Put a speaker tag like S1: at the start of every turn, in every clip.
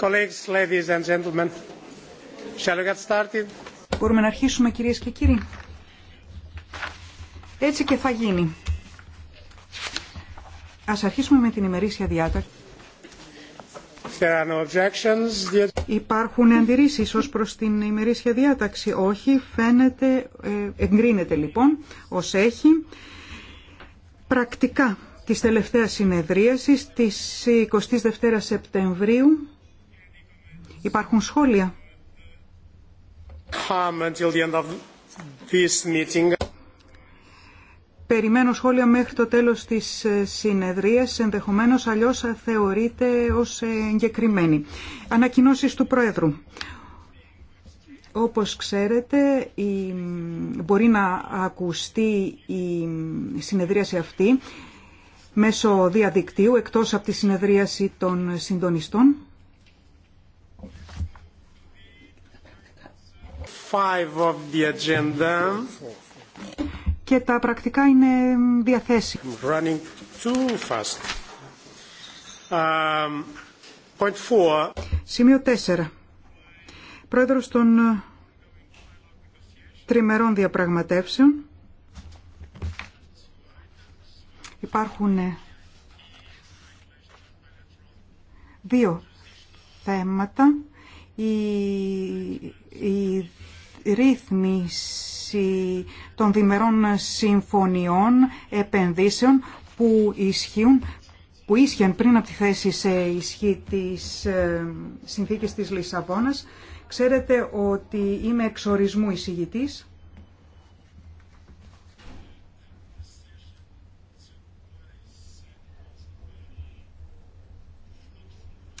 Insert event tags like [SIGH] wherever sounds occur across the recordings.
S1: Colleagues,
S2: Μπορούμε να αρχίσουμε κυρίες και κύριοι. Έτσι και θα γίνει. Ας αρχίσουμε με την ημερήσια διάταξη. Υπάρχουν αντιρρήσει ω προ την ημερήσια διάταξη. Όχι, φαίνεται, ε, εγκρίνεται λοιπόν ω έχει. Πρακτικά τη τελευταία συνεδρίασης της 22 Σεπτεμβρίου Υπάρχουν σχόλια.
S1: Um,
S2: Περιμένω σχόλια μέχρι το τέλος της ε, συνεδρίας, ενδεχομένως αλλιώς ε, θεωρείται ως ε, εγκεκριμένη. Ανακοινώσεις του Πρόεδρου. Όπως ξέρετε, η... μπορεί να ακουστεί η συνεδρίαση αυτή μέσω διαδικτύου, εκτός από τη συνεδρίαση των συντονιστών.
S1: of the agenda.
S2: Και τα πρακτικά είναι διαθέσιμα.
S1: Running too fast. Um,
S2: Σημείο 4. Πρόεδρος των τριμερών διαπραγματεύσεων. Υπάρχουν ε, δύο θέματα. Η, η ρύθμιση των διμερών συμφωνιών επενδύσεων που ισχύουν που ίσχυαν πριν από τη θέση σε ισχύ της ε, συνθήκης της Λισαβόνας. Ξέρετε ότι είμαι εξορισμού εισηγητής.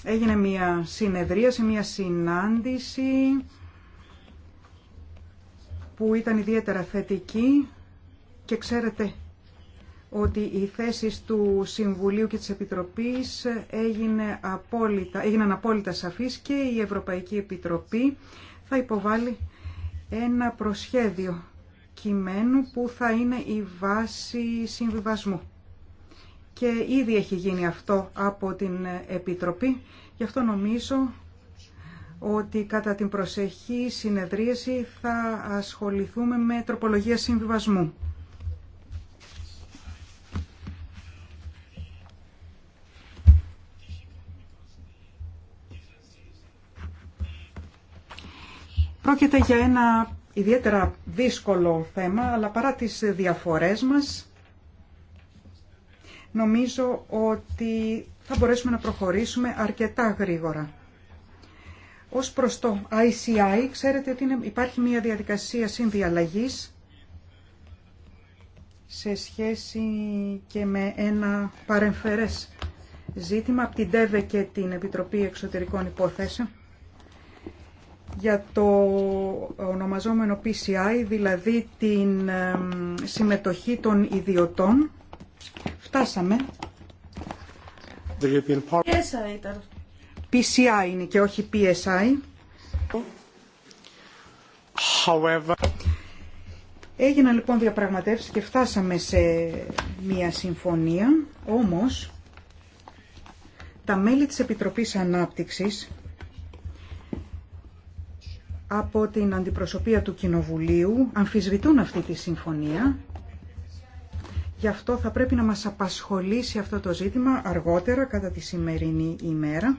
S2: Έγινε μια σε μια συνάντηση που ήταν ιδιαίτερα θετική και ξέρετε ότι οι θέσεις του Συμβουλίου και της Επιτροπής έγινε απόλυτα, έγιναν απόλυτα σαφείς και η Ευρωπαϊκή Επιτροπή θα υποβάλει ένα προσχέδιο κειμένου που θα είναι η βάση συμβιβασμού. Και ήδη έχει γίνει αυτό από την Επιτροπή, γι' αυτό νομίζω ότι κατά την προσεχή συνεδρίαση θα ασχοληθούμε με τροπολογία συμβιβασμού. Πρόκειται για ένα ιδιαίτερα δύσκολο θέμα, αλλά παρά τις διαφορές μας, νομίζω ότι θα μπορέσουμε να προχωρήσουμε αρκετά γρήγορα. Ως προς το ICI, ξέρετε ότι είναι, υπάρχει μια διαδικασία συνδιαλλαγής σε σχέση και με ένα παρεμφερές ζήτημα από την ΤΕΒΕ και την Επιτροπή Εξωτερικών Υπόθεσεων για το ονομαζόμενο PCI, δηλαδή την συμμετοχή των ιδιωτών. Φτάσαμε. PCI είναι και όχι PSI. However... Έγιναν λοιπόν διαπραγματεύσεις και φτάσαμε σε μία συμφωνία, όμως τα μέλη της Επιτροπής Ανάπτυξης από την αντιπροσωπεία του Κοινοβουλίου αμφισβητούν αυτή τη συμφωνία. Γι' αυτό θα πρέπει να μας απασχολήσει αυτό το ζήτημα αργότερα κατά τη σημερινή ημέρα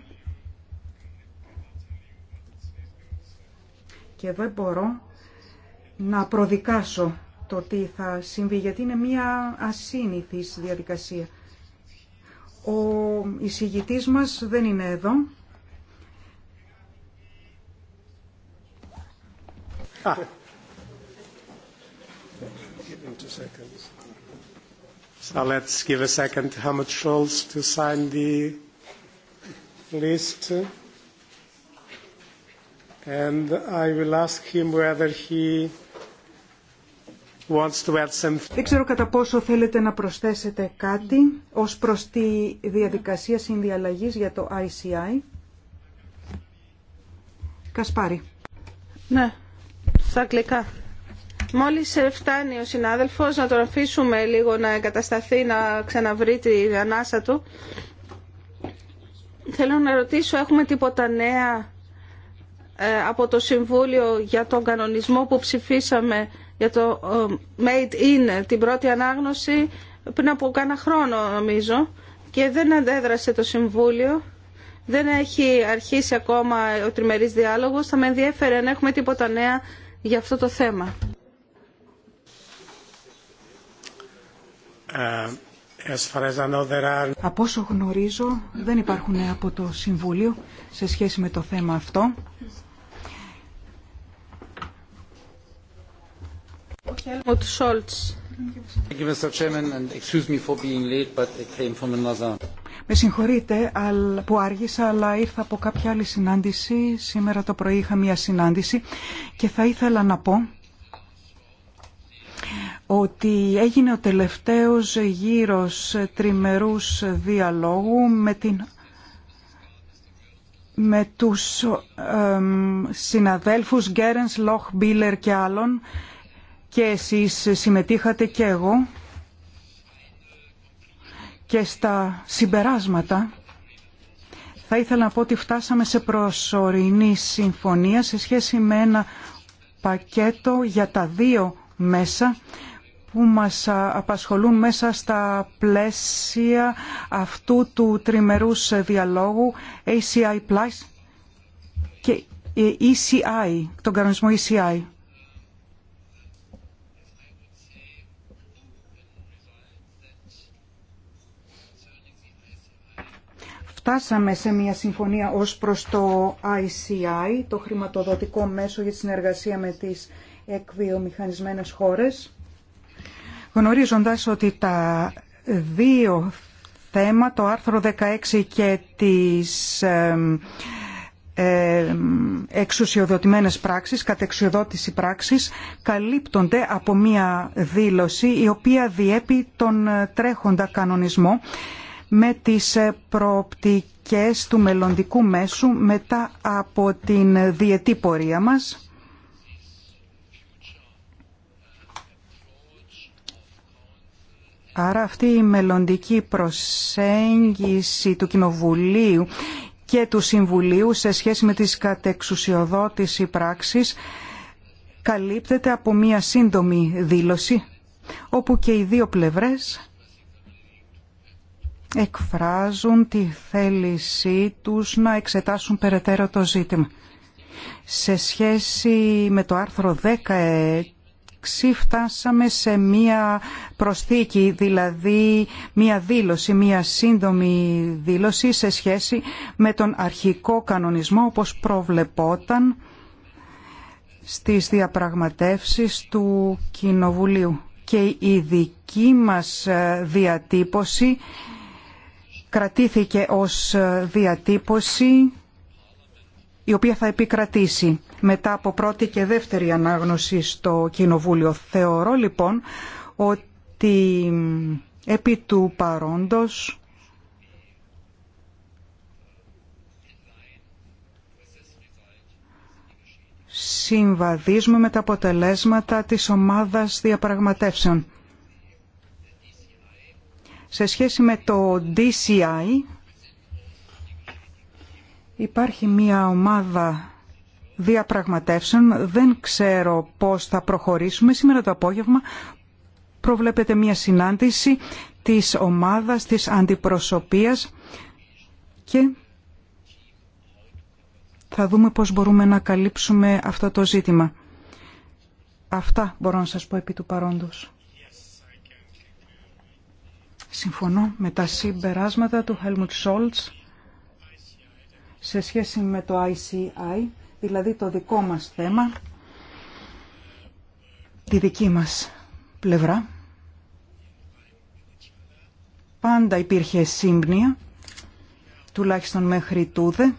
S2: και δεν μπορώ να προδικάσω το τι θα συμβεί, γιατί είναι μια ασύνηθης διαδικασία. Ο εισηγητής μας δεν είναι εδώ. Α.
S1: So let's give a second to Helmut Scholz to sign the list and I will ask him whether he
S2: Δεν ξέρω κατά πόσο θέλετε να προσθέσετε κάτι ως προς τη διαδικασία συνδιαλλαγής για το ICI. Κασπάρη. Ναι, στα αγγλικά. Μόλις
S3: φτάνει ο συνάδελφος να τον αφήσουμε λίγο να εγκατασταθεί, να ξαναβρει τη ανάσα του. Θέλω να ρωτήσω, έχουμε τίποτα νέα ε, από το Συμβούλιο για τον κανονισμό που ψηφίσαμε για το ε, Made In την πρώτη ανάγνωση πριν από κάνα χρόνο νομίζω και δεν αντέδρασε το Συμβούλιο. Δεν έχει αρχίσει ακόμα ο τριμερής διάλογος. Θα με ενδιέφερε να έχουμε τίποτα νέα για αυτό το θέμα.
S2: Ε, από όσο γνωρίζω δεν υπάρχουν από το Συμβούλιο σε σχέση με το θέμα αυτό. Με συγχωρείτε που άργησα, αλλά ήρθα από κάποια άλλη συνάντηση. Σήμερα το πρωί είχα μία συνάντηση και θα ήθελα να πω ότι έγινε ο τελευταίος γύρος τριμερούς διαλόγου με, την, με τους συναδέλφους Γκέρενς, Λοχ, Μπίλερ και άλλων και εσείς συμμετείχατε και εγώ και στα συμπεράσματα θα ήθελα να πω ότι φτάσαμε σε προσωρινή συμφωνία σε σχέση με ένα πακέτο για τα δύο μέσα που μας απασχολούν μέσα στα πλαίσια αυτού του τριμερούς διαλόγου ACI Plus και ε, ECI, τον κανονισμό ECI. φτάσαμε σε μια συμφωνία ως προς το ICI, το χρηματοδοτικό μέσο για τη συνεργασία με τις εκβιομηχανισμένες χώρες, γνωρίζοντας ότι τα δύο θέματα, το άρθρο 16 και τις εξουσιοδοτημένες πράξεις, κατεξουσιοδότηση πράξεις καλύπτονται από μία δήλωση η οποία διέπει τον τρέχοντα κανονισμό με τις ε, προοπτικές του μελλοντικού μέσου μετά από την διετή πορεία μας. Άρα αυτή η μελλοντική προσέγγιση του Κοινοβουλίου και του Συμβουλίου σε σχέση με τις κατεξουσιοδότηση πράξεις, καλύπτεται από μία σύντομη δήλωση όπου και οι δύο πλευρές εκφράζουν τη θέλησή τους να εξετάσουν περαιτέρω το ζήτημα. Σε σχέση με το άρθρο 10 φτάσαμε σε μία προσθήκη, δηλαδή μία δήλωση, μία σύντομη δήλωση σε σχέση με τον αρχικό κανονισμό όπως προβλεπόταν στις διαπραγματεύσεις του Κοινοβουλίου. Και η δική μας διατύπωση κρατήθηκε ως διατύπωση η οποία θα επικρατήσει μετά από πρώτη και δεύτερη ανάγνωση στο Κοινοβούλιο. Θεωρώ λοιπόν ότι επί του παρόντος συμβαδίζουμε με τα αποτελέσματα της ομάδας διαπραγματεύσεων. Σε σχέση με το DCI υπάρχει μια ομάδα διαπραγματεύσεων. Δεν ξέρω πώς θα προχωρήσουμε. Σήμερα το απόγευμα προβλέπεται μια συνάντηση της ομάδας της αντιπροσωπείας και θα δούμε πώς μπορούμε να καλύψουμε αυτό το ζήτημα. Αυτά μπορώ να σας πω επί του παρόντος. Συμφωνώ με τα συμπεράσματα του Helmut Scholz σε σχέση με το ICI, δηλαδή το δικό μας θέμα, τη δική μας πλευρά. Πάντα υπήρχε σύμπνια, τουλάχιστον μέχρι τούδε,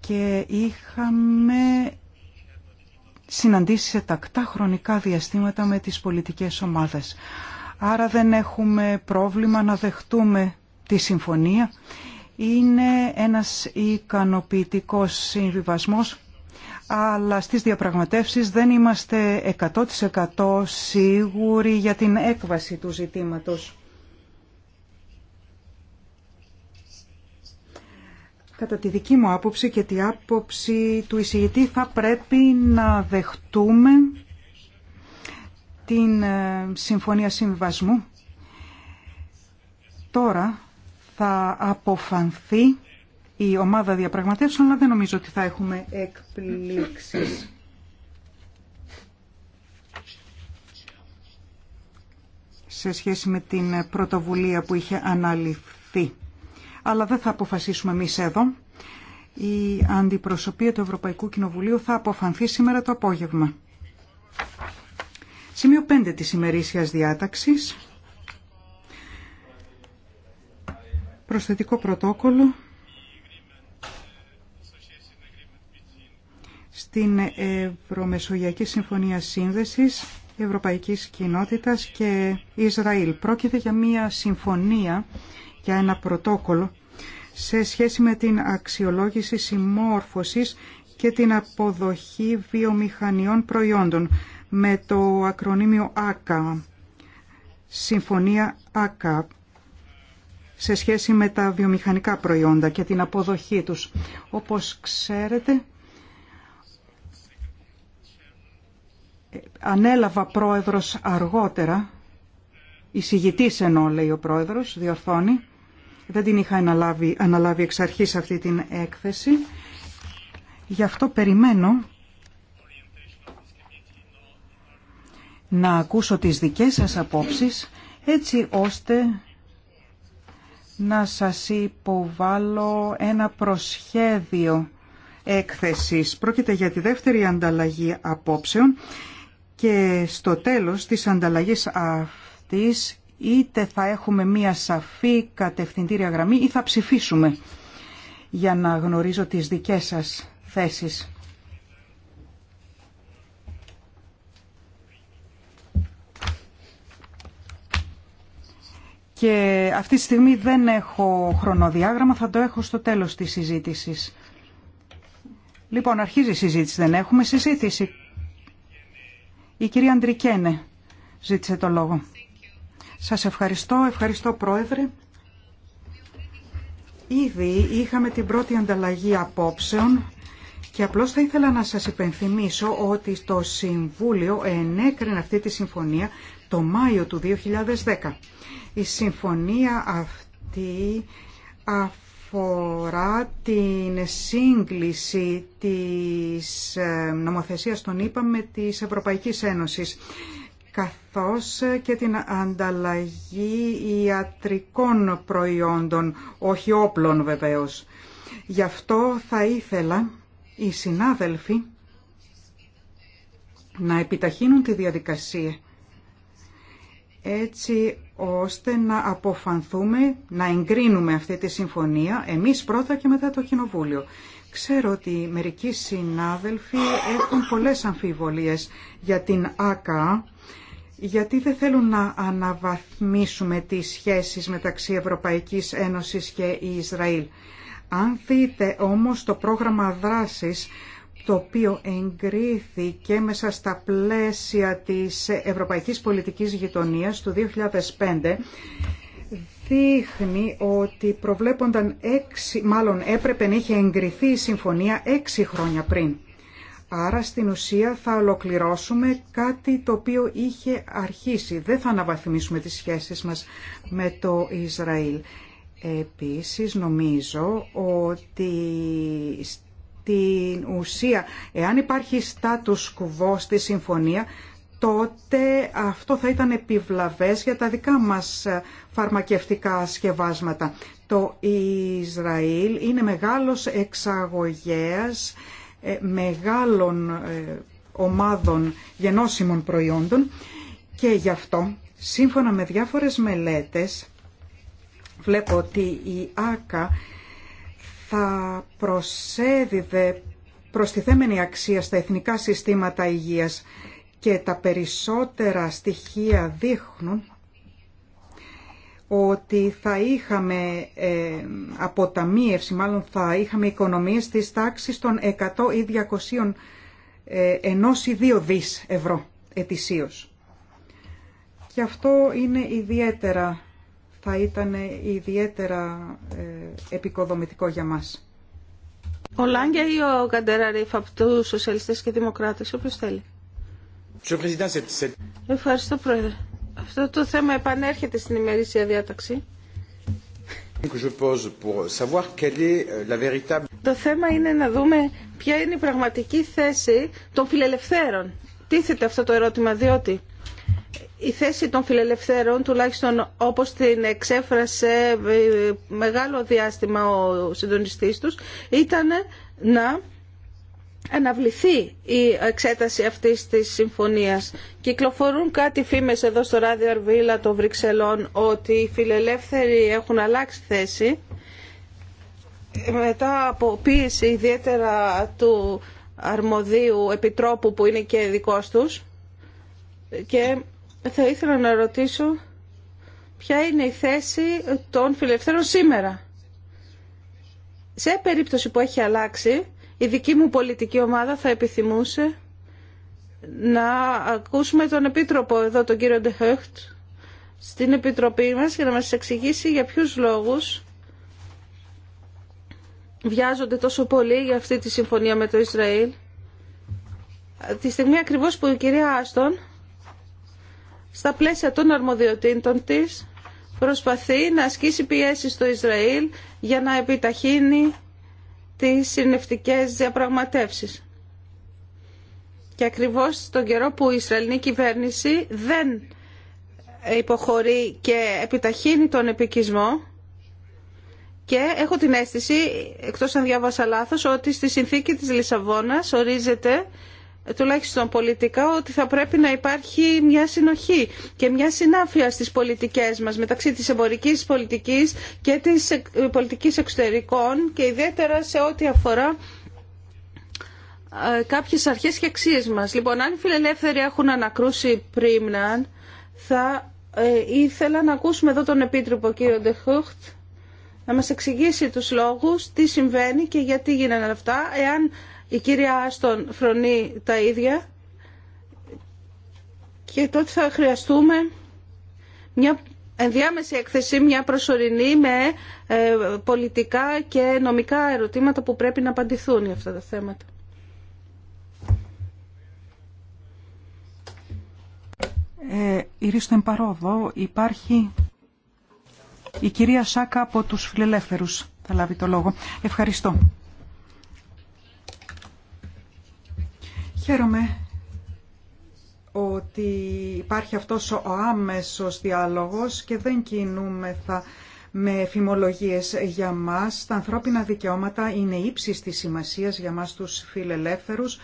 S2: και είχαμε συναντήσει σε τακτά χρονικά διαστήματα με τις πολιτικές ομάδες άρα δεν έχουμε πρόβλημα να δεχτούμε τη συμφωνία. Είναι ένας ικανοποιητικός συμβιβασμός, αλλά στις διαπραγματεύσεις δεν είμαστε 100% σίγουροι για την έκβαση του ζητήματος. Κατά τη δική μου άποψη και τη άποψη του εισηγητή θα πρέπει να δεχτούμε την ε, Συμφωνία Συμβιβασμού. Τώρα θα αποφανθεί η ομάδα διαπραγματεύσεων, αλλά δεν νομίζω ότι θα έχουμε εκπλήξεις. σε σχέση με την πρωτοβουλία που είχε αναλυφθεί. Αλλά δεν θα αποφασίσουμε εμείς εδώ. Η αντιπροσωπεία του Ευρωπαϊκού Κοινοβουλίου θα αποφανθεί σήμερα το απόγευμα. Σημείο 5 της ημερήσιας διάταξης. Προσθετικό πρωτόκολλο στην Ευρωμεσογειακή Συμφωνία Σύνδεσης Ευρωπαϊκής Κοινότητας και Ισραήλ. Πρόκειται για μια συμφωνία, για ένα πρωτόκολλο σε σχέση με την αξιολόγηση συμμόρφωσης και την αποδοχή βιομηχανιών προϊόντων με το ακρονίμιο ΆΚΑ, Συμφωνία ΆΚΑ, σε σχέση με τα βιομηχανικά προϊόντα και την αποδοχή τους. Όπως ξέρετε, ανέλαβα πρόεδρος αργότερα, εισηγητής ενώ λέει ο πρόεδρος, διορθώνει, δεν την είχα αναλάβει, αναλάβει εξ αρχής αυτή την έκθεση, γι' αυτό περιμένω να ακούσω τις δικές σας απόψεις έτσι ώστε να σας υποβάλω ένα προσχέδιο έκθεσης. Πρόκειται για τη δεύτερη ανταλλαγή απόψεων και στο τέλος της ανταλλαγής αυτής είτε θα έχουμε μία σαφή κατευθυντήρια γραμμή ή θα ψηφίσουμε για να γνωρίζω τις δικές σας θέσεις. και αυτή τη στιγμή δεν έχω χρονοδιάγραμμα, θα το έχω στο τέλος της συζήτησης. Λοιπόν, αρχίζει η συζήτηση, δεν έχουμε συζήτηση. Η κυρία Αντρικένε ζήτησε το λόγο. Σας ευχαριστώ, ευχαριστώ Πρόεδρε. Ήδη είχαμε την πρώτη ανταλλαγή απόψεων και απλώς θα ήθελα να σας υπενθυμίσω ότι το Συμβούλιο ενέκρινε αυτή τη συμφωνία το Μάιο του 2010 η συμφωνία αυτή αφορά την σύγκληση της ε, νομοθεσίας, των είπαμε, της Ευρωπαϊκής Ένωσης καθώς και την ανταλλαγή ιατρικών προϊόντων, όχι όπλων βεβαίως. Γι' αυτό θα ήθελα οι συνάδελφοι να επιταχύνουν τη διαδικασία έτσι ώστε να αποφανθούμε, να εγκρίνουμε αυτή τη συμφωνία, εμείς πρώτα και μετά το Κοινοβούλιο. Ξέρω ότι μερικοί συνάδελφοι έχουν πολλές αμφιβολίες για την ΑΚΑ, γιατί δεν θέλουν να αναβαθμίσουμε τις σχέσεις μεταξύ Ευρωπαϊκής Ένωσης και Ισραήλ. Αν δείτε όμως το πρόγραμμα δράσης το οποίο εγκρίθηκε μέσα στα πλαίσια της Ευρωπαϊκής Πολιτικής Γειτονίας του 2005 δείχνει ότι προβλέπονταν έξι, μάλλον έπρεπε να είχε εγκριθεί η συμφωνία έξι χρόνια πριν. Άρα στην ουσία θα ολοκληρώσουμε κάτι το οποίο είχε αρχίσει. Δεν θα αναβαθμίσουμε τις σχέσεις μας με το Ισραήλ. Επίσης νομίζω ότι στην ουσία, εάν υπάρχει status quo στη συμφωνία, τότε αυτό θα ήταν επιβλαβές για τα δικά μας φαρμακευτικά σκευάσματα. Το Ισραήλ είναι μεγάλος εξαγωγέας ε, μεγάλων ε, ομάδων γενώσιμων προϊόντων και γι' αυτό, σύμφωνα με διάφορες μελέτες, βλέπω ότι η ΆΚΑ θα προσέδιδε προστιθέμενη αξία στα εθνικά συστήματα υγείας και τα περισσότερα στοιχεία δείχνουν ότι θα είχαμε ε, αποταμίευση, μάλλον θα είχαμε οικονομίες της τάξης των 100 ή 200 ε, ενός ή 2 δις ευρώ ετησίως. Και αυτό είναι ιδιαίτερα θα ήταν ιδιαίτερα ε, επικοδομητικό για μας.
S3: Ο Λάγκια ή ο Γκαντεραρίφ από του Σοσιαλιστέ και Δημοκράτε, όποιο θέλει. Ευχαριστώ, Πρόεδρε. Αυτό το θέμα επανέρχεται στην ημερήσια διάταξη. Euh, το θέμα είναι να δούμε ποια είναι η πραγματική θέση των φιλελευθέρων. Τίθεται αυτό το ερώτημα, διότι η θέση των φιλελευθέρων, τουλάχιστον όπως την εξέφρασε ε, μεγάλο διάστημα ο συντονιστής τους, ήταν να αναβληθεί η εξέταση αυτής της συμφωνίας. Κυκλοφορούν κάτι φήμες εδώ στο ράδιο Αρβίλα των Βρυξελών ότι οι φιλελεύθεροι έχουν αλλάξει θέση μετά από πίεση ιδιαίτερα του αρμοδίου επιτρόπου που είναι και δικός τους και θα ήθελα να ρωτήσω ποια είναι η θέση των φιλελευθέρων σήμερα. Σε περίπτωση που έχει αλλάξει, η δική μου πολιτική ομάδα θα επιθυμούσε να ακούσουμε τον Επίτροπο εδώ, τον κύριο Ντεχέχτ, στην Επιτροπή μας για να μας εξηγήσει για ποιους λόγους βιάζονται τόσο πολύ για αυτή τη συμφωνία με το Ισραήλ. Τη στιγμή ακριβώς που η κυρία Άστον στα πλαίσια των αρμοδιοτήτων της προσπαθεί να ασκήσει πιέσει στο Ισραήλ για να επιταχύνει τις συνευτικές διαπραγματεύσεις. Και ακριβώς στον καιρό που η Ισραηλινή κυβέρνηση δεν υποχωρεί και επιταχύνει τον επικισμό και έχω την αίσθηση, εκτός αν διάβασα λάθος, ότι στη συνθήκη της Λισαβόνας ορίζεται τουλάχιστον πολιτικά, ότι θα πρέπει να υπάρχει μια συνοχή και μια συνάφεια στις πολιτικές μας μεταξύ της εμπορικής πολιτικής και της πολιτικής εξωτερικών και ιδιαίτερα σε ό,τι αφορά ε, κάποιες αρχές και αξίες μας. Λοιπόν, αν οι φιλελεύθεροι έχουν ανακρούσει πρίμναν, θα ε, ήθελα να ακούσουμε εδώ τον Επίτροπο κύριο Ντεχούχτ να μας εξηγήσει τους λόγους, τι συμβαίνει και γιατί γίνανε αυτά, εάν η κυρία Άστον φρονεί τα ίδια και τότε θα χρειαστούμε μια ενδιάμεση έκθεση, μια προσωρινή με ε, πολιτικά και νομικά ερωτήματα που πρέπει να απαντηθούν για αυτά τα θέματα.
S2: Ε, Παρόδο, υπάρχει η κυρία Σάκα από τους φιλελεύθερους. Θα λάβει το λόγο. Ευχαριστώ. Χαίρομαι ότι υπάρχει αυτός ο άμεσος διάλογος και δεν κινούμεθα με φημολογίες για μας. Τα ανθρώπινα δικαιώματα είναι ύψης της σημασίας για μας τους φιλελεύθερους,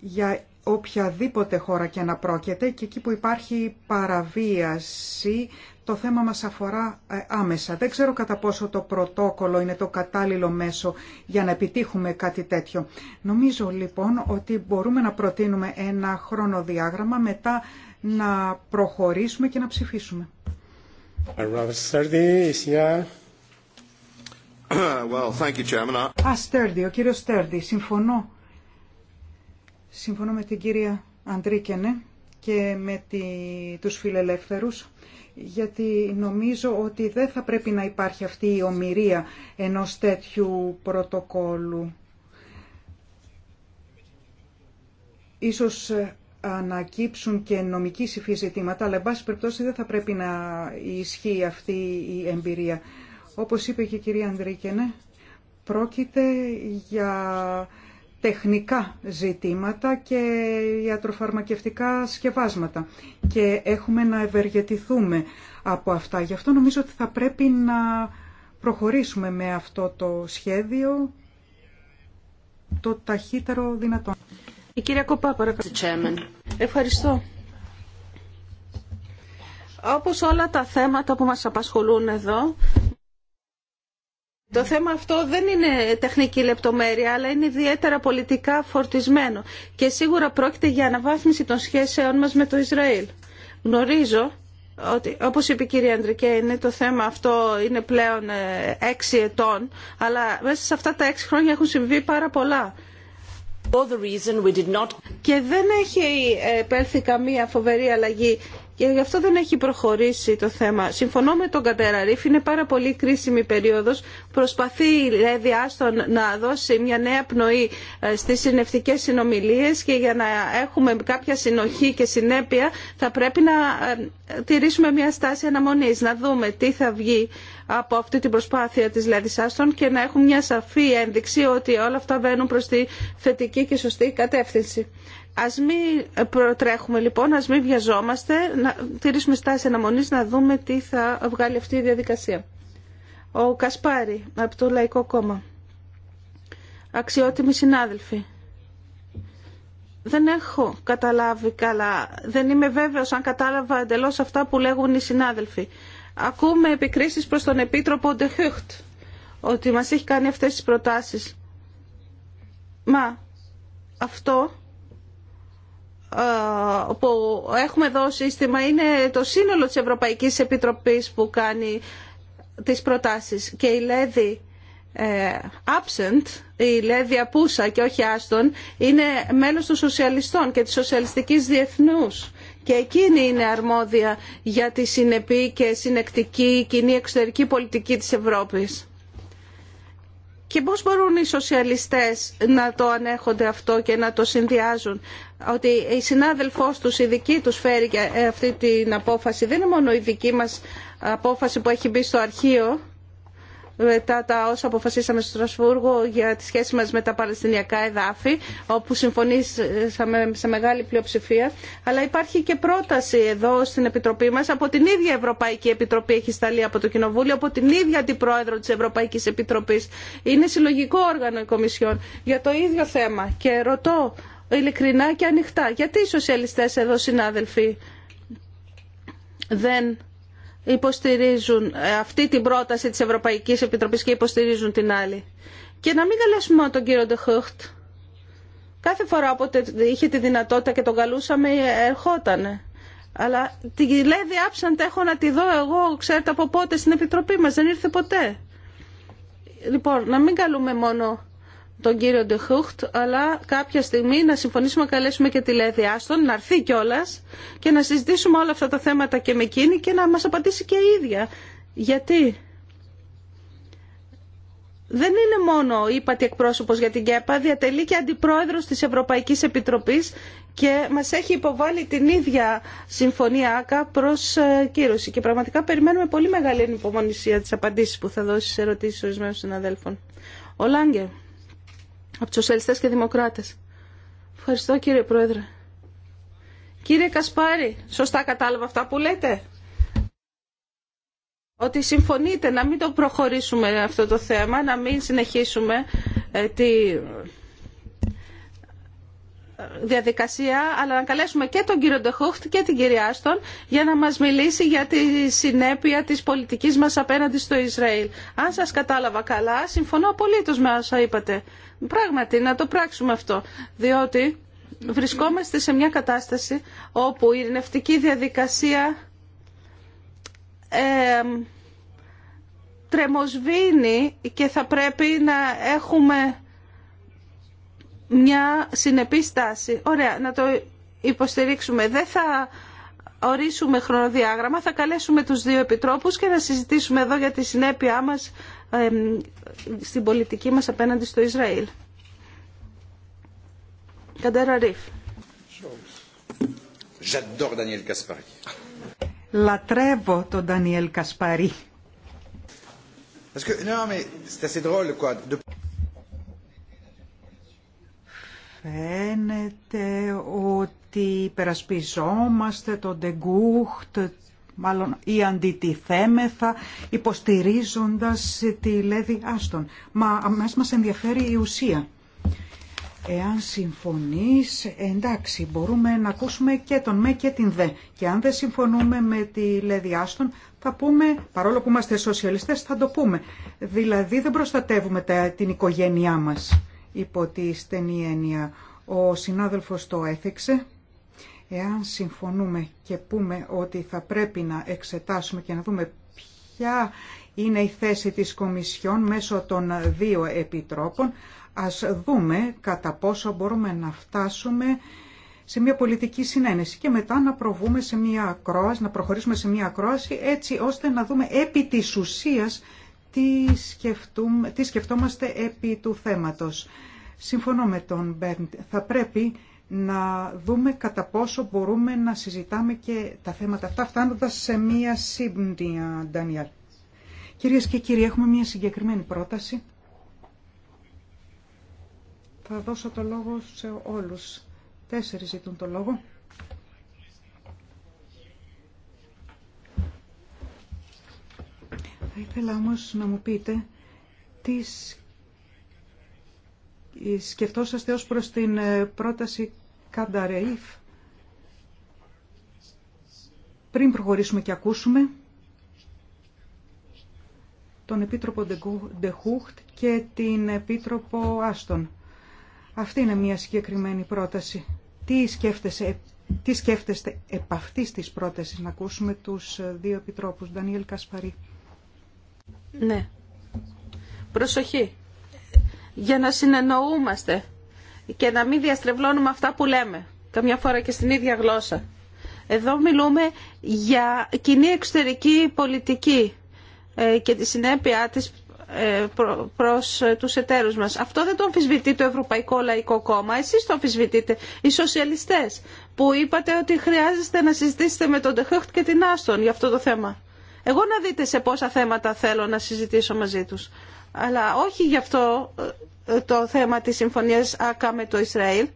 S2: για οποιαδήποτε χώρα και να πρόκειται και εκεί που υπάρχει παραβίαση το θέμα μας αφορά ε, άμεσα. Δεν ξέρω κατά πόσο το πρωτόκολλο είναι το κατάλληλο μέσο για να επιτύχουμε κάτι τέτοιο. Νομίζω λοιπόν ότι μπορούμε να προτείνουμε ένα χρονοδιάγραμμα μετά να προχωρήσουμε και να ψηφίσουμε.
S1: [CLEARS THROAT]
S4: Well, thank you, Chairman.
S2: ο κύριος Στέρντι, συμφωνώ. Συμφωνώ με την κυρία Αντρίκενε και με τη, τους φιλελεύθερους γιατί νομίζω ότι δεν θα πρέπει να υπάρχει αυτή η ομοιρία ενός τέτοιου πρωτοκόλου. Ίσως ε, ανακύψουν και νομική συμφιζητήματα, ζητήματα, αλλά εν πάση περιπτώσει δεν θα πρέπει να ισχύει αυτή η εμπειρία. Όπως είπε και η κυρία Ανδρίκενε, πρόκειται για τεχνικά ζητήματα και ιατροφαρμακευτικά σκευάσματα και έχουμε να ευεργετηθούμε από αυτά. Γι' αυτό νομίζω ότι θα πρέπει να προχωρήσουμε με αυτό το σχέδιο το ταχύτερο δυνατόν. Η κυρία Κοπά, παρακαλώ. Ευχαριστώ.
S3: Όπως όλα τα θέματα που μας απασχολούν εδώ, το θέμα αυτό δεν είναι τεχνική λεπτομέρεια, αλλά είναι ιδιαίτερα πολιτικά φορτισμένο και σίγουρα πρόκειται για αναβάθμιση των σχέσεων μας με το Ισραήλ. Γνωρίζω ότι, όπως είπε η κυρία Αντρικέ, το θέμα αυτό είναι πλέον ε, έξι ετών, αλλά μέσα σε αυτά τα έξι χρόνια έχουν συμβεί πάρα πολλά. Και δεν έχει ε, επέλθει καμία φοβερή αλλαγή και γι' αυτό δεν έχει προχωρήσει το θέμα. Συμφωνώ με τον Κατεραρίφ, είναι πάρα πολύ κρίσιμη περίοδος. Προσπαθεί η Λέδη Άστον να δώσει μια νέα πνοή ε, στις συνευτικέ συνομιλίες και για να έχουμε κάποια συνοχή και συνέπεια θα πρέπει να ε, τηρήσουμε μια στάση αναμονή, να δούμε τι θα βγει από αυτή την προσπάθεια της Λέδης Άστον και να έχουμε μια σαφή ένδειξη ότι όλα αυτά βαίνουν προς τη θετική και σωστή κατεύθυνση. Ας μην προτρέχουμε λοιπόν, ας μην βιαζόμαστε, να τηρήσουμε στάση αναμονή να δούμε τι θα βγάλει αυτή η διαδικασία. Ο Κασπάρη από το Λαϊκό Κόμμα. Αξιότιμοι συνάδελφοι. Δεν έχω καταλάβει καλά, δεν είμαι βέβαιος αν κατάλαβα εντελώς αυτά που λέγουν οι συνάδελφοι. Ακούμε επικρίσεις προς τον Επίτροπο Ντεχούχτ, ότι μας έχει κάνει αυτές τις προτάσεις. Μα αυτό που έχουμε εδώ σύστημα είναι το σύνολο της Ευρωπαϊκής Επιτροπής που κάνει τις προτάσεις και η Λέδη ε, absent, η Λέδη Απούσα και όχι Άστον, είναι μέλος των σοσιαλιστών και της σοσιαλιστικής διεθνούς. Και εκείνη είναι αρμόδια για τη συνεπή και συνεκτική κοινή εξωτερική πολιτική της Ευρώπης. Και πώς μπορούν οι σοσιαλιστές να το ανέχονται αυτό και να το συνδυάζουν. Ότι η συνάδελφός τους, η δική τους φέρει αυτή την απόφαση. Δεν είναι μόνο η δική μας απόφαση που έχει μπει στο αρχείο μετά τα όσα αποφασίσαμε στο Στρασβούργο για τη σχέση μας με τα Παλαιστινιακά εδάφη, όπου συμφωνήσαμε σε μεγάλη πλειοψηφία. Αλλά υπάρχει και πρόταση εδώ στην Επιτροπή μας, από την ίδια Ευρωπαϊκή Επιτροπή έχει σταλεί από το Κοινοβούλιο, από την ίδια την Πρόεδρο της Ευρωπαϊκής Επιτροπής. Είναι συλλογικό όργανο η Κομισιόν για το ίδιο θέμα. Και ρωτώ ειλικρινά και ανοιχτά, γιατί οι σοσιαλιστές εδώ συνάδελφοι δεν υποστηρίζουν ε, αυτή την πρόταση της Ευρωπαϊκής Επιτροπής και υποστηρίζουν την άλλη. Και να μην καλέσουμε τον κύριο Ντεχούχτ. Κάθε φορά όποτε είχε τη δυνατότητα και τον καλούσαμε ερχόταν Αλλά τη Λέδη διάψαντα, έχω να τη δω εγώ, ξέρετε από πότε, στην Επιτροπή μας. Δεν ήρθε ποτέ. Λοιπόν, να μην καλούμε μόνο τον κύριο Ντεχούχτ, αλλά κάποια στιγμή να συμφωνήσουμε να καλέσουμε και τη Λέδη Άστον, να έρθει κιόλα και να συζητήσουμε όλα αυτά τα θέματα και με εκείνη και να μας απαντήσει και η ίδια. Γιατί δεν είναι μόνο είπατε εκπρόσωπο για την ΚΕΠΑ, διατελεί και αντιπρόεδρο τη Ευρωπαϊκή Επιτροπή και μα έχει υποβάλει την ίδια συμφωνία ΑΚΑ προ ε, κύρωση. Και πραγματικά περιμένουμε πολύ μεγάλη υπομονησία τι απαντήσει που θα δώσει σε ερωτήσει ορισμένων συναδέλφων. Ο Λάγκε από τους Σοσιαλιστές και Δημοκράτες. Ευχαριστώ κύριε Πρόεδρε. Κύριε Κασπάρη, σωστά κατάλαβα αυτά που λέτε. Ότι συμφωνείτε να μην το προχωρήσουμε αυτό το θέμα, να μην συνεχίσουμε ε, τη διαδικασία, αλλά να καλέσουμε και τον κύριο Ντεχούχτ και την κυρία Άστον για να μας μιλήσει για τη συνέπεια της πολιτικής μας απέναντι στο Ισραήλ. Αν σας κατάλαβα καλά, συμφωνώ απολύτως με όσα είπατε. Πράγματι, να το πράξουμε αυτό, διότι βρισκόμαστε σε μια κατάσταση όπου η ειρηνευτική διαδικασία ε, τρεμοσβήνει και θα πρέπει να έχουμε μια συνεπή στάση. Ωραία, να το υποστηρίξουμε. Δεν θα ορίσουμε χρονοδιάγραμμα, θα καλέσουμε τους δύο επιτρόπους και να συζητήσουμε εδώ για τη συνέπειά μας ε, στην πολιτική μας απέναντι στο Ισραήλ.
S2: Καντέρα Ρίφ. Λατρεύω τον Ντανιέλ Κασπαρί φαίνεται ότι υπερασπιζόμαστε τον Ντεγκούχτ, μάλλον ή αντιτιθέμεθα, υποστηρίζοντας τη Λέδη Άστον. Μα μας, μας ενδιαφέρει η ουσία. Εάν συμφωνείς, εντάξει, μπορούμε να ακούσουμε και τον με και την δε. Και αν δεν συμφωνούμε με τη Λέδη Άστον, θα πούμε, παρόλο που είμαστε σοσιαλιστές, θα το πούμε. Δηλαδή δεν προστατεύουμε την οικογένειά μας υπό τη στενή έννοια. Ο συνάδελφος το έθιξε. Εάν συμφωνούμε και πούμε ότι θα πρέπει να εξετάσουμε και να δούμε ποια είναι η θέση της Κομισιόν μέσω των δύο επιτρόπων, ας δούμε κατά πόσο μπορούμε να φτάσουμε σε μια πολιτική συνένεση και μετά να προβούμε σε μια ακρόαση, να προχωρήσουμε σε μια ακρόαση έτσι ώστε να δούμε επί της ουσίας τι, σκεφτούμε, τι σκεφτόμαστε επί του θέματος. Συμφωνώ με τον Μπέρντ. Θα πρέπει να δούμε κατά πόσο μπορούμε να συζητάμε και τα θέματα αυτά φτάνοντας σε μία σύμπνοια, Ντανιέλ. Κυρίες και κύριοι, έχουμε μία συγκεκριμένη πρόταση. Θα δώσω το λόγο σε όλους. Τέσσερις ζητούν το λόγο. Θα ήθελα όμως να μου πείτε τις σκεφτόσαστε ως προς την ε, πρόταση Κανταρεΐφ. Πριν προχωρήσουμε και ακούσουμε τον Επίτροπο Ντεχούχτ και την Επίτροπο Άστον. Αυτή είναι μια συγκεκριμένη πρόταση. Τι τι σκέφτεστε επ' αυτής της πρότασης, να ακούσουμε τους ε, δύο επιτρόπους, Ντανιέλ Κασπαρή. Ναι.
S3: Προσοχή για να συνεννοούμαστε και να μην διαστρεβλώνουμε αυτά που λέμε, καμιά φορά και στην ίδια γλώσσα. Εδώ μιλούμε για κοινή εξωτερική πολιτική ε, και τη συνέπειά της ε, προς ε, τους εταίρους μας. Αυτό δεν το αμφισβητεί το Ευρωπαϊκό Λαϊκό Κόμμα. Εσείς το αμφισβητείτε, οι σοσιαλιστές, που είπατε ότι χρειάζεστε να συζητήσετε με τον Τεχέχτ και την Άστον για αυτό το θέμα. Εγώ να δείτε σε πόσα θέματα θέλω να συζητήσω μαζί τους. Αλλά όχι γι' αυτό το θέμα της συμφωνίας ΑΚΑ με το Ισραήλ.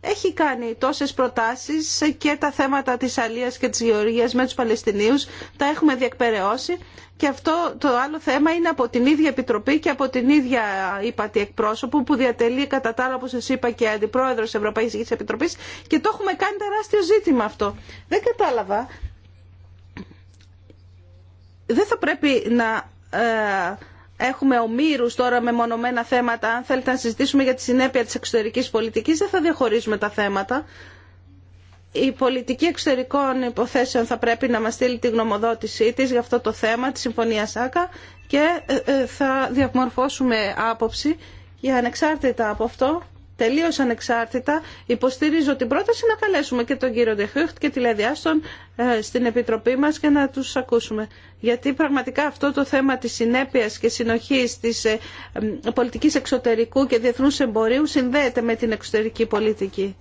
S3: Έχει κάνει τόσες προτάσεις και τα θέματα της Αλίας και της Γεωργίας με τους Παλαιστινίους τα έχουμε διεκπαιρεώσει και αυτό το άλλο θέμα είναι από την ίδια Επιτροπή και από την ίδια ύπατη εκπρόσωπο που διατελεί κατά τα άλλα όπως σας είπα και αντιπρόεδρος Ευρωπαϊκής Επιτροπής και το έχουμε κάνει τεράστιο ζήτημα αυτό. Δεν κατάλαβα. Δεν θα πρέπει να... Ε, έχουμε ομήρου τώρα με μονομένα θέματα. Αν θέλετε να συζητήσουμε για τη συνέπεια τη εξωτερική πολιτική, δεν θα διαχωρίζουμε τα θέματα. Η πολιτική εξωτερικών υποθέσεων θα πρέπει να μας στείλει τη γνωμοδότησή τη για αυτό το θέμα, τη Συμφωνία ΣΑΚΑ και ε, ε, θα διαμορφώσουμε άποψη για ανεξάρτητα από αυτό Τελείω ανεξάρτητα υποστηρίζω την πρόταση να καλέσουμε και τον κύριο Ντεχούχτ και τη Λέδη Άστον ε, στην Επιτροπή μα και να του ακούσουμε. Γιατί πραγματικά αυτό το θέμα τη συνέπεια και συνοχής της ε, πολιτική εξωτερικού και διεθνού εμπορίου συνδέεται με την εξωτερική πολιτική.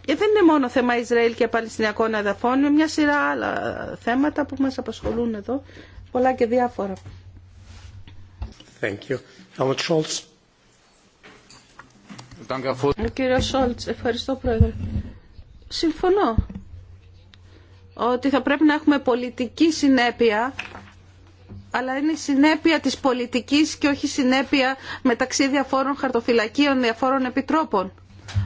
S3: Και δεν είναι μόνο θέμα Ισραήλ και Παλαιστινιακών εδαφών, είναι μια σειρά άλλα θέματα που μας απασχολούν εδώ, πολλά και διάφορα. Thank you. Κύριε Σόλτς, ευχαριστώ πρόεδρε. Συμφωνώ ότι θα πρέπει να έχουμε πολιτική συνέπεια αλλά είναι η συνέπεια της πολιτικής και όχι συνέπεια μεταξύ διαφόρων χαρτοφυλακίων, διαφόρων επιτρόπων.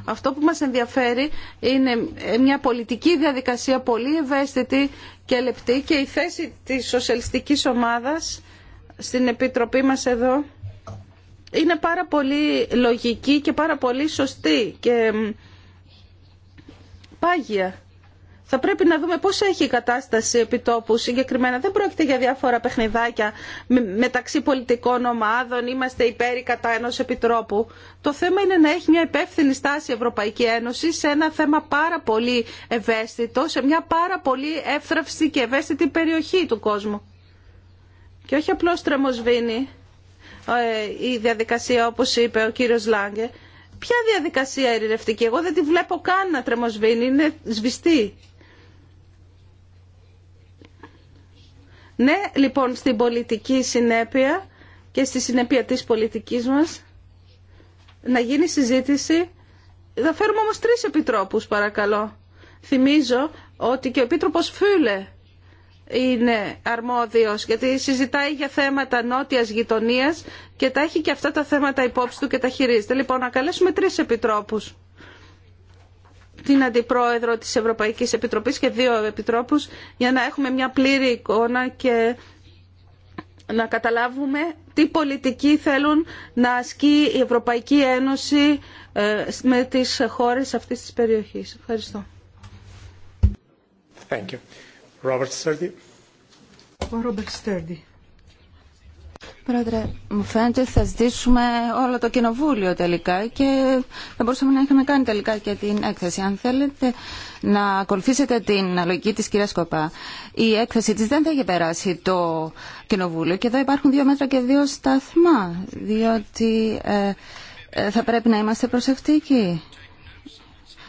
S3: Αυτό που μας ενδιαφέρει είναι μια πολιτική διαδικασία πολύ ευαίσθητη και λεπτή και η θέση της σοσιαλιστικής ομάδας στην Επιτροπή μας εδώ είναι πάρα πολύ λογική και πάρα πολύ σωστή και πάγια. Θα πρέπει να δούμε πώς έχει η κατάσταση επιτόπου συγκεκριμένα. Δεν πρόκειται για διάφορα παιχνιδάκια μεταξύ πολιτικών ομάδων, είμαστε υπέρ κατά ενός επιτρόπου. Το θέμα είναι να έχει μια υπεύθυνη στάση η Ευρωπαϊκή Ένωση σε ένα θέμα πάρα πολύ ευαίσθητο, σε μια πάρα πολύ εύθραυστη και ευαίσθητη περιοχή του κόσμου. Και όχι απλώς τρεμοσβήνει ε, η διαδικασία όπως είπε ο κύριος Λάγκε. Ποια διαδικασία ειρηνευτική, εγώ δεν τη βλέπω καν να τρεμοσβήνει, είναι σβηστή. Ναι, λοιπόν, στην πολιτική συνέπεια και στη συνέπεια της πολιτικής μας να γίνει συζήτηση. Θα φέρουμε όμως τρεις επιτρόπους, παρακαλώ. Θυμίζω ότι και ο Επίτροπος Φούλε είναι αρμόδιος γιατί συζητάει για θέματα νότιας γειτονίας και τα έχει και αυτά τα θέματα υπόψη του και τα χειρίζεται. Λοιπόν, να καλέσουμε τρεις επιτρόπους. Την Αντιπρόεδρο της Ευρωπαϊκής Επιτροπής και δύο επιτρόπους για να έχουμε μια πλήρη εικόνα και να καταλάβουμε τι πολιτική θέλουν να ασκεί η Ευρωπαϊκή Ένωση ε, με τις χώρες αυτής της περιοχής. Ευχαριστώ.
S1: Thank Robert
S4: Πρόεδρε, μου φαίνεται ότι θα ζητήσουμε όλο το κοινοβούλιο τελικά και θα μπορούσαμε να έχουμε κάνει τελικά και την έκθεση. Αν θέλετε να ακολουθήσετε την λογική της κυρία Σκοπά, η έκθεση της δεν θα είχε περάσει το κοινοβούλιο και εδώ υπάρχουν δύο μέτρα και δύο σταθμά, διότι ε, ε, θα πρέπει να είμαστε προσεκτικοί.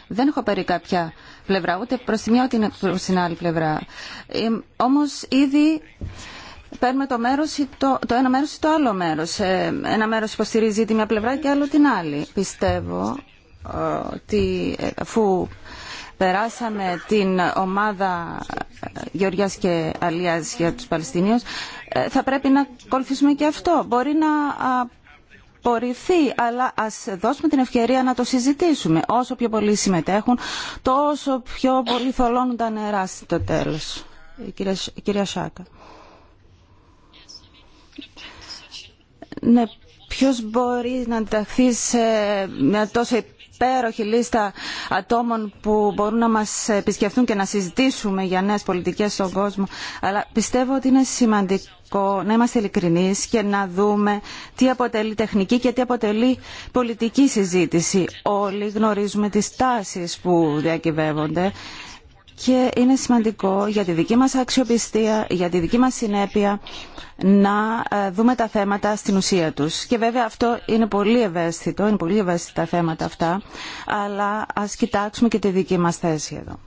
S4: Δεν έχω περί κάποια πλευρά, ούτε προ τη μια ούτε προ την άλλη πλευρά. Ε, όμως ήδη παίρνουμε το, μέρος, το, το ένα μέρο ή το άλλο μέρο. Ε, ένα μέρο υποστηρίζει τη μια πλευρά και άλλο την άλλη. Πιστεύω ε, ότι ε, αφού περάσαμε την ομάδα ε, Γεωργιάς και Αλίας για τους Παλαιστινίους, θα πρέπει να ακολουθήσουμε και αυτό. Μπορεί να απορριφθεί, αλλά ας δώσουμε την ευκαιρία να το συζητήσουμε. Όσο πιο πολλοί συμμετέχουν, τόσο πιο πολύ θολώνουν τα νερά στο τέλος. κυρία, Σάκα. Ναι, ποιος μπορεί να ενταχθεί σε μια τόσο υπέροχη λίστα ατόμων που μπορούν να μας επισκεφθούν και να συζητήσουμε για νέες πολιτικές στον κόσμο. Αλλά πιστεύω ότι είναι σημαντικό να είμαστε ειλικρινεί και να δούμε τι αποτελεί τεχνική και τι αποτελεί πολιτική συζήτηση. Όλοι γνωρίζουμε τις τάσεις που διακυβεύονται και είναι σημαντικό για τη δική μας αξιοπιστία, για τη δική μας συνέπεια να ε, δούμε τα θέματα στην ουσία τους. Και βέβαια αυτό είναι πολύ ευαίσθητο, είναι πολύ ευαίσθητα τα θέματα αυτά, αλλά ας κοιτάξουμε και τη δική μας θέση εδώ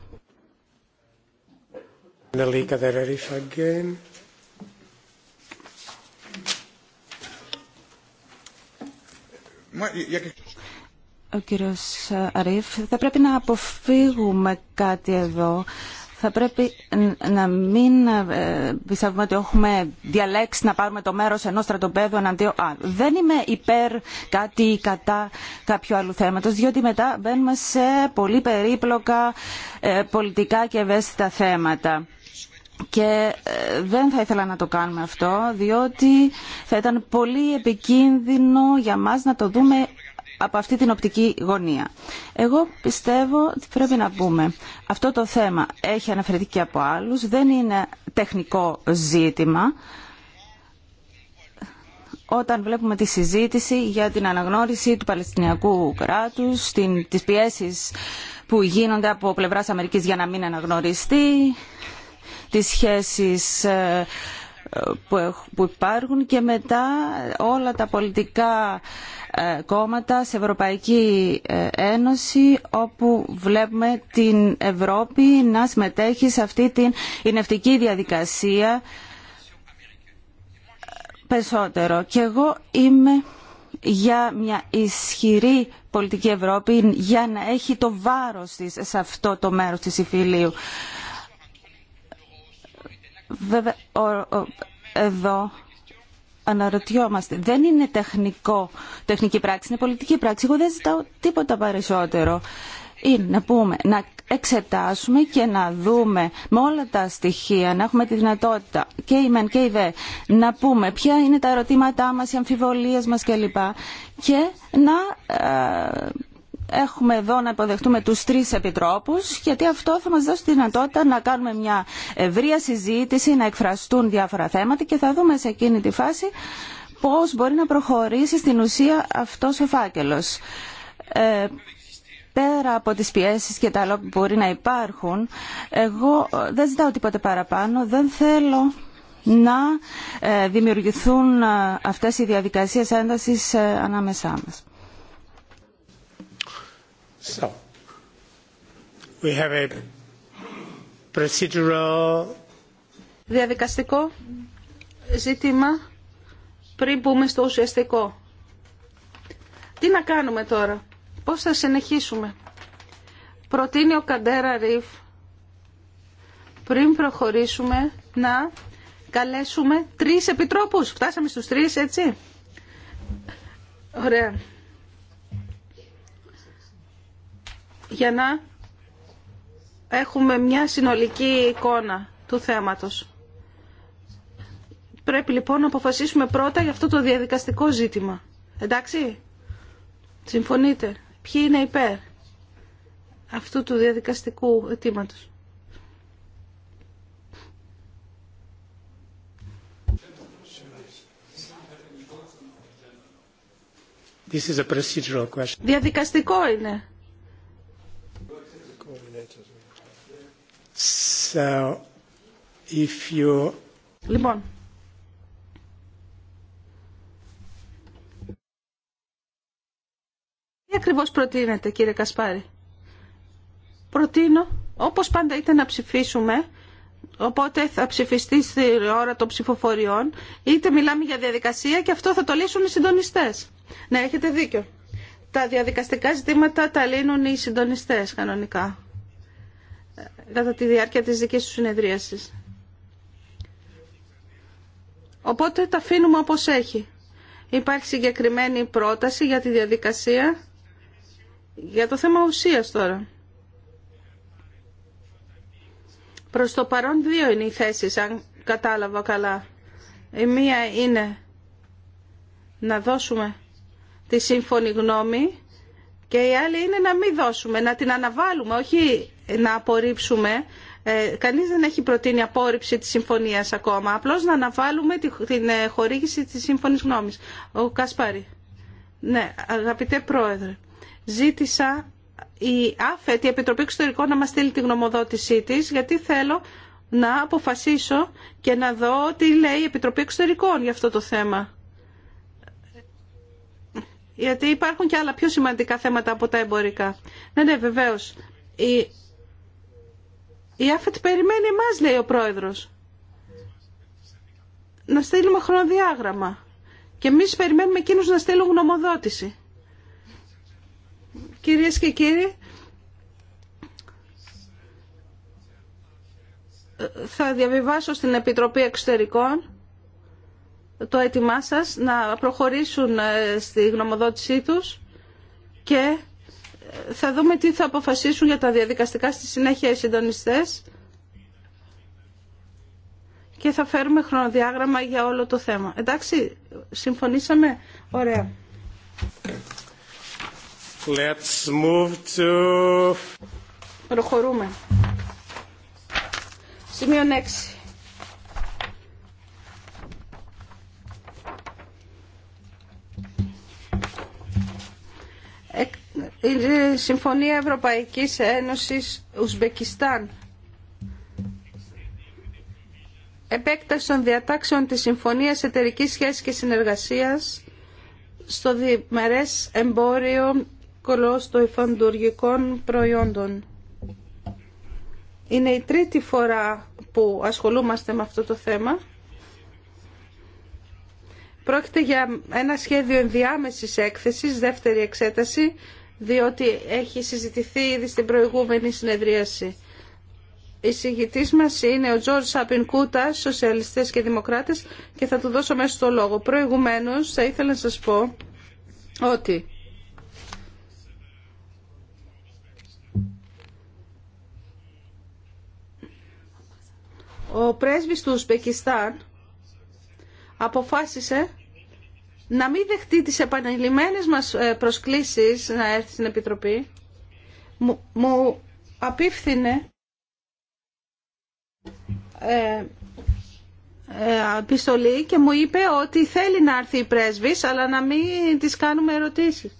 S4: ο κύριος Αρίφ, θα πρέπει να αποφύγουμε κάτι εδώ. Θα πρέπει να μην ε, πιστεύουμε ότι έχουμε διαλέξει να πάρουμε το μέρος ενός στρατοπέδου εναντίον Δεν είμαι υπέρ κάτι ή κατά κάποιο άλλου θέματος, διότι μετά μπαίνουμε σε πολύ περίπλοκα ε, πολιτικά και ευαίσθητα θέματα. Και ε, δεν θα ήθελα να το κάνουμε αυτό, διότι θα ήταν πολύ επικίνδυνο για μας να το δούμε από αυτή την οπτική γωνία. Εγώ πιστεύω ότι πρέπει να πούμε αυτό το θέμα έχει αναφερθεί και από άλλους, δεν είναι τεχνικό ζήτημα. Όταν βλέπουμε τη συζήτηση για την αναγνώριση του Παλαιστινιακού κράτους, την, τις πιέσεις που γίνονται από πλευράς Αμερικής για να μην αναγνωριστεί, τις σχέσεις ε, που υπάρχουν και μετά όλα τα πολιτικά ε, κόμματα σε Ευρωπαϊκή ε, Ένωση όπου βλέπουμε την Ευρώπη να συμμετέχει σε αυτή την ηνευτική διαδικασία ε, περισσότερο. Και εγώ είμαι για μια ισχυρή πολιτική Ευρώπη για να έχει το βάρος της σε αυτό το μέρος της Ιφιλίου. Βέβαια, εδώ αναρωτιόμαστε. Δεν είναι τεχνικό, τεχνική πράξη, είναι πολιτική πράξη. Εγώ δεν ζητάω τίποτα περισσότερο. Είναι να πούμε, να εξετάσουμε και να δούμε με όλα τα στοιχεία, να έχουμε τη δυνατότητα και η μεν και η δε, να πούμε ποια είναι τα ερωτήματά μας, οι αμφιβολίες μας κλπ. Και να ε, έχουμε εδώ να υποδεχτούμε τους τρεις επιτρόπους γιατί αυτό θα μας δώσει τη δυνατότητα να κάνουμε μια ευρεία συζήτηση, να εκφραστούν διάφορα θέματα και θα δούμε σε εκείνη τη φάση πώς μπορεί να προχωρήσει στην ουσία αυτός ο φάκελος. Ε, πέρα από τις πιέσεις και τα άλλα που μπορεί να υπάρχουν, εγώ ε, δεν ζητάω τίποτε παραπάνω, δεν θέλω να ε, δημιουργηθούν αυτές οι διαδικασίες έντασης ανάμεσά μας.
S1: So, we have
S3: Διαδικαστικό ζήτημα πριν μπούμε στο ουσιαστικό. Τι να κάνουμε τώρα, πώς θα συνεχίσουμε. Προτείνει ο Καντέρα Ρίφ πριν προχωρήσουμε να καλέσουμε τρεις επιτρόπους. Φτάσαμε στους τρεις, έτσι. Ωραία. για να έχουμε μια συνολική εικόνα του θέματος. Πρέπει λοιπόν να αποφασίσουμε πρώτα για αυτό το διαδικαστικό ζήτημα. Εντάξει, συμφωνείτε. Ποιοι είναι υπέρ αυτού του διαδικαστικού αιτήματος. Διαδικαστικό
S1: είναι. Λοιπόν,
S3: τι ακριβώς προτείνετε κύριε Κασπάρη. Προτείνω, όπως πάντα είτε να ψηφίσουμε, οπότε θα ψηφιστεί στη ώρα των ψηφοφοριών, είτε μιλάμε για διαδικασία και αυτό θα το λύσουν οι συντονιστές. Ναι, έχετε δίκιο. Τα διαδικαστικά ζητήματα τα λύνουν οι συντονιστές κανονικά κατά τη διάρκεια της δικής του συνεδρίασης. Οπότε τα αφήνουμε όπως έχει. Υπάρχει συγκεκριμένη πρόταση για τη διαδικασία για το θέμα ουσίας τώρα. Προς το παρόν δύο είναι οι θέσεις, αν κατάλαβα καλά. Η μία είναι να δώσουμε τη σύμφωνη γνώμη και η άλλη είναι να μην δώσουμε, να την αναβάλουμε, όχι να απορρίψουμε. Ε, κανείς δεν έχει προτείνει απόρριψη της συμφωνίας ακόμα. Απλώς να αναβάλουμε την ε, χορήγηση της σύμφωνης γνώμης. Ο Κασπάρη. Ναι, αγαπητέ Πρόεδρε. Ζήτησα η ΑΦΕΤ, η Επιτροπή Εξωτερικών, να μας στείλει τη γνωμοδότησή της, γιατί θέλω να αποφασίσω και να δω τι λέει η Επιτροπή Εξωτερικών για αυτό το θέμα. Γιατί υπάρχουν και άλλα πιο σημαντικά θέματα από τα εμπορικά. Ναι, ναι, βεβαίως. Η ΑΦΕΤ περιμένει εμά λέει ο πρόεδρος, να στείλουμε χρονοδιάγραμμα. Και εμεί περιμένουμε εκείνου να στείλουν γνωμοδότηση. Κυρίες και κύριοι, θα διαβιβάσω στην Επιτροπή Εξωτερικών το αίτημά σας να προχωρήσουν ε, στη γνωμοδότησή τους και θα δούμε τι θα αποφασίσουν για τα διαδικαστικά στη συνέχεια οι συντονιστές και θα φέρουμε χρονοδιάγραμμα για όλο το θέμα. Εντάξει, συμφωνήσαμε. Ωραία.
S1: Let's move to...
S3: Προχωρούμε. Σημείο 6. η Συμφωνία Ευρωπαϊκής Ένωσης Ουσμπεκιστάν. Επέκταση των διατάξεων της Συμφωνίας Εταιρικής Σχέσης και Συνεργασίας στο διμερές εμπόριο εφαντουργικών προϊόντων. Είναι η τρίτη φορά που ασχολούμαστε με αυτό το θέμα. Πρόκειται για ένα σχέδιο ενδιάμεσης έκθεσης, δεύτερη εξέταση, διότι έχει συζητηθεί ήδη στην προηγούμενη συνεδρίαση. Η συγητή μα είναι ο Τζορτ Σάπιν Κούτα, Σοσιαλιστέ και Δημοκράτε, και θα του δώσω μέσα το λόγο. Προηγουμένω, θα ήθελα να σα πω ότι. Ο πρέσβης του Ουσπεκιστάν αποφάσισε να μην δεχτεί τις επανειλημμένες μας ε, προσκλήσεις να έρθει στην Επιτροπή. Μου, μου απίφθινε ε, ε, επιστολή και μου είπε ότι θέλει να έρθει η πρέσβης αλλά να μην τις κάνουμε ερωτήσεις.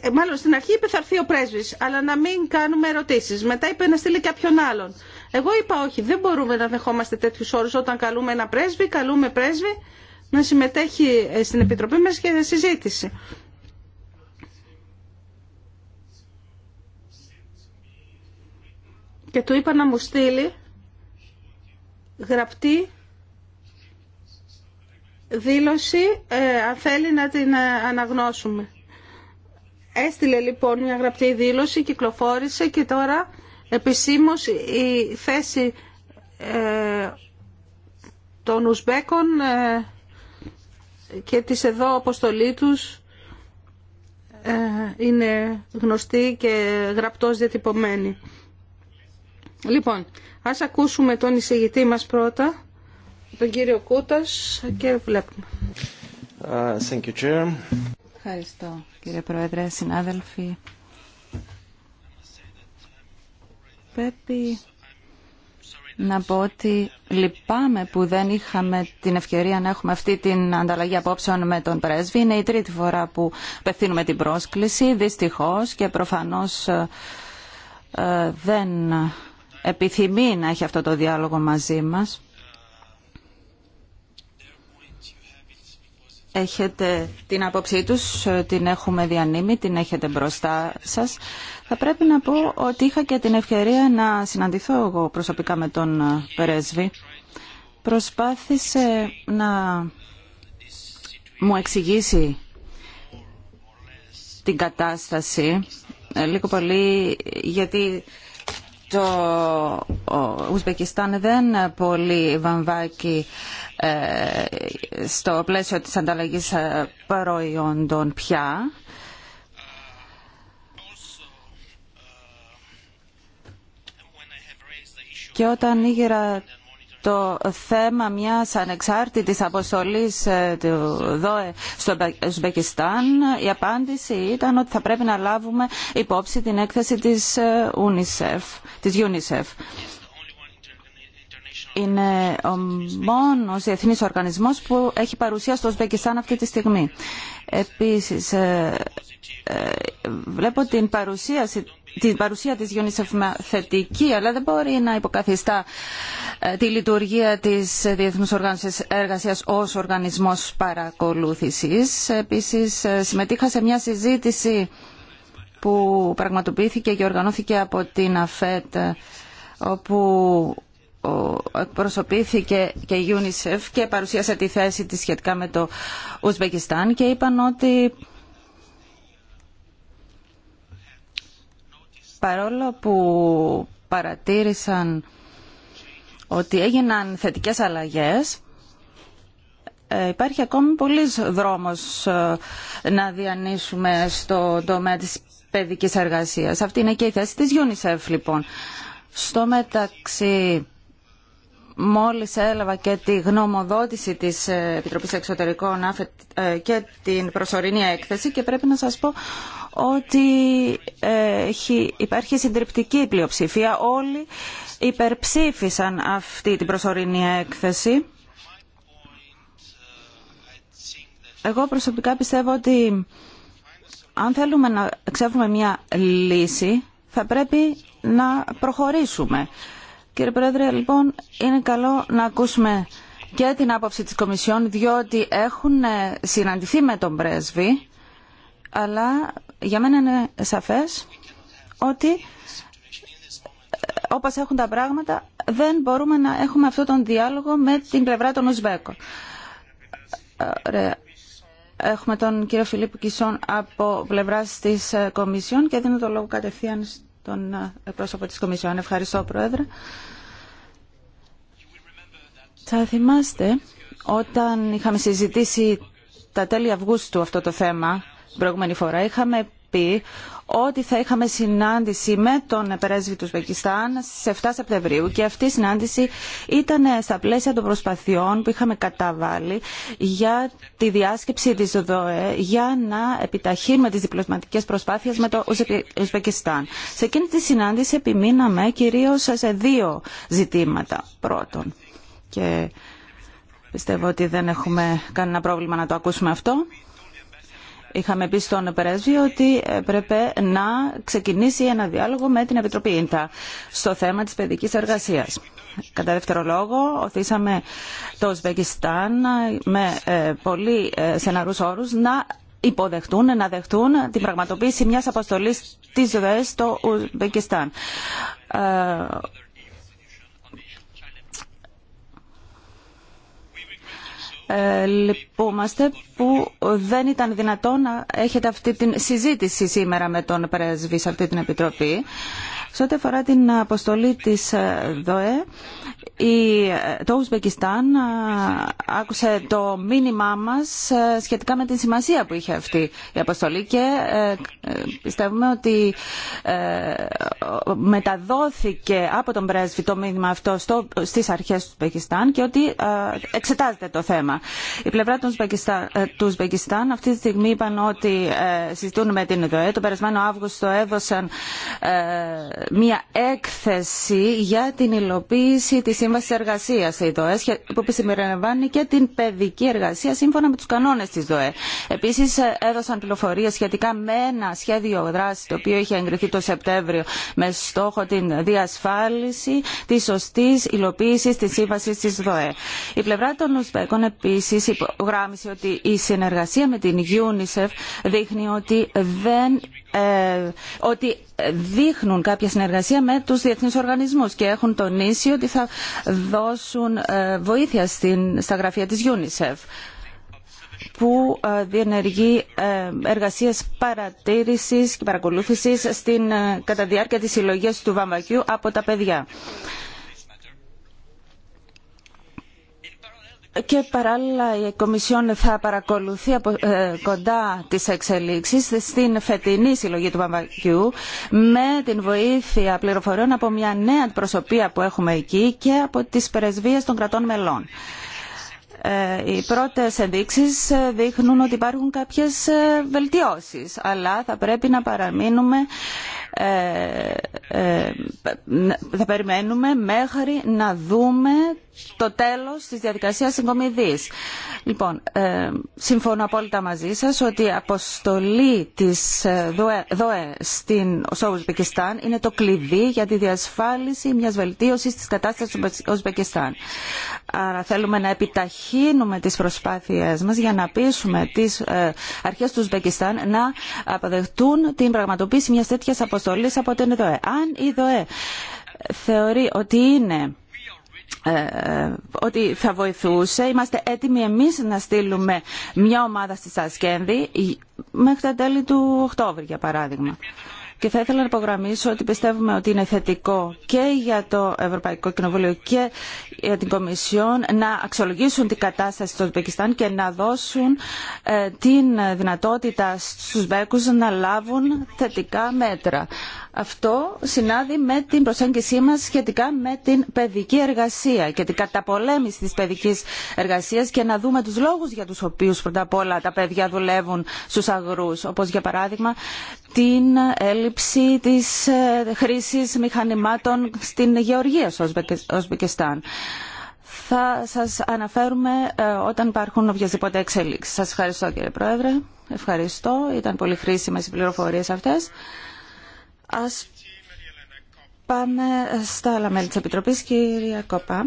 S3: Ε, μάλλον στην αρχή είπε θα έρθει ο πρέσβης, αλλά να μην κάνουμε ερωτήσεις. Μετά είπε να στείλει κάποιον άλλον. Εγώ είπα όχι, δεν μπορούμε να δεχόμαστε τέτοιου όρου όταν καλούμε ένα πρέσβη, καλούμε πρέσβη να συμμετέχει ε, στην Επιτροπή μα και συζήτηση. Και του είπα να μου στείλει γραπτή δήλωση, ε, αν θέλει να την αναγνώσουμε. Έστειλε λοιπόν μια γραπτή δήλωση, κυκλοφόρησε και τώρα επισήμως η θέση ε, των Ουσμπέκων ε, και της εδώ αποστολή τους ε, είναι γνωστή και γραπτός διατυπωμένη. Λοιπόν, ας ακούσουμε τον εισηγητή μας πρώτα, τον κύριο Κούτας και βλέπουμε.
S1: Uh, thank you,
S4: Ευχαριστώ κύριε Πρόεδρε, συνάδελφοι. Πρέπει να πω ότι λυπάμαι που δεν είχαμε την ευκαιρία να έχουμε αυτή την ανταλλαγή απόψεων με τον πρέσβη. Είναι η τρίτη φορά που πεθύνουμε την πρόσκληση, δυστυχώς και προφανώς ε, ε, δεν επιθυμεί να έχει αυτό το διάλογο μαζί μας. έχετε την άποψή τους, την έχουμε διανύμει, την έχετε μπροστά σας. Θα πρέπει να πω ότι είχα και την ευκαιρία να συναντηθώ εγώ προσωπικά με τον ε, Περέσβη. Προσπάθησε να μου εξηγήσει την κατάσταση ε, λίγο πολύ γιατί το Ουσβεκιστάν δεν πολύ βαμβάκι ε, στο πλαίσιο της ανταλλαγής ε, προϊόντων πια. Και όταν ήγερα το θέμα μιας ανεξάρτητης αποστολής ε, του ΔΟΕ στο Ουσμπεκιστάν, η απάντηση ήταν ότι θα πρέπει να λάβουμε υπόψη την έκθεση της UNICEF. Της UNICEF είναι ο μόνος διεθνής οργανισμός που έχει παρουσία στο Ουσβεκιστάν αυτή τη στιγμή. Επίσης, ε, ε, βλέπω την παρουσία, την παρουσία της UNICEF θετική, αλλά δεν μπορεί να υποκαθιστά ε, τη λειτουργία της Διεθνούς Οργάνωσης Εργασίας ως οργανισμός παρακολούθησης. Επίσης, συμμετείχα σε μια συζήτηση που πραγματοποιήθηκε και οργανώθηκε από την ΑΦΕΤ όπου εκπροσωπήθηκε και η UNICEF και παρουσίασε τη θέση της σχετικά με το Ουσβεκιστάν και είπαν ότι παρόλο που παρατήρησαν ότι έγιναν θετικές αλλαγές ε, υπάρχει ακόμη πολλής δρόμος ε, να διανύσουμε στο τομέα της παιδικής εργασίας. Αυτή είναι και η θέση της UNICEF λοιπόν. Στο μεταξύ Μόλις έλαβα και τη γνωμοδότηση της ε, Επιτροπής Εξωτερικών ε, και την προσωρινή έκθεση και πρέπει να σας πω ότι ε, υπάρχει συντριπτική πλειοψηφία. Όλοι υπερψήφισαν αυτή την προσωρινή έκθεση. Εγώ προσωπικά πιστεύω ότι αν θέλουμε να ξέρουμε μια λύση θα πρέπει να προχωρήσουμε. Κύριε Πρόεδρε, λοιπόν, είναι καλό να ακούσουμε και την άποψη της Κομισιόν, διότι έχουν ε, συναντηθεί με τον πρέσβη, αλλά για μένα είναι σαφές ότι ε, όπως έχουν τα πράγματα δεν μπορούμε να έχουμε αυτόν τον διάλογο με την πλευρά των Ουσβέκων. Ε, έχουμε τον κύριο Φιλίππ Κισόν από πλευρά της Κομισιόν και δίνω το λόγο κατευθείαν τον ε, πρόσωπο της Κομισιόν. Ευχαριστώ, Πρόεδρε. Θα θυμάστε όταν είχαμε συζητήσει τα τέλη Αυγούστου αυτό το θέμα την προηγούμενη φορά, είχαμε πει ότι θα είχαμε συνάντηση με τον πρέσβη του Ουσβεκιστάν στι 7 Σεπτεμβρίου και αυτή η συνάντηση ήταν στα πλαίσια των προσπαθειών που είχαμε καταβάλει για τη διάσκεψη τη ΔΟΕ για να επιταχύνουμε τις διπλωματικές προσπάθειες με το Ουσβεκιστάν. Σε εκείνη τη συνάντηση επιμείναμε κυρίω σε δύο ζητήματα. Πρώτον, και πιστεύω ότι δεν έχουμε κανένα πρόβλημα να το ακούσουμε αυτό είχαμε πει στον Πρέσβη ότι έπρεπε να ξεκινήσει ένα διάλογο με την Επιτροπή ΙΝΤΑ στο θέμα της παιδικής εργασίας. Κατά δεύτερο λόγο, οθήσαμε το Ουσβεκιστάν με ε, πολύ ε, σεναρούς όρους να υποδεχτούν, να δεχτούν την πραγματοποίηση μιας αποστολής της ΔΕΣ στο Ουσβεκιστάν ε, Ε, λυπούμαστε που δεν ήταν δυνατό να έχετε αυτή τη συζήτηση σήμερα με τον πρέσβη σε αυτή την Επιτροπή. Σε ό,τι αφορά την αποστολή της ε, ΔΟΕ, ε, το Ουσμπεκιστάν ε, άκουσε το μήνυμά μας σχετικά με την σημασία που είχε αυτή η αποστολή και πιστεύουμε ότι μεταδόθηκε από τον πρέσβη το μήνυμα αυτό στις αρχές του Ουσμπεκιστάν και ότι εξετάζεται το θέμα. Η πλευρά ε, του Ουσμπεκιστάν αυτή τη στιγμή είπαν ότι ε, συζητούν με την ΔΟΕ. Το περασμένο Αύγουστο έδωσαν ε, μία έκθεση για την υλοποίηση της σύμβασης εργασίας η ΔΟΕ που επισημερινευάνει και την παιδική εργασία σύμφωνα με τους κανόνες της ΔΟΕ. Επίσης έδωσαν πληροφορίες σχετικά με ένα σχέδιο δράση το οποίο είχε εγκριθεί το Σεπτέμβριο με στόχο την διασφάλιση της σωστής υλοποίησης της σύμβασης της ΔΟΕ. Η πλευρά των επίσης υπογράμμισε ότι η συνεργασία με την UNICEF δείχνει ότι, δεν, ε, ότι δείχνουν κάποια συνεργασία με τους διεθνείς οργανισμούς και έχουν τονίσει ότι θα δώσουν ε, βοήθεια στην, στα γραφεία της UNICEF που ε, διενεργεί εργασίες παρατήρησης και παρακολούθησης στην, κατά διάρκεια της συλλογής του βαμβακιού από τα παιδιά. και παράλληλα η Κομισιόν θα παρακολουθεί από ε, κοντά τις εξελίξεις στην φετινή συλλογή του Παπακιού με την βοήθεια πληροφοριών από μια νέα προσωπία που έχουμε εκεί και από τις πρεσβείες των κρατών μελών. Ε, οι πρώτες ενδείξεις ε, δείχνουν ότι υπάρχουν κάποιες ε, βελτιώσεις αλλά θα πρέπει να παραμείνουμε θα περιμένουμε μέχρι να δούμε το τέλος της διαδικασίας συγκομιδής. Λοιπόν, συμφωνώ απόλυτα μαζί σας ότι η αποστολή της ΔΟΕ στην Ουσπεκιστάν είναι το κλειδί για τη διασφάλιση μιας βελτίωσης της κατάστασης του Ουσπεκιστάν. Άρα θέλουμε να επιταχύνουμε επιταχύνουμε τις προσπάθειές μας για να πείσουμε τις ε, αρχές του Μεκιστάν να αποδεχτούν την πραγματοποίηση μιας τέτοιας αποστολής από την ΕΔΟΕ. Αν η ΔΟΕ θεωρεί ότι είναι ε, ε, ότι θα βοηθούσε. Είμαστε έτοιμοι εμείς να στείλουμε μια ομάδα στη Σασκένδη μέχρι τα τέλη του Οκτώβρη, για παράδειγμα. Και θα ήθελα να υπογραμμίσω ότι πιστεύουμε ότι είναι θετικό και για το Ευρωπαϊκό Κοινοβούλιο και για την Κομισιόν να αξιολογήσουν την κατάσταση στο Ουσμπεκιστάν και να δώσουν ε, την δυνατότητα στους Μπέκους να λάβουν θετικά μέτρα. Αυτό συνάδει με την προσέγγισή μας σχετικά με την παιδική εργασία και την καταπολέμηση της παιδικής εργασίας και να δούμε τους λόγους για τους οποίους πρώτα απ' όλα τα παιδιά δουλεύουν στους αγρούς, όπως για παράδειγμα την έλλειψη της ε, χρήσης μηχανημάτων στην γεωργία στο Οσμπεκιστάν. Θα σας αναφέρουμε ε, όταν υπάρχουν οποιασδήποτε εξέλιξεις. Σας ευχαριστώ κύριε Πρόεδρε. Ευχαριστώ. Ήταν πολύ χρήσιμες οι πληροφορίες αυτές. Ας πάμε στα άλλα μέλη της Επιτροπής. κύριε Κόπα.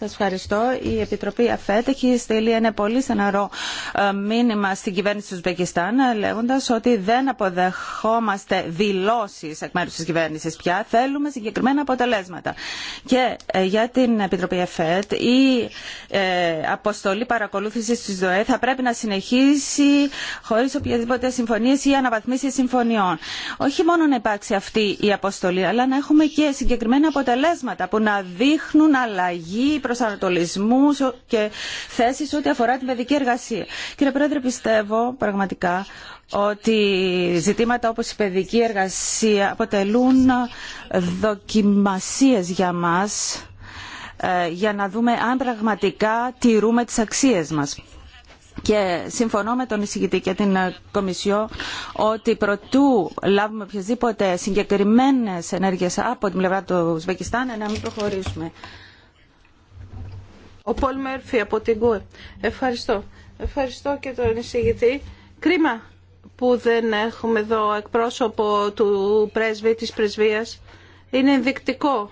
S4: Σας ευχαριστώ. Η Επιτροπή ΑΦΕΤ έχει στείλει ένα πολύ στεναρό ε, μήνυμα στην κυβέρνηση του Ουσμπεκιστάν λέγοντας ότι δεν αποδεχόμαστε δηλώσεις εκ μέρους της κυβέρνησης πια. Θέλουμε συγκεκριμένα αποτελέσματα. Και ε, για την Επιτροπή ΑΦΕΤ η ε, αποστολή παρακολούθησης της ΔΟΕ θα πρέπει να συνεχίσει χωρίς οποιαδήποτε συμφωνίες ή αναβαθμίσεις συμφωνιών. Όχι μόνο να υπάρξει αυτή η αποστολή αλλά να έχουμε και συγκεκριμένα αποτελέσματα που να δείχνουν αλλαγή προσανατολισμού και θέσεις ό,τι αφορά την παιδική εργασία. Κύριε Πρόεδρε, πιστεύω πραγματικά ότι ζητήματα όπως η παιδική εργασία αποτελούν δοκιμασίες για μας ε, για να δούμε αν πραγματικά τηρούμε τις αξίες μας. Και συμφωνώ με τον εισηγητή και την ε, Κομισιό ότι προτού λάβουμε οποιασδήποτε συγκεκριμένες ενέργειες από την πλευρά του Ουσβεκιστάν ε, να μην προχωρήσουμε. Ο Πολ Μέρφυ
S3: από την ΚΟΕ. Ευχαριστώ. Ευχαριστώ και τον εισηγητή. Κρίμα που δεν έχουμε εδώ εκπρόσωπο του πρέσβη, της πρεσβείας. Είναι ενδεικτικό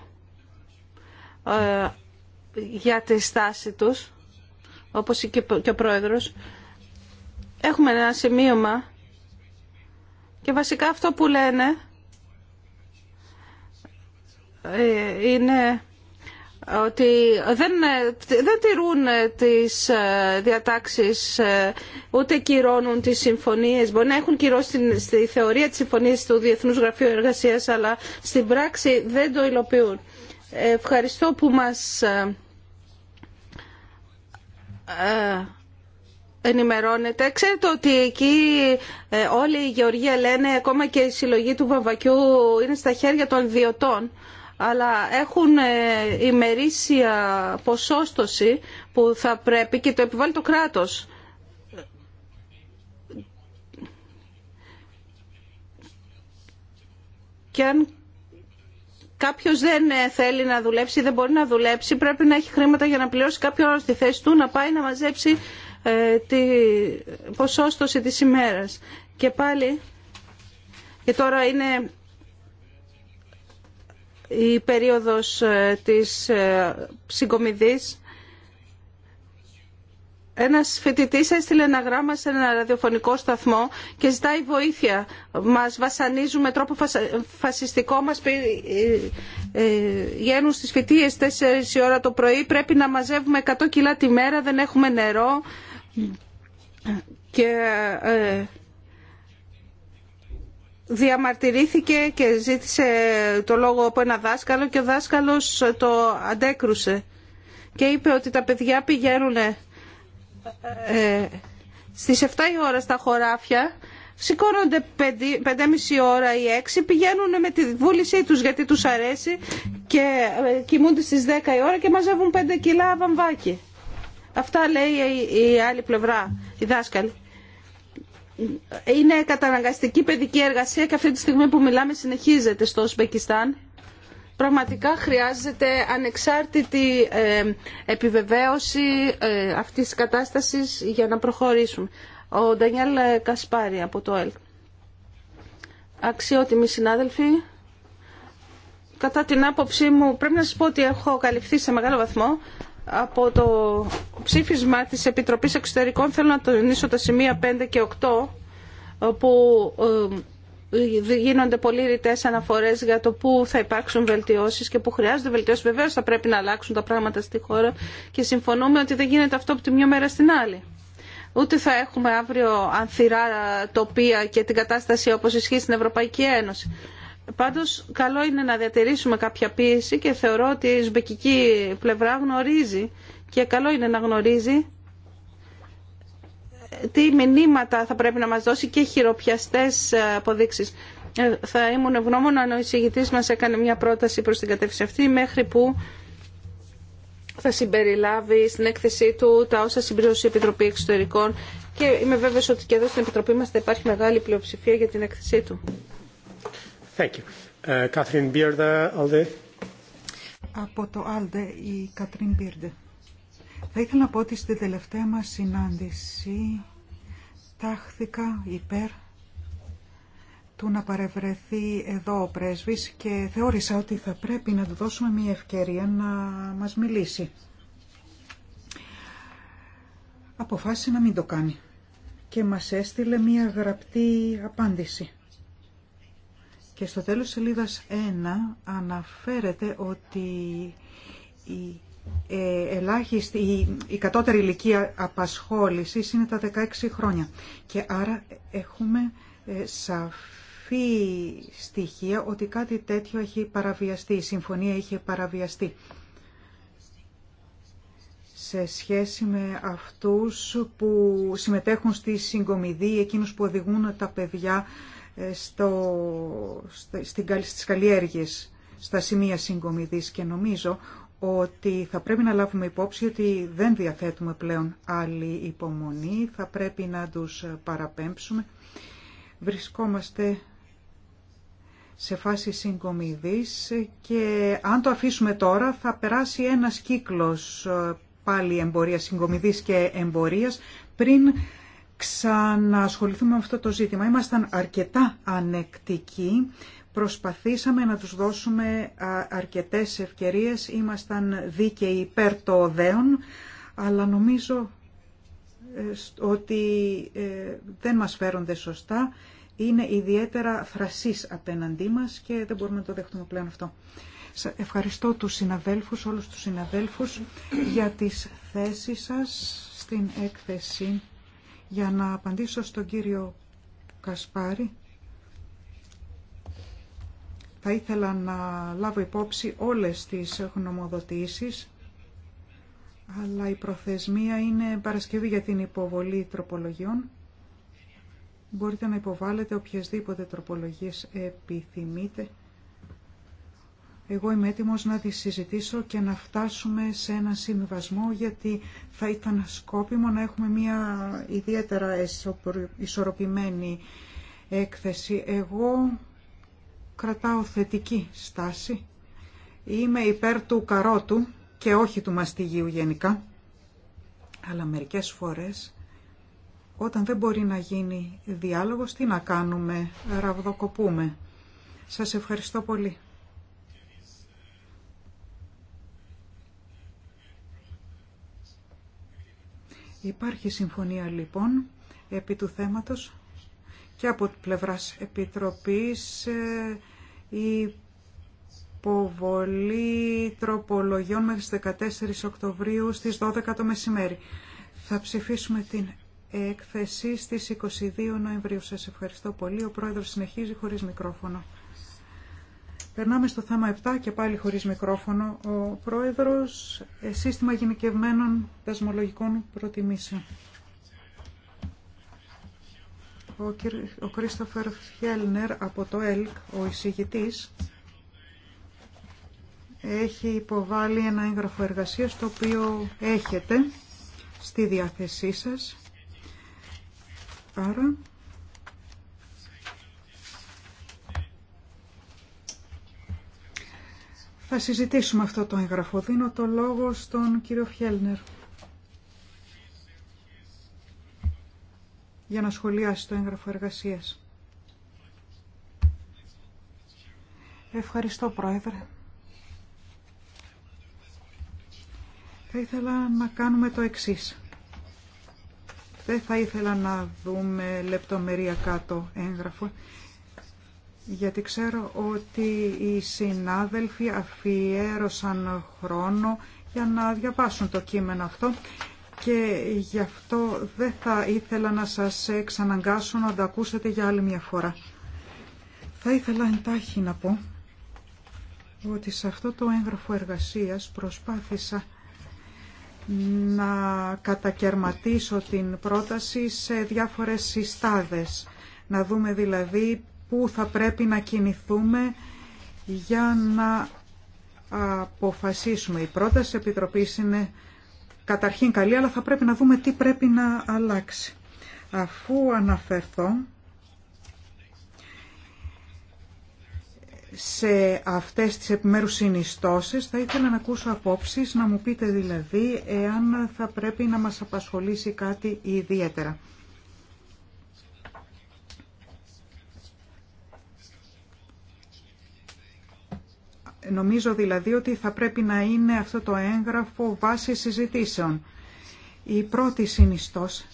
S3: ε, για τη στάση τους, όπως και ο πρόεδρος. Έχουμε ένα σημείωμα και βασικά αυτό που λένε ε, είναι ότι δεν, δεν τηρούν τις ε, διατάξεις ε, ούτε κυρώνουν τις συμφωνίες. Μπορεί να έχουν κυρώσει στη θεωρία της συμφωνίας του Διεθνούς Γραφείου Εργασίας, αλλά στην πράξη δεν το υλοποιούν. Ευχαριστώ που μας ε, ενημερώνετε. Ξέρετε ότι εκεί όλοι οι Γεωργία λένε, ακόμα και η συλλογή του βαμβακιού είναι στα χέρια των ιδιωτών αλλά έχουν ε, ημερήσια ποσόστοση που θα πρέπει και το επιβάλλει το κράτος. Και αν κάποιος δεν ε, θέλει να δουλέψει, δεν μπορεί να δουλέψει, πρέπει να έχει χρήματα για να πληρώσει κάποιον άλλο στη θέση του, να πάει να μαζέψει ε, τη ποσόστοση της ημέρας. Και πάλι, και τώρα είναι η περίοδος ε, της ε, συγκομιδής. Ένας φοιτητής έστειλε ένα γράμμα σε ένα ραδιοφωνικό σταθμό και ζητάει βοήθεια. Μας βασανίζουν με τρόπο φασιστικό, μας πηγαίνουν ε, στις φοιτίες 4 η ώρα το πρωί, πρέπει να μαζεύουμε 100 κιλά τη μέρα, δεν έχουμε νερό και διαμαρτυρήθηκε και ζήτησε το λόγο από ένα δάσκαλο και ο δάσκαλος το αντέκρουσε και είπε ότι τα παιδιά πηγαίνουν ε, στις 7 η ώρα στα χωράφια σηκώνονται 5, 5,5 ώρα ή 6 πηγαίνουν με τη βούλησή τους γιατί τους αρέσει και ε, κοιμούνται στις 10 η ώρα και μαζεύουν 5 κιλά βαμβάκι αυτά λέει η άλλη πλευρά η δάσκαλη είναι καταναγκαστική παιδική εργασία και αυτή τη στιγμή που μιλάμε συνεχίζεται στο Ουσμπεκιστάν. Πραγματικά χρειάζεται ανεξάρτητη ε, επιβεβαίωση ε, αυτής της κατάστασης για να προχωρήσουμε. Ο Ντανιέλ Κασπάρη από το ΕΛ. Αξιότιμοι συνάδελφοι, κατά την άποψή μου πρέπει να σας πω ότι έχω καλυφθεί σε μεγάλο βαθμό από το ψήφισμα της Επιτροπής Εξωτερικών θέλω να τονίσω τα σημεία 5 και 8 που ε, γίνονται πολύ ρητές αναφορές για το πού θα υπάρξουν βελτιώσεις και πού χρειάζονται βελτιώσεις. Βεβαίως θα πρέπει να αλλάξουν τα πράγματα στη χώρα και συμφωνούμε ότι δεν γίνεται αυτό από τη μια μέρα στην άλλη. Ούτε θα έχουμε αύριο ανθυρά τοπία και την κατάσταση όπως ισχύει στην Ευρωπαϊκή Ένωση. Πάντω καλό είναι να διατηρήσουμε κάποια πίεση και θεωρώ ότι η Ουσμπεκική πλευρά γνωρίζει και καλό είναι να γνωρίζει ε, τι μηνύματα θα πρέπει να μα δώσει και χειροπιαστές ε, αποδείξεις. Ε, θα ήμουν ευγνώμων αν ο εισηγητή μα έκανε μια πρόταση προ την κατεύθυνση αυτή μέχρι που θα συμπεριλάβει στην έκθεσή του τα όσα συμπληρώσει η Επιτροπή Εξωτερικών και είμαι βέβαιος ότι και εδώ στην Επιτροπή μας θα υπάρχει μεγάλη
S2: πλειοψηφία για την έκθεσή του.
S1: Uh,
S2: Από το Alde η Κατρίν Μπίρντε. Θα ήθελα να πω ότι στην τελευταία μας συνάντηση τάχθηκα υπέρ του να παρευρεθεί εδώ ο πρέσβης και θεώρησα ότι θα πρέπει να του δώσουμε μια ευκαιρία να μας μιλήσει. Αποφάσισε να μην το κάνει και μας έστειλε μια γραπτή απάντηση. Και στο τέλος σελίδας 1 αναφέρεται ότι η, ε, ελάχιστη, η, η κατώτερη ηλικία απασχόλησης είναι τα 16 χρόνια. Και άρα έχουμε ε, σαφή στοιχεία ότι κάτι τέτοιο έχει παραβιαστεί, η συμφωνία είχε παραβιαστεί σε σχέση με αυτούς που συμμετέχουν στη συγκομιδή, εκείνους που οδηγούν τα παιδιά ε, στο, στις καλλιέργειες, στα σημεία συγκομιδής και νομίζω ότι θα πρέπει να λάβουμε υπόψη ότι δεν διαθέτουμε πλέον άλλη υπομονή, θα πρέπει να τους παραπέμψουμε. Βρισκόμαστε σε φάση συγκομιδής και αν το αφήσουμε τώρα θα περάσει ένας κύκλος ε, πάλι εμπορίας, συγκομιδής και εμπορίας πριν ξανασχοληθούμε με αυτό το ζήτημα. Ήμασταν αρκετά ανεκτικοί, προσπαθήσαμε να τους δώσουμε αρκετές ευκαιρίες, ήμασταν δίκαιοι υπέρ το οδέων. αλλά νομίζω ε, ότι ε, δεν μας φέρονται σωστά, είναι ιδιαίτερα θρασής απέναντί μας και δεν μπορούμε να το δεχτούμε πλέον αυτό. Ευχαριστώ τους συναδέλφους, όλους τους συναδέλφους για τις θέσεις σας στην έκθεση για να απαντήσω στον κύριο Κασπάρη, θα ήθελα να λάβω υπόψη όλες τις γνωμοδοτήσεις, αλλά η προθεσμία είναι Παρασκευή για την υποβολή τροπολογιών. Μπορείτε να υποβάλλετε οποιασδήποτε τροπολογίες επιθυμείτε εγώ είμαι έτοιμος να τη συζητήσω και να φτάσουμε σε ένα συμβιβασμό γιατί θα ήταν σκόπιμο να έχουμε μια ιδιαίτερα ισορροπημένη έκθεση. Εγώ κρατάω θετική στάση. Είμαι υπέρ του καρότου και όχι του μαστιγίου γενικά. Αλλά μερικές φορές όταν δεν μπορεί να γίνει διάλογος τι να κάνουμε, ραβδοκοπούμε. Σας ευχαριστώ πολύ. Υπάρχει συμφωνία λοιπόν επί του θέματος και από πλευράς Επιτροπής ε, η υποβολή τροπολογιών μέχρι τις 14 Οκτωβρίου στις 12 το μεσημέρι. Θα ψηφίσουμε την έκθεση στις 22 Νοεμβρίου. Σας ευχαριστώ πολύ. Ο Πρόεδρος συνεχίζει χωρίς μικρόφωνο. Περνάμε στο θέμα 7 και πάλι χωρίς μικρόφωνο. Ο Πρόεδρος, ε, Σύστημα Γενικευμένων δεσμολογικών Προτιμήσεων. Ο, κυρ, ο Κρίστοφερ Φιέλνερ από το ΕΛΚ, ο εισηγητής, έχει υποβάλει ένα έγγραφο εργασίας το οποίο έχετε στη διάθεσή σας. Άρα Θα συζητήσουμε αυτό το εγγραφό. Δίνω το λόγο στον κύριο Φιέλνερ. για να σχολιάσει το έγγραφο εργασίας. Ευχαριστώ, Πρόεδρε. Θα ήθελα να κάνουμε το εξής. Δεν θα ήθελα να δούμε λεπτομεριακά το έγγραφο, γιατί ξέρω ότι οι συνάδελφοι αφιέρωσαν χρόνο για να διαβάσουν το κείμενο αυτό και γι' αυτό δεν θα ήθελα να σας εξαναγκάσω να τα ακούσετε για άλλη μια φορά. Θα ήθελα εντάχει να πω ότι σε αυτό το έγγραφο εργασίας προσπάθησα να κατακαιρματίσω την πρόταση σε διάφορες συστάδες. Να δούμε δηλαδή πού θα πρέπει να κινηθούμε για να αποφασίσουμε. Η πρόταση της Επιτροπής είναι καταρχήν καλή, αλλά θα πρέπει να δούμε τι πρέπει να αλλάξει. Αφού αναφερθώ σε αυτές τις επιμέρους συνιστώσεις, θα ήθελα να ακούσω απόψεις, να μου πείτε δηλαδή εάν θα πρέπει να μας απασχολήσει κάτι ιδιαίτερα. Νομίζω δηλαδή ότι θα πρέπει να είναι αυτό το έγγραφο βάση συζητήσεων. Η πρώτη συνιστός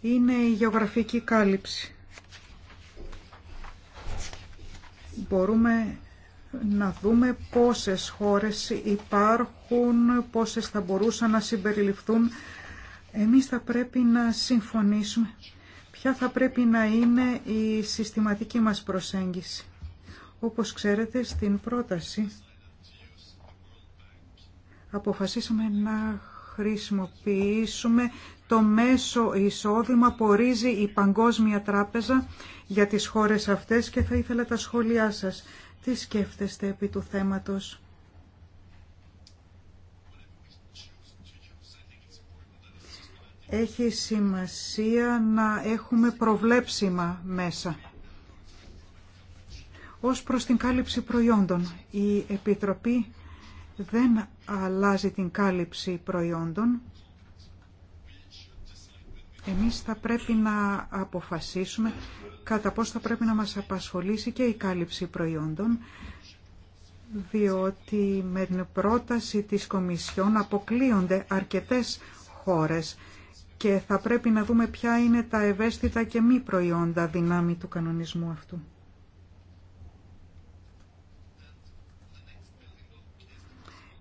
S2: είναι η γεωγραφική κάλυψη. Μπορούμε να δούμε πόσες χώρες υπάρχουν, πόσες θα μπορούσαν να συμπεριληφθούν. Εμείς θα πρέπει να συμφωνήσουμε ποια θα πρέπει να είναι η συστηματική μας προσέγγιση. Όπως ξέρετε στην πρόταση αποφασίσαμε να χρησιμοποιήσουμε το μέσο εισόδημα που ορίζει η Παγκόσμια Τράπεζα για τις χώρες αυτές και θα ήθελα τα σχόλιά σας. Τι σκέφτεστε επί του θέματος. Έχει σημασία να έχουμε προβλέψιμα μέσα. Ως προς την κάλυψη προϊόντων, η Επιτροπή δεν αλλάζει την κάλυψη προϊόντων. Εμείς θα πρέπει να αποφασίσουμε κατά πώς θα πρέπει να μας απασχολήσει και η κάλυψη προϊόντων, διότι με την πρόταση της Κομισιόν αποκλείονται αρκετές χώρες και θα πρέπει να δούμε ποια είναι τα ευαίσθητα και μη προϊόντα δυνάμει του κανονισμού αυτού.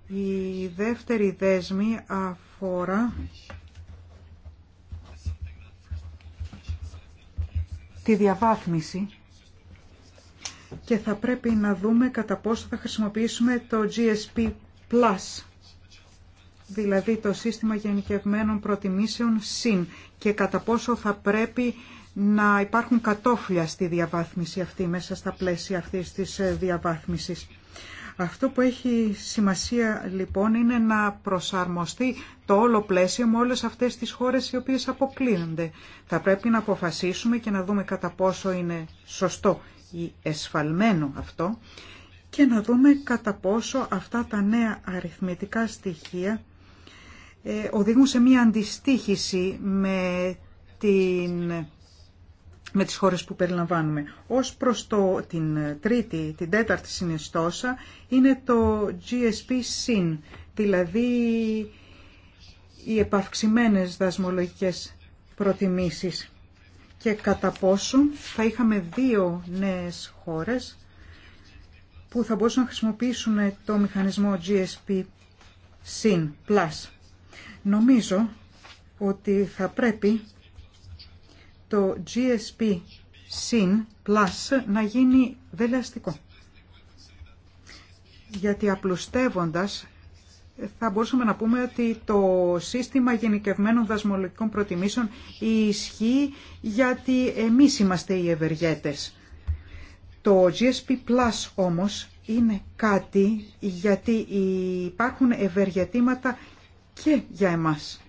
S2: Η δεύτερη δέσμη αφορά τη διαβάθμιση και θα πρέπει να δούμε κατά πόσο θα χρησιμοποιήσουμε το GSP Plus, δηλαδή το σύστημα γενικευμένων προτιμήσεων συν και κατά πόσο θα πρέπει να υπάρχουν κατόφλια στη διαβάθμιση αυτή, μέσα στα πλαίσια αυτής της ε, διαβάθμισης. Αυτό που έχει σημασία λοιπόν είναι να προσαρμοστεί το όλο πλαίσιο με όλες αυτές τις χώρες οι οποίες αποκλίνονται. Θα πρέπει να αποφασίσουμε και να δούμε κατά πόσο είναι σωστό ή εσφαλμένο αυτό και να δούμε κατά πόσο αυτά τα νέα αριθμητικά στοιχεία ε, οδηγούν σε μία αντιστήχηση με την με τις χώρες που περιλαμβάνουμε. Ως προς το, την ε, τρίτη, την τέταρτη συνιστόσα είναι το GSP-SYN, δηλαδή οι επαυξημένες δασμολογικές προτιμήσεις και κατά πόσο θα είχαμε δύο νέες χώρες που θα μπορούσαν να χρησιμοποιήσουν το μηχανισμό GSP GSP-SYN+. Νομίζω ότι θα πρέπει το GSP Syn plus να γίνει δελεαστικό. Γιατί απλουστεύοντας ε, θα μπορούσαμε να πούμε ότι το σύστημα γενικευμένων δασμολογικών προτιμήσεων ισχύει γιατί εμείς είμαστε οι ευεργέτες. Το GSP Plus όμως είναι κάτι γιατί υπάρχουν ευεργετήματα και για εμάς.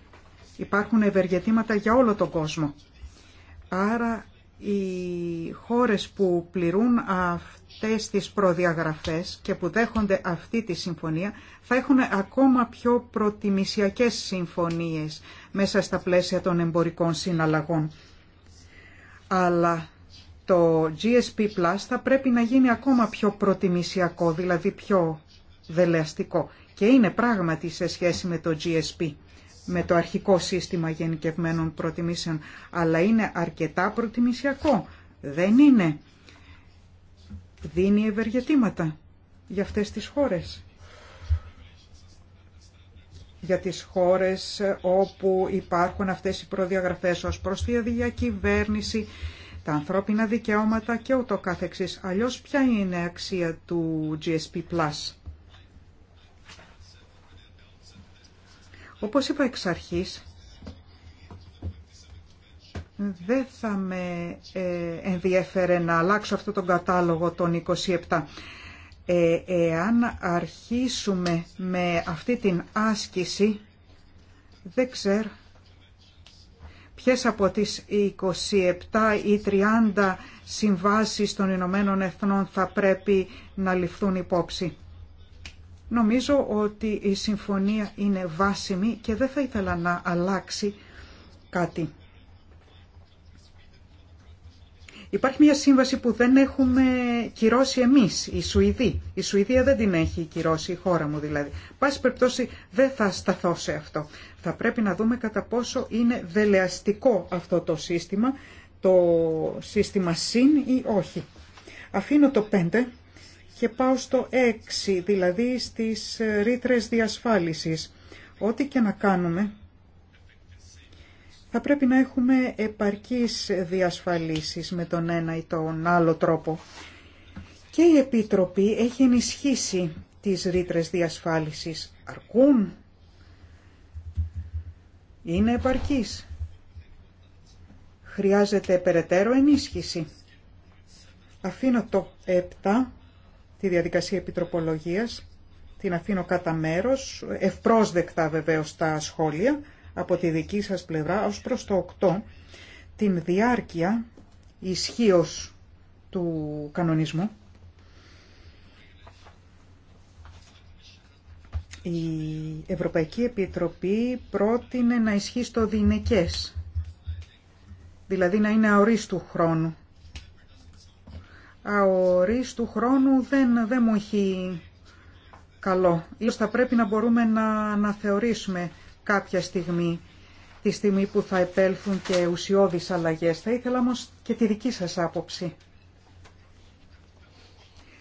S2: Υπάρχουν ευεργετήματα για όλο τον κόσμο. Άρα οι χώρες που πληρούν αυτές τις προδιαγραφές και που δέχονται αυτή τη συμφωνία θα έχουν ακόμα πιο προτιμησιακές συμφωνίες μέσα στα πλαίσια των εμπορικών συναλλαγών. Αλλά το GSP Plus θα πρέπει να γίνει ακόμα πιο προτιμησιακό, δηλαδή πιο δελεαστικό. Και είναι πράγματι σε σχέση με το GSP με το αρχικό σύστημα γενικευμένων προτιμήσεων, αλλά είναι αρκετά προτιμησιακό. Δεν είναι. Δίνει ευεργετήματα για αυτές τις χώρες. Για τις χώρες όπου υπάρχουν αυτές οι προδιαγραφές ως προς τη διακυβέρνηση, τα ανθρώπινα δικαιώματα και ούτω καθεξής. Αλλιώς ποια είναι η αξία του GSP+. Όπως είπα εξ αρχής, δεν θα με ε, ενδιέφερε να αλλάξω αυτό τον κατάλογο των 27. Ε, εάν αρχίσουμε με αυτή την άσκηση, δεν ξέρω ποιες από τις 27 ή 30 συμβάσεις των Ηνωμένων Εθνών θα πρέπει να ληφθούν υπόψη. Νομίζω ότι η συμφωνία είναι βάσιμη και δεν θα ήθελα να αλλάξει κάτι. Υπάρχει μια σύμβαση που δεν έχουμε κυρώσει εμείς, η Σουηδοί. Η Σουηδία δεν την έχει κυρώσει, η χώρα μου δηλαδή. Πάση περιπτώσει δεν θα σταθώ σε αυτό. Θα πρέπει να δούμε κατά πόσο είναι δελεαστικό αυτό το σύστημα, το σύστημα ΣΥΝ ή όχι. Αφήνω το 5 και πάω στο 6, δηλαδή στις ρήτρες διασφάλισης. Ό,τι και να κάνουμε, θα πρέπει να έχουμε επαρκείς διασφαλίσεις με τον ένα ή τον άλλο τρόπο. Και η Επίτροπη έχει ενισχύσει τις ρήτρες διασφάλισης. Αρκούν. Είναι επαρκείς. Χρειάζεται περαιτέρω ενίσχυση. Αφήνω το 7 τη διαδικασία επιτροπολογίας. Την αφήνω κατά μέρο, ευπρόσδεκτα βεβαίω τα σχόλια από τη δική σας πλευρά ως προς το 8, την διάρκεια ισχύω του κανονισμού. Η Ευρωπαϊκή Επιτροπή πρότεινε να ισχύει στο δινεκές, δηλαδή να είναι αορίστου χρόνου του χρόνου δεν, δεν μου έχει καλό. Ίσως θα πρέπει να μπορούμε να, να θεωρήσουμε κάποια στιγμή τη στιγμή που θα επέλθουν και ουσιώδεις αλλαγές. Θα ήθελα όμως και τη δική σας άποψη.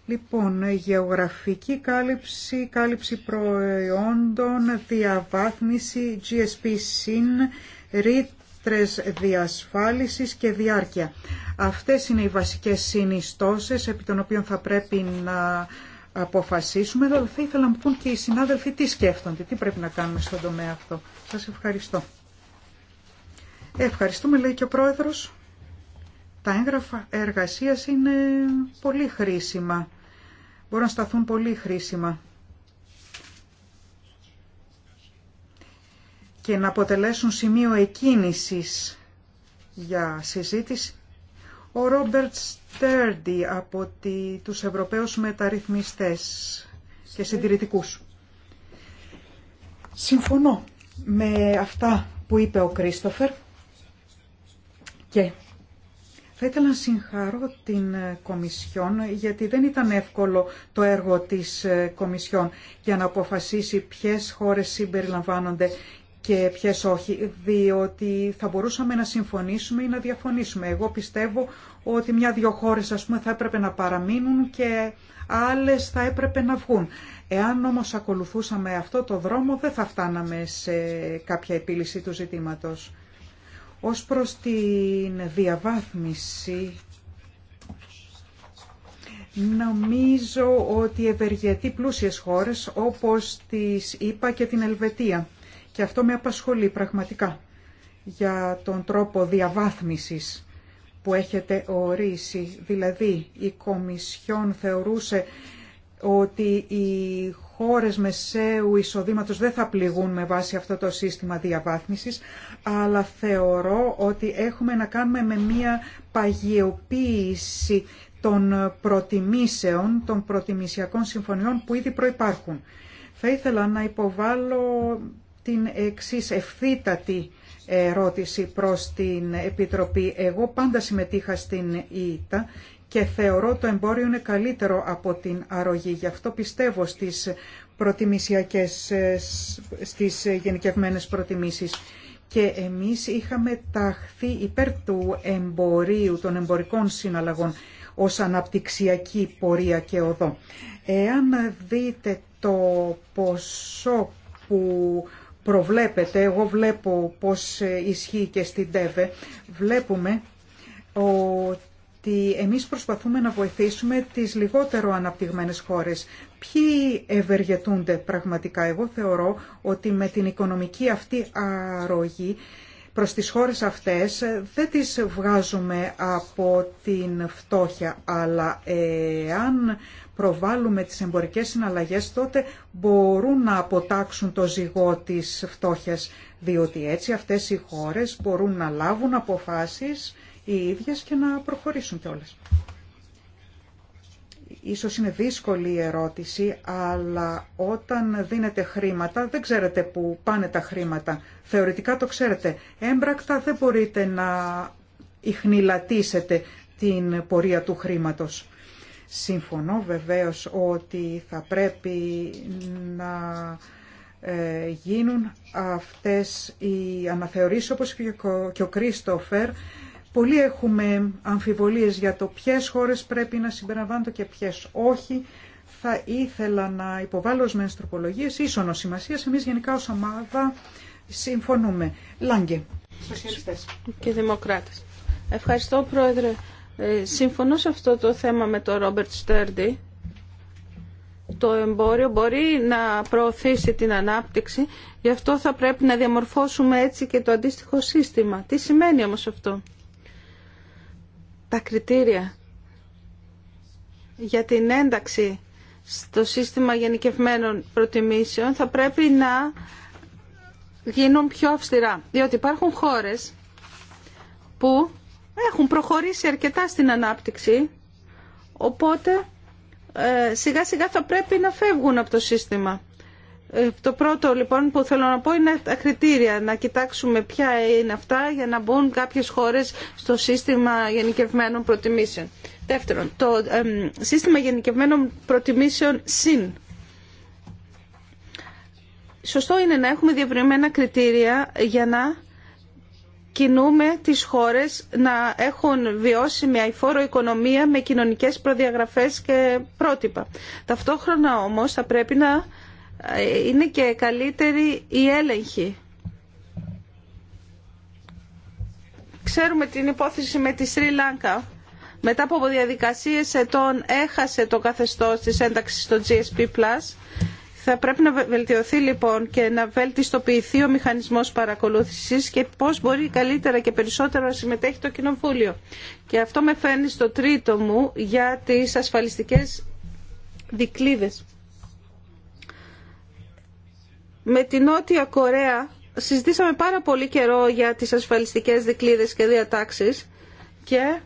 S2: Λοιπόν, γεωγραφική κάλυψη, κάλυψη προϊόντων, διαβάθμιση, GSP-SYN, RIT ρήτρες διασφάλισης και διάρκεια. Αυτές είναι οι βασικές συνιστώσεις επί των οποίων θα πρέπει να αποφασίσουμε. Εδώ θα ήθελα να μου πούν και οι συνάδελφοι τι σκέφτονται, τι πρέπει να κάνουμε στον τομέα αυτό. Σας ευχαριστώ. Ευχαριστούμε, λέει και ο Πρόεδρος. Τα έγγραφα εργασίας είναι πολύ χρήσιμα. Μπορούν να σταθούν πολύ χρήσιμα. και να αποτελέσουν σημείο εκκίνησης για συζήτηση. Ο Ρόμπερτ Στέρντι από τη, τους Ευρωπαίους μεταρρυθμιστές και συντηρητικούς. Συμφωνώ με αυτά που είπε ο Κρίστοφερ και θα ήθελα να συγχαρώ την Κομισιόν γιατί δεν ήταν εύκολο το έργο της Κομισιόν για να αποφασίσει ποιες χώρες συμπεριλαμβάνονται και ποιε όχι, διότι θα μπορούσαμε να συμφωνήσουμε ή να διαφωνήσουμε. Εγώ πιστεύω ότι μια-δυο χώρε ας πούμε, θα έπρεπε να παραμείνουν και άλλες θα έπρεπε να βγουν. Εάν όμως ακολουθούσαμε αυτό το δρόμο δεν θα φτάναμε σε κάποια επίλυση του ζητήματος. Ως προς την διαβάθμιση Νομίζω ότι ευεργετεί πλούσιες χώρες όπως τις είπα και την Ελβετία. Και αυτό με απασχολεί πραγματικά για τον τρόπο διαβάθμισης που έχετε ορίσει. Δηλαδή, η Κομισιόν θεωρούσε ότι οι χώρες μεσαίου εισοδήματος δεν θα πληγούν με βάση αυτό το σύστημα διαβάθμισης, αλλά θεωρώ ότι έχουμε να κάνουμε με μία παγιοποίηση των προτιμήσεων, των προτιμησιακών συμφωνιών που ήδη προϋπάρχουν. Θα ήθελα να υποβάλω την εξής ευθύτατη ερώτηση προς την Επιτροπή. Εγώ πάντα συμμετείχα στην ΙΤΑ και θεωρώ το εμπόριο είναι καλύτερο από την αρρωγή. Γι' αυτό πιστεύω στις προτιμησιακές, στις γενικευμένες προτιμήσεις. Και εμείς είχαμε ταχθεί υπέρ του εμπορίου, των εμπορικών συναλλαγών ως αναπτυξιακή πορεία και οδό. Εάν δείτε το ποσό που προβλέπεται, εγώ βλέπω πώς ε, ισχύει και στην ΤΕΒΕ, βλέπουμε ότι εμείς προσπαθούμε να βοηθήσουμε τις λιγότερο αναπτυγμένες χώρες. Ποιοι ευεργετούνται πραγματικά. Εγώ θεωρώ ότι με την οικονομική αυτή αρρωγή προς τις χώρες αυτές ε, δεν τις βγάζουμε από την φτώχεια, αλλά εάν προβάλλουμε τις εμπορικές συναλλαγές, τότε μπορούν να αποτάξουν το ζυγό της φτώχειας, διότι έτσι αυτές οι χώρες μπορούν να λάβουν αποφάσεις οι ίδιες και να προχωρήσουν κιόλας. Ίσως είναι δύσκολη η ερώτηση, αλλά όταν δίνετε χρήματα, δεν ξέρετε πού πάνε τα χρήματα. Θεωρητικά το ξέρετε. Έμπρακτα δεν μπορείτε να ιχνηλατήσετε την πορεία του χρήματος. Συμφωνώ βεβαίως ότι θα πρέπει να ε, γίνουν αυτές οι αναθεωρήσεις όπως και ο Κρίστοφερ. Πολλοί έχουμε αμφιβολίες για το ποιες χώρες πρέπει να συμπεριλαμβάνονται και ποιες όχι. Θα ήθελα να υποβάλω ως τροπολογίες ως σημασίας. Εμείς γενικά ως ομάδα συμφωνούμε. Λάγκε. Σοσιαλιστές. Και δημοκράτες. Ευχαριστώ Πρόεδρε. Ε, συμφωνώ σε αυτό
S3: το θέμα με τον Ρόμπερτ Στέρντι. Το εμπόριο μπορεί να προωθήσει την ανάπτυξη, γι' αυτό θα πρέπει να διαμορφώσουμε έτσι και το αντίστοιχο σύστημα. Τι σημαίνει όμως αυτό. Τα κριτήρια για την ένταξη στο σύστημα γενικευμένων προτιμήσεων θα πρέπει να γίνουν πιο αυστηρά. Διότι υπάρχουν χώρες που έχουν προχωρήσει αρκετά στην ανάπτυξη, οπότε ε, σιγά σιγά θα πρέπει να φεύγουν από το σύστημα. Ε, το πρώτο λοιπόν που θέλω να πω είναι τα κριτήρια, να κοιτάξουμε ποια είναι αυτά για να μπουν κάποιες χώρες στο σύστημα γενικευμένων προτιμήσεων. Δεύτερον, το σύστημα γενικευμένων προτιμήσεων συν. Σωστό είναι να έχουμε διευρυμένα κριτήρια για να κινούμε τις χώρες να έχουν βιώσιμη υφόρο οικονομία με κοινωνικές προδιαγραφές και πρότυπα. Ταυτόχρονα όμως θα πρέπει να ε, είναι και καλύτερη η έλεγχη. Ξέρουμε την υπόθεση με τη Σρι Λάνκα. Μετά από διαδικασίες ετών έχασε το καθεστώς της ένταξης στο GSP+. Θα πρέπει να βελτιωθεί λοιπόν και να βελτιστοποιηθεί ο μηχανισμός παρακολούθησης και πώς μπορεί καλύτερα και περισσότερο να συμμετέχει το Κοινοβούλιο. Και αυτό με φαίνει στο τρίτο μου για τις ασφαλιστικές δικλίδες. Με την Νότια Κορέα συζητήσαμε πάρα πολύ καιρό για τις ασφαλιστικές δικλίδες και διατάξεις και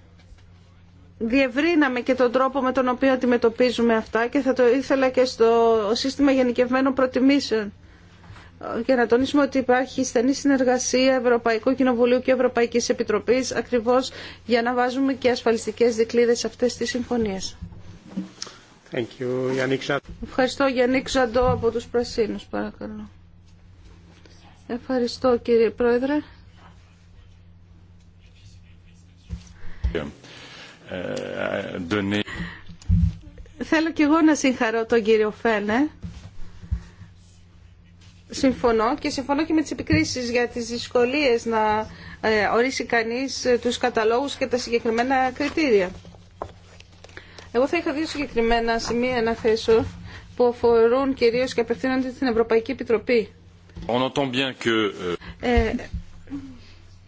S3: διευρύναμε και τον τρόπο με τον οποίο αντιμετωπίζουμε αυτά και θα το ήθελα και στο σύστημα γενικευμένων προτιμήσεων. για να τονίσουμε ότι υπάρχει στενή συνεργασία Ευρωπαϊκού Κοινοβουλίου και Ευρωπαϊκής Επιτροπής ακριβώς για να βάζουμε και ασφαλιστικές δικλείδες σε αυτές τις συμφωνίες.
S1: Thank you,
S3: Ευχαριστώ Γιάννη Ξαντώ από τους Πρασίνους παρακαλώ. Ευχαριστώ κύριε Πρόεδρε. Θέλω και εγώ να συγχαρώ τον κύριο Φένε. Συμφωνώ και συμφωνώ και με τις επικρίσεις για τις δυσκολίες να ε, ορίσει κανείς τους καταλόγους και τα συγκεκριμένα κριτήρια. Εγώ θα είχα δύο συγκεκριμένα σημεία να θέσω που αφορούν κυρίως και απευθύνονται στην Ευρωπαϊκή Επιτροπή. Ε,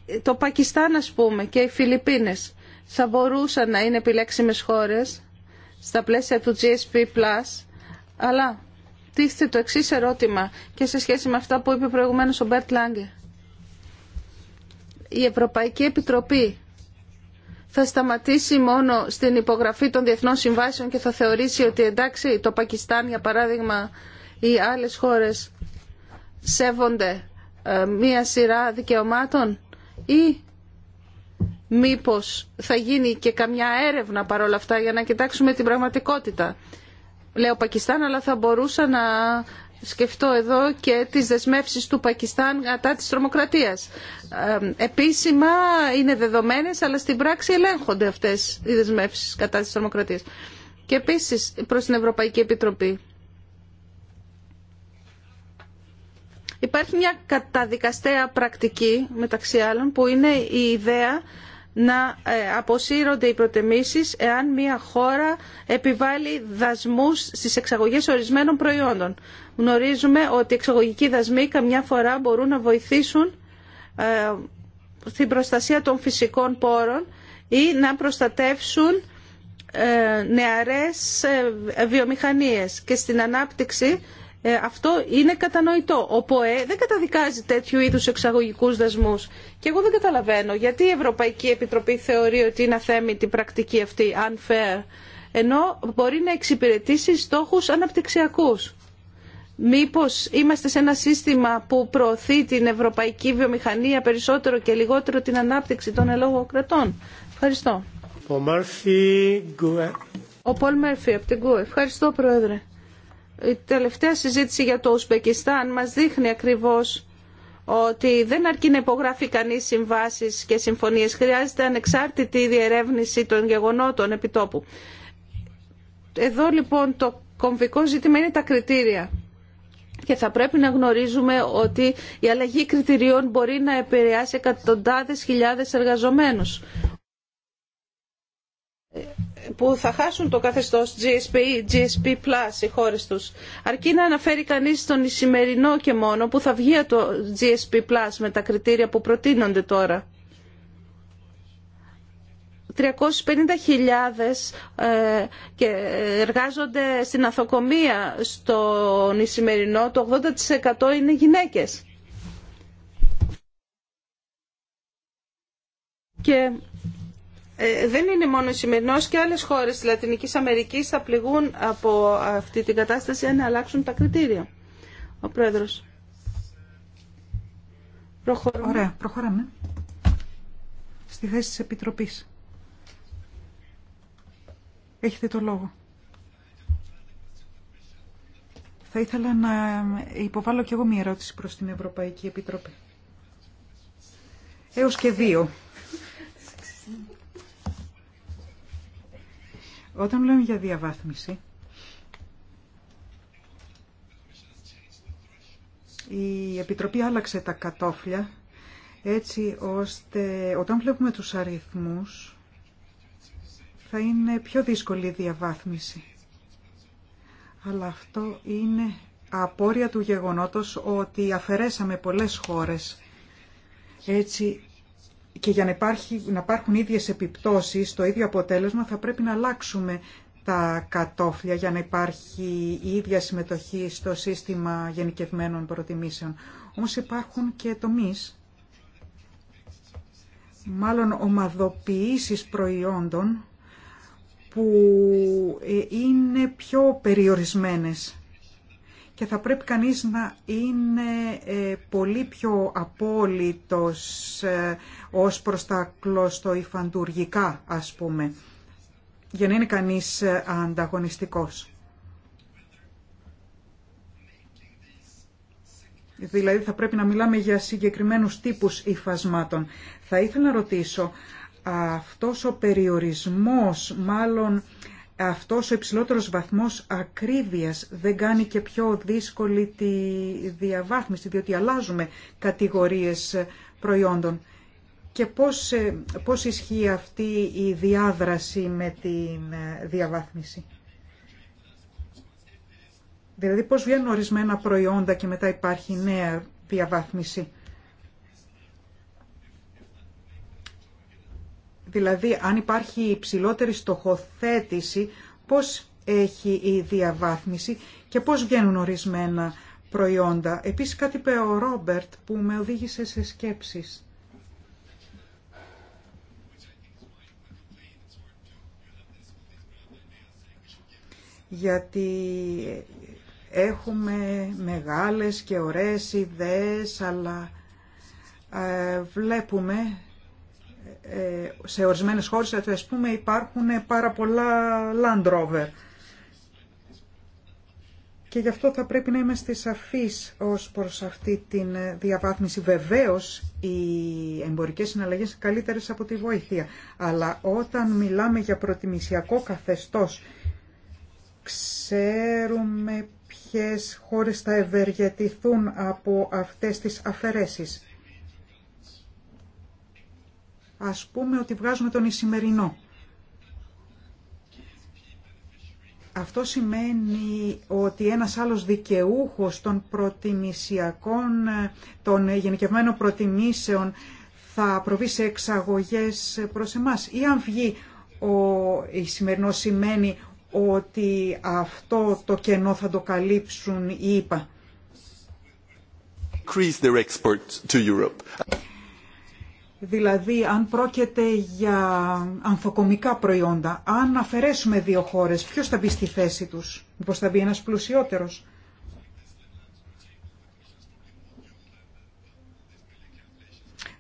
S3: ε, το Πακιστάν, ας πούμε, και οι Φιλιππίνες θα μπορούσαν να είναι επιλέξιμες χώρες στα πλαίσια του GSP+, αλλά τίθεται το εξής ερώτημα και σε σχέση με αυτά που είπε προηγουμένως ο Μπέρτ Λάγκε. Η Ευρωπαϊκή Επιτροπή θα σταματήσει μόνο στην υπογραφή των διεθνών συμβάσεων και θα θεωρήσει ότι εντάξει το Πακιστάν για παράδειγμα ή άλλες χώρες σέβονται ε, μία σειρά δικαιωμάτων ή μήπως θα γίνει και καμιά έρευνα παρόλα αυτά για να κοιτάξουμε την πραγματικότητα. Λέω Πακιστάν, αλλά θα μπορούσα να σκεφτώ εδώ και τις δεσμεύσεις του Πακιστάν κατά της τρομοκρατίας. επίσημα είναι δεδομένες, αλλά στην πράξη ελέγχονται αυτές οι δεσμεύσεις κατά της τρομοκρατίας. Και επίσης προς την Ευρωπαϊκή Επιτροπή. Υπάρχει μια καταδικαστέα πρακτική, μεταξύ άλλων, που είναι η ιδέα να ε, αποσύρονται οι προτεμήσεις εάν μια χώρα επιβάλλει δασμούς στις εξαγωγές ορισμένων προϊόντων. Γνωρίζουμε ότι οι εξαγωγικοί δασμοί καμιά φορά μπορούν να βοηθήσουν ε, στην προστασία των φυσικών πόρων ή να προστατεύσουν ε, νεαρές βιομηχανίες και στην ανάπτυξη ε, αυτό είναι κατανοητό. Ο ΠΟΕ δεν καταδικάζει τέτοιου είδους εξαγωγικούς δασμούς. Και εγώ δεν καταλαβαίνω γιατί η Ευρωπαϊκή Επιτροπή θεωρεί ότι είναι αθέμητη πρακτική αυτή, unfair, ενώ μπορεί να εξυπηρετήσει στόχους αναπτυξιακούς. Μήπως είμαστε σε ένα σύστημα που προωθεί την ευρωπαϊκή βιομηχανία περισσότερο και λιγότερο την ανάπτυξη των ελόγων κρατών. Ευχαριστώ. Ο Πολ Μέρφυ από την ΚΟΕ. Ευχαριστώ, Πρόεδρε. Η τελευταία συζήτηση για το Ουσπεκιστάν μας δείχνει ακριβώς ότι δεν αρκεί να υπογράφει κανεί συμβάσει και συμφωνίε. Χρειάζεται ανεξάρτητη διερεύνηση των γεγονότων επιτόπου. Εδώ λοιπόν το κομβικό ζήτημα είναι τα κριτήρια. Και θα πρέπει να γνωρίζουμε ότι η αλλαγή κριτηρίων μπορεί να επηρεάσει εκατοντάδες χιλιάδες εργαζομένους που θα χάσουν το καθεστώς GSP ή GSP Plus οι χώρες τους. Αρκεί να αναφέρει κανείς τον νησιμερινό και μόνο που θα βγει το GSP Plus με τα κριτήρια που προτείνονται τώρα. 350.000 ε, και εργάζονται στην αθοκομεία στο Ισημερινό, το 80% είναι γυναίκες. Και ε, δεν είναι μόνο η σημερινό και άλλες χώρες τη Λατινική Αμερικής θα πληγούν από αυτή την κατάσταση αν αλλάξουν τα κριτήρια.
S2: Ο Πρόεδρος. Προχωρούμε. Ωραία, προχωράμε. Στη θέση τη επιτροπή. Έχετε το λόγο. Θα ήθελα να υποβάλω κι εγώ μία ερώτηση προς την Ευρωπαϊκή Επιτροπή. Έως και δύο Όταν μιλάμε για διαβάθμιση, η Επιτροπή άλλαξε τα κατόφλια έτσι ώστε όταν βλέπουμε τους αριθμούς θα είναι πιο δύσκολη η διαβάθμιση. Αλλά αυτό είναι απόρρια του γεγονότος ότι αφαιρέσαμε πολλές χώρες έτσι και για να, υπάρχει, να υπάρχουν ίδιες επιπτώσεις, το ίδιο αποτέλεσμα, θα πρέπει να αλλάξουμε τα κατόφλια για να υπάρχει η ίδια συμμετοχή στο σύστημα γενικευμένων προτιμήσεων. Όμως υπάρχουν και τομείς, μάλλον ομαδοποιήσεις προϊόντων, που ε, είναι πιο περιορισμένες και θα πρέπει κανείς να είναι ε, πολύ πιο απόλυτος ε, ως προς τα κλωστοϊφαντουργικά, ας πούμε, για να είναι κανείς ε, ανταγωνιστικός. Δηλαδή θα πρέπει να μιλάμε για συγκεκριμένους τύπους υφασμάτων. Θα ήθελα να ρωτήσω, αυτός ο περιορισμός μάλλον αυτός ο υψηλότερος βαθμός ακρίβειας δεν κάνει και πιο δύσκολη τη διαβάθμιση, διότι αλλάζουμε κατηγορίες ε, προϊόντων. Και πώς, ε, πώς ισχύει αυτή η διάδραση με τη ε, διαβάθμιση. Δηλαδή πώς βγαίνουν ορισμένα προϊόντα και μετά υπάρχει νέα διαβάθμιση. Δηλαδή, αν υπάρχει υψηλότερη στοχοθέτηση, πώς έχει η διαβάθμιση και πώς βγαίνουν ορισμένα προϊόντα. Επίσης κάτι είπε ο Ρόμπερτ που με οδήγησε σε σκέψεις. Γιατί έχουμε μεγάλες και ωραίες ιδέες, αλλά ε, βλέπουμε ε, σε ορισμένες χώρες, ας πούμε, υπάρχουν πάρα πολλά Land Rover. Και γι' αυτό θα πρέπει να είμαστε σαφείς ως προς αυτή τη διαβάθμιση. Βεβαίως, οι εμπορικές συναλλαγές είναι καλύτερες από τη βοήθεια. Αλλά όταν μιλάμε για προτιμησιακό καθεστώς, ξέρουμε ποιες χώρες θα ευεργετηθούν από αυτές τις αφαιρέσεις. Ας πούμε ότι βγάζουμε τον Ισημερινό. Αυτό σημαίνει ότι ένας άλλος δικαιούχος των προτιμησιακών, των γενικευμένων προτιμήσεων θα προβεί σε εξαγωγές προς εμάς. Ή αν βγει ο Ισημερινός σημαίνει ότι αυτό το κενό θα το καλύψουν οι ΗΠΑ. Δηλαδή, αν πρόκειται για ανθοκομικά προϊόντα, αν αφαιρέσουμε δύο χώρες, ποιος θα μπει στη θέση τους, μήπως θα μπει ένας πλουσιότερος.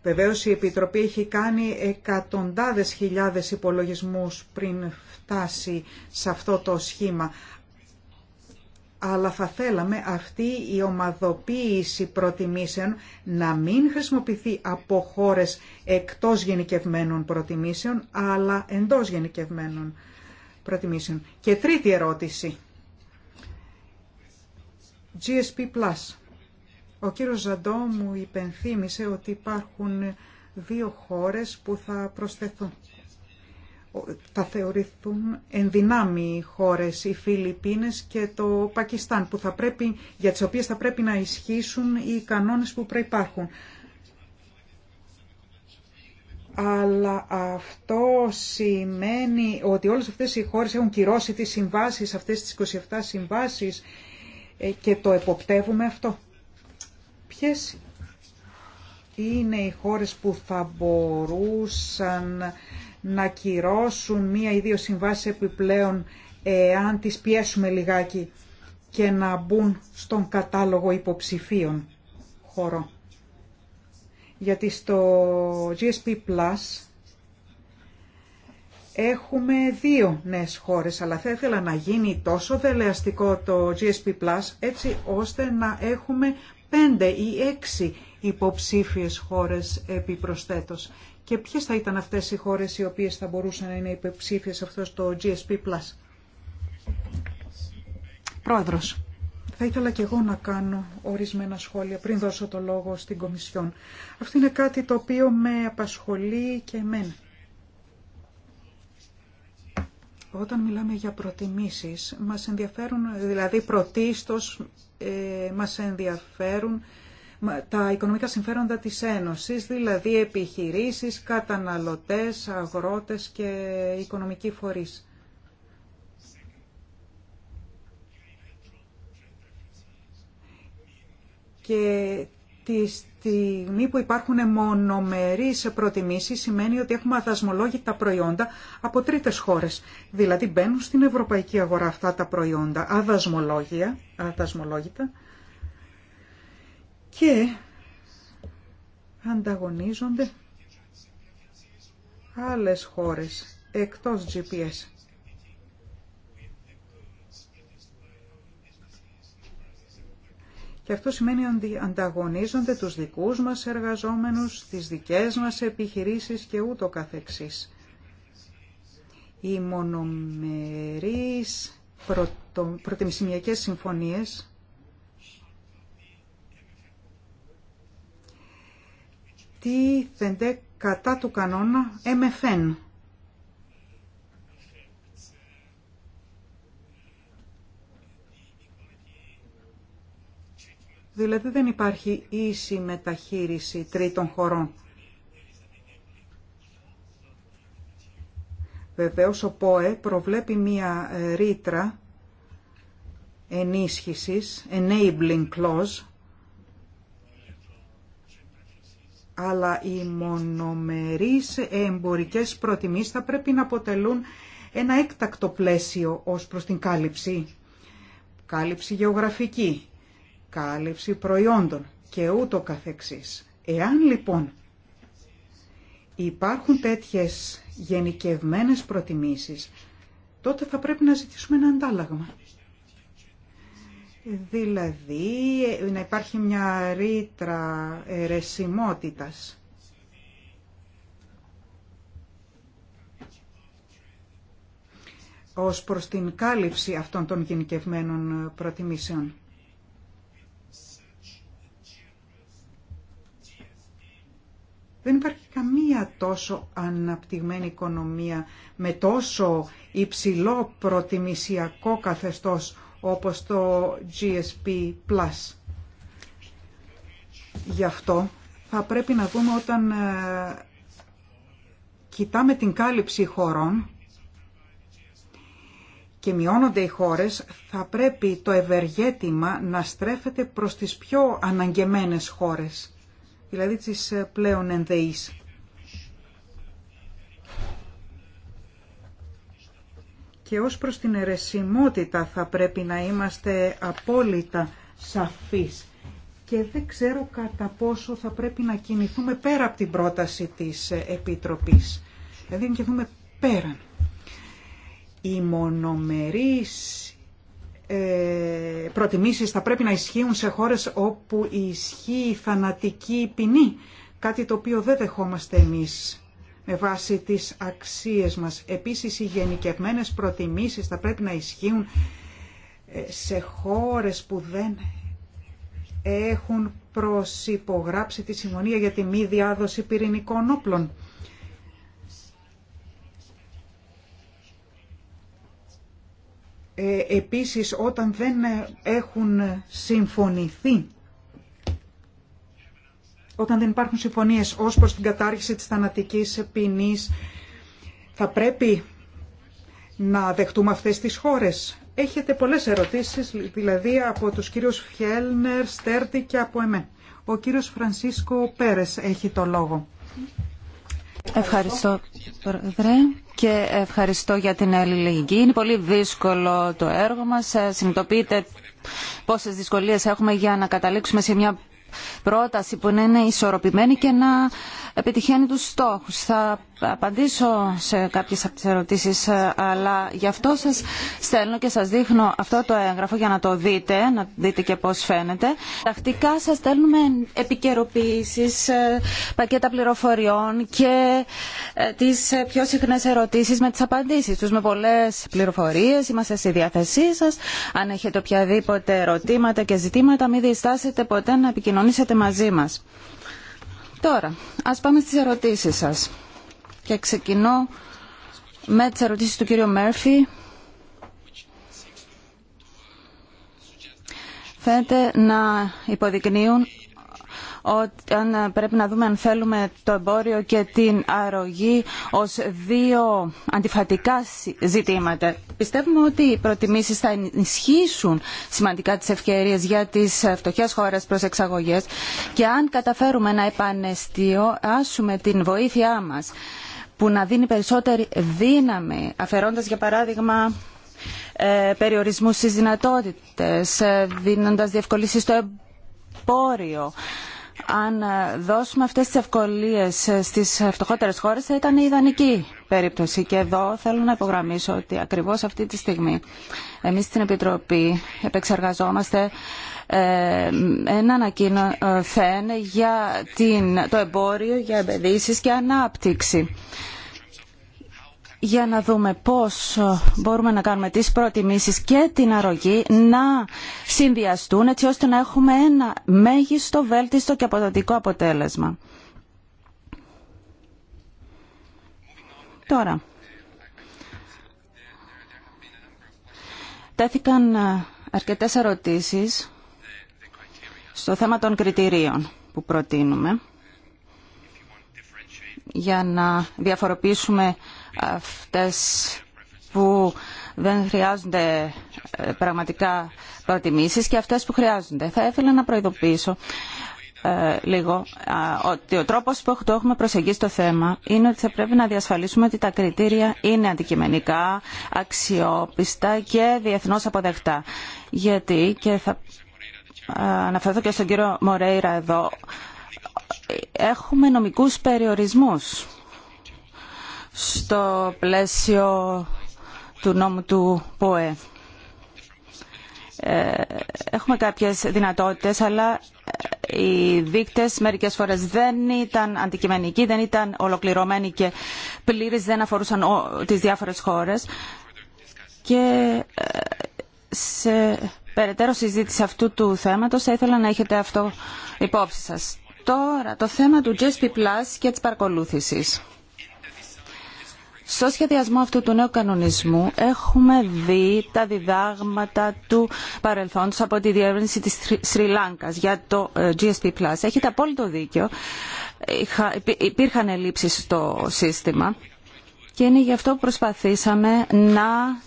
S2: Βεβαίως η Επιτροπή έχει κάνει εκατοντάδες χιλιάδες υπολογισμούς πριν φτάσει σε αυτό το σχήμα αλλά θα θέλαμε αυτή η ομαδοποίηση προτιμήσεων να μην χρησιμοποιηθεί από χώρες εκτός γενικευμένων προτιμήσεων, αλλά εντός γενικευμένων προτιμήσεων. Και τρίτη ερώτηση. GSP+. Ο κύριος Ζαντό μου υπενθύμησε ότι υπάρχουν δύο χώρες που θα προσθεθούν θα θεωρηθούν οι χώρες, οι Φιλιππίνες και το Πακιστάν, που θα πρέπει, για τις οποίες θα πρέπει να ισχύσουν οι κανόνες που προϋπάρχουν. Αλλά αυτό σημαίνει ότι όλες αυτές οι χώρες έχουν κυρώσει τις συμβάσεις, αυτές τις 27 συμβάσεις ε, και το εποπτεύουμε αυτό. Ποιες είναι οι χώρες που θα μπορούσαν να κυρώσουν μία ή δύο συμβάσεις επιπλέον εάν τις πιέσουμε λιγάκι και να μπουν στον κατάλογο υποψηφίων χώρο. Γιατί στο GSP Plus έχουμε δύο νέες χώρες, αλλά θα ήθελα να γίνει τόσο δελεαστικό το GSP Plus, έτσι ώστε να έχουμε πέντε ή έξι υποψήφιες χώρες επιπροσθέτως και ποιες θα ήταν αυτές οι χώρες οι οποίες θα μπορούσαν να είναι υπεψήφιες αυτό το GSP+. Πρόεδρος, θα ήθελα και εγώ να κάνω ορισμένα σχόλια πριν δώσω το λόγο στην Κομισιόν. Αυτό είναι κάτι το οποίο με απασχολεί και εμένα. Όταν μιλάμε για προτιμήσεις, μας ενδιαφέρουν, δηλαδή πρωτίστως ε, μας ενδιαφέρουν τα οικονομικά συμφέροντα της Ένωσης, δηλαδή επιχειρήσεις, καταναλωτές, αγρότες και οικονομικοί φορείς. Και τη στιγμή που υπάρχουν μονομερείς προτιμήσεις σημαίνει ότι έχουμε αδασμολόγητα προϊόντα από τρίτες χώρες. Δηλαδή μπαίνουν στην ευρωπαϊκή αγορά αυτά τα προϊόντα αδασμολόγητα και ανταγωνίζονται άλλες χώρες εκτός GPS. Και αυτό σημαίνει ότι ανταγωνίζονται τους δικούς μας εργαζόμενους, τις δικές μας επιχειρήσεις και ούτω καθεξής. Οι μονομερείς πρωτο, συμφωνίες τίθενται κατά του κανόνα MFN. Δηλαδή δεν υπάρχει ίση μεταχείριση τρίτων χωρών. Βεβαίως ο ΠΟΕ προβλέπει μία ε, ρήτρα ενίσχυσης, enabling clause, αλλά οι μονομερείς εμπορικές προτιμήσεις θα πρέπει να αποτελούν ένα έκτακτο πλαίσιο ως προς την κάλυψη. Κάλυψη γεωγραφική, κάλυψη προϊόντων και ούτω καθεξής. Εάν λοιπόν υπάρχουν τέτοιες γενικευμένες προτιμήσεις, τότε θα πρέπει να ζητήσουμε ένα αντάλλαγμα. Δηλαδή ε, να υπάρχει μια ρήτρα ερεσιμότητας. ως προς την κάλυψη αυτών των γενικευμένων προτιμήσεων. Δεν υπάρχει καμία τόσο αναπτυγμένη οικονομία με τόσο υψηλό προτιμησιακό καθεστώς όπως το GSP+. Γι' αυτό θα πρέπει να δούμε όταν ε, κοιτάμε την κάλυψη χωρών και μειώνονται οι χώρες, θα πρέπει το ευεργέτημα να στρέφεται προς τις πιο αναγκεμένες χώρες, δηλαδή τις ε, πλέον ενδεείς. και ως προς την αιρεσιμότητα θα πρέπει να είμαστε απόλυτα σαφείς και δεν ξέρω κατά πόσο θα πρέπει να κινηθούμε πέρα από την πρόταση της Επιτροπής. Δηλαδή να κινηθούμε πέραν. Οι μονομερείς ε, προτιμήσεις θα πρέπει να ισχύουν σε χώρες όπου ισχύει η θανατική ποινή, κάτι το οποίο δεν δεχόμαστε εμείς με βάση τις αξίες μας. Επίσης οι γενικευμένες προτιμήσεις θα πρέπει να ισχύουν ε, σε χώρες που δεν έχουν προσυπογράψει τη συμφωνία για τη μη διάδοση πυρηνικών όπλων. Ε, επίσης όταν δεν έχουν συμφωνηθεί όταν δεν υπάρχουν συμφωνίες ως προς την κατάργηση της θανατικής ποινή, θα πρέπει να δεχτούμε αυτές τις χώρες. Έχετε πολλές ερωτήσεις, δηλαδή από τους κύριους Φιέλνερ, Στέρτη και από εμένα. Ο κύριος Φρανσίσκο Πέρες έχει το λόγο.
S4: Ευχαριστώ, Πρόεδρε, και ευχαριστώ για την αλληλεγγύη. Είναι πολύ δύσκολο το έργο μας. Συνειδητοποιείτε πόσες δυσκολίες έχουμε για να καταλήξουμε σε μια πρόταση που να είναι ισορροπημένη και να επιτυχαίνει τους στόχους απαντήσω σε κάποιες από τις ερωτήσεις, ε, αλλά γι' αυτό σας στέλνω και σας δείχνω αυτό το έγγραφο για να το δείτε, να δείτε και πώς φαίνεται. Τακτικά σας στέλνουμε επικαιροποιήσεις, ε, πακέτα πληροφοριών και ε, τις πιο συχνές ερωτήσεις με τις απαντήσεις τους, με πολλές πληροφορίες. Είμαστε στη διάθεσή σας. Αν έχετε οποιαδήποτε ερωτήματα και ζητήματα, μην διστάσετε ποτέ να επικοινωνήσετε μαζί μας. Τώρα, ας πάμε στις ερωτήσεις σας και ξεκινώ με τι ερωτήσει του κύριου Μέρφυ. Φαίνεται να υποδεικνύουν ότι αν πρέπει να δούμε αν θέλουμε το εμπόριο και την αρρωγή ως δύο αντιφατικά ζητήματα. Πιστεύουμε ότι οι προτιμήσεις θα ενισχύσουν σημαντικά τις ευκαιρίες για τις φτωχέ χώρες προς εξαγωγές και αν καταφέρουμε να επανεστιώσουμε την βοήθειά μας που να δίνει περισσότερη δύναμη, αφαιρώντας για παράδειγμα ε, περιορισμούς στις δυνατότητες, ε, δίνοντας διευκολύνσεις στο εμπόριο. Αν ε, δώσουμε αυτές τις ευκολίες στις φτωχότερες χώρες θα ήταν η ιδανική περίπτωση. Και εδώ θέλω να υπογραμμίσω ότι ακριβώς αυτή τη στιγμή εμείς στην Επιτροπή επεξεργαζόμαστε ένα ανακοίνωθεν για το εμπόριο, για επενδύσεις και ανάπτυξη για να δούμε πώς μπορούμε να κάνουμε τις προτιμήσεις και την αρρωγή να συνδυαστούν έτσι ώστε να έχουμε ένα μέγιστο, βέλτιστο και αποδοτικό αποτέλεσμα. Τώρα, τέθηκαν αρκετές ερωτήσεις στο θέμα των κριτηρίων που προτείνουμε για να διαφοροποιήσουμε αυτές που δεν χρειάζονται ε, πραγματικά προτιμήσεις και αυτές που χρειάζονται. Θα ήθελα να προειδοποιήσω ε, λίγο ότι ο τρόπος που το έχουμε προσεγγίσει το θέμα είναι ότι θα πρέπει να διασφαλίσουμε ότι τα κριτήρια είναι αντικειμενικά, αξιόπιστα και διεθνώς αποδεκτά. Γιατί, και θα ε, αναφερθώ και στον κύριο Μορέιρα εδώ, έχουμε νομικούς περιορισμούς στο πλαίσιο του νόμου του ΠΟΕ. Ε, έχουμε κάποιες δυνατότητες, αλλά ε, οι δείκτες μερικές φορές δεν ήταν αντικειμενικοί, δεν ήταν ολοκληρωμένοι και πλήρης δεν αφορούσαν τις διάφορες χώρες. Και ε, σε περαιτέρω συζήτηση αυτού του θέματος θα ήθελα να έχετε αυτό υπόψη σας. Τώρα το θέμα του GSP Plus και της παρακολούθησης. Στο σχεδιασμό αυτού του νέου κανονισμού έχουμε δει τα διδάγματα του παρελθόντος από τη διεύρυνση της Σρι για το ε, GSP+. Έχετε απόλυτο δίκιο. Υπήρχαν ελλείψεις στο σύστημα και είναι γι' αυτό που προσπαθήσαμε να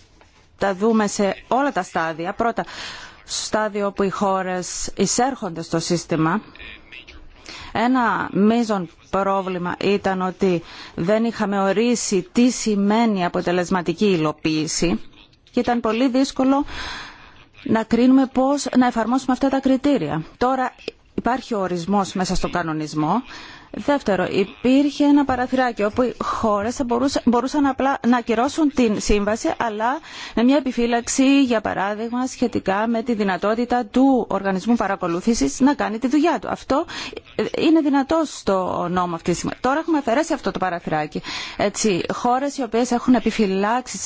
S4: τα δούμε σε όλα τα στάδια. Πρώτα, στο στάδιο όπου οι χώρες εισέρχονται στο σύστημα ένα μείζον πρόβλημα ήταν ότι δεν είχαμε ορίσει τι σημαίνει αποτελεσματική υλοποίηση και ήταν πολύ δύσκολο να κρίνουμε πώς να εφαρμόσουμε αυτά τα κριτήρια. Τώρα υπάρχει ο ορισμός μέσα στον κανονισμό Δεύτερο, υπήρχε ένα παραθυράκι όπου οι χώρε μπορούσαν απλά να ακυρώσουν την σύμβαση, αλλά με μια επιφύλαξη, για παράδειγμα, σχετικά με τη δυνατότητα του οργανισμού παρακολούθηση να κάνει τη δουλειά του. Αυτό είναι δυνατό στο νόμο αυτή τη στιγμή. Τώρα έχουμε αφαιρέσει αυτό το παραθυράκι. Έτσι, χώρε οι οποίε έχουν επιφυλάξει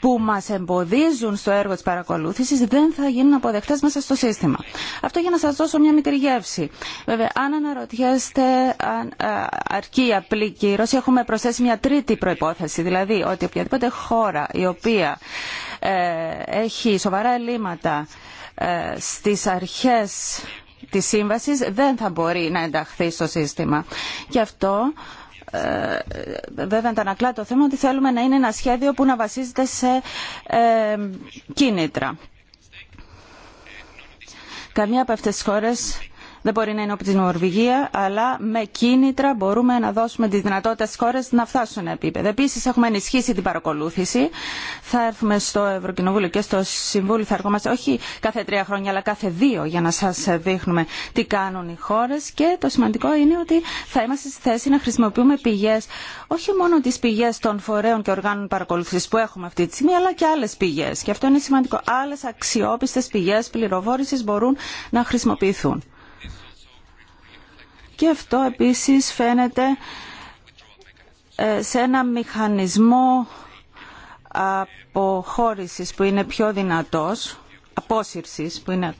S4: που μα εμποδίζουν στο έργο τη παρακολούθηση δεν θα γίνουν αποδεκτέ μέσα στο σύστημα. Αυτό για να σα δώσω μια μικρή γεύση. Βέβαια, αν αναρωτιέστε ε, αρκεί η απλή κύρωση, έχουμε προσθέσει μια τρίτη προϋπόθεση, δηλαδή ότι οποιαδήποτε χώρα η οποία ε, έχει σοβαρά ελλείμματα ε, στις αρχές της σύμβασης δεν θα μπορεί να ενταχθεί στο σύστημα. Και αυτό βέβαια αντανακλά το θέμα ότι θέλουμε να είναι ένα σχέδιο που να βασίζεται σε κίνητρα. Καμία από αυτές τις χώρες δεν μπορεί να είναι όπως η Νορβηγία, αλλά με κίνητρα μπορούμε να δώσουμε τη δυνατότητα στις χώρες να φτάσουν επίπεδα. ένα επίπεδο. Επίσης έχουμε ενισχύσει την παρακολούθηση. Θα έρθουμε στο Ευρωκοινοβούλιο και στο Συμβούλιο, θα ερχόμαστε όχι κάθε τρία χρόνια, αλλά κάθε δύο για να σας δείχνουμε τι κάνουν οι χώρες και το σημαντικό είναι ότι θα είμαστε στη θέση να χρησιμοποιούμε πηγές, όχι μόνο τις πηγές των φορέων και οργάνων παρακολούθησης που έχουμε αυτή τη στιγμή, αλλά και άλλες πηγές. Και αυτό είναι σημαντικό. Άλλες αξιόπιστες πηγές πληροφόρησης μπορούν να χρησιμοποιηθούν. Και αυτό επίσης φαίνεται ε, σε ένα μηχανισμό αποχώρησης που είναι πιο δυνατός, απόσυρσης που είναι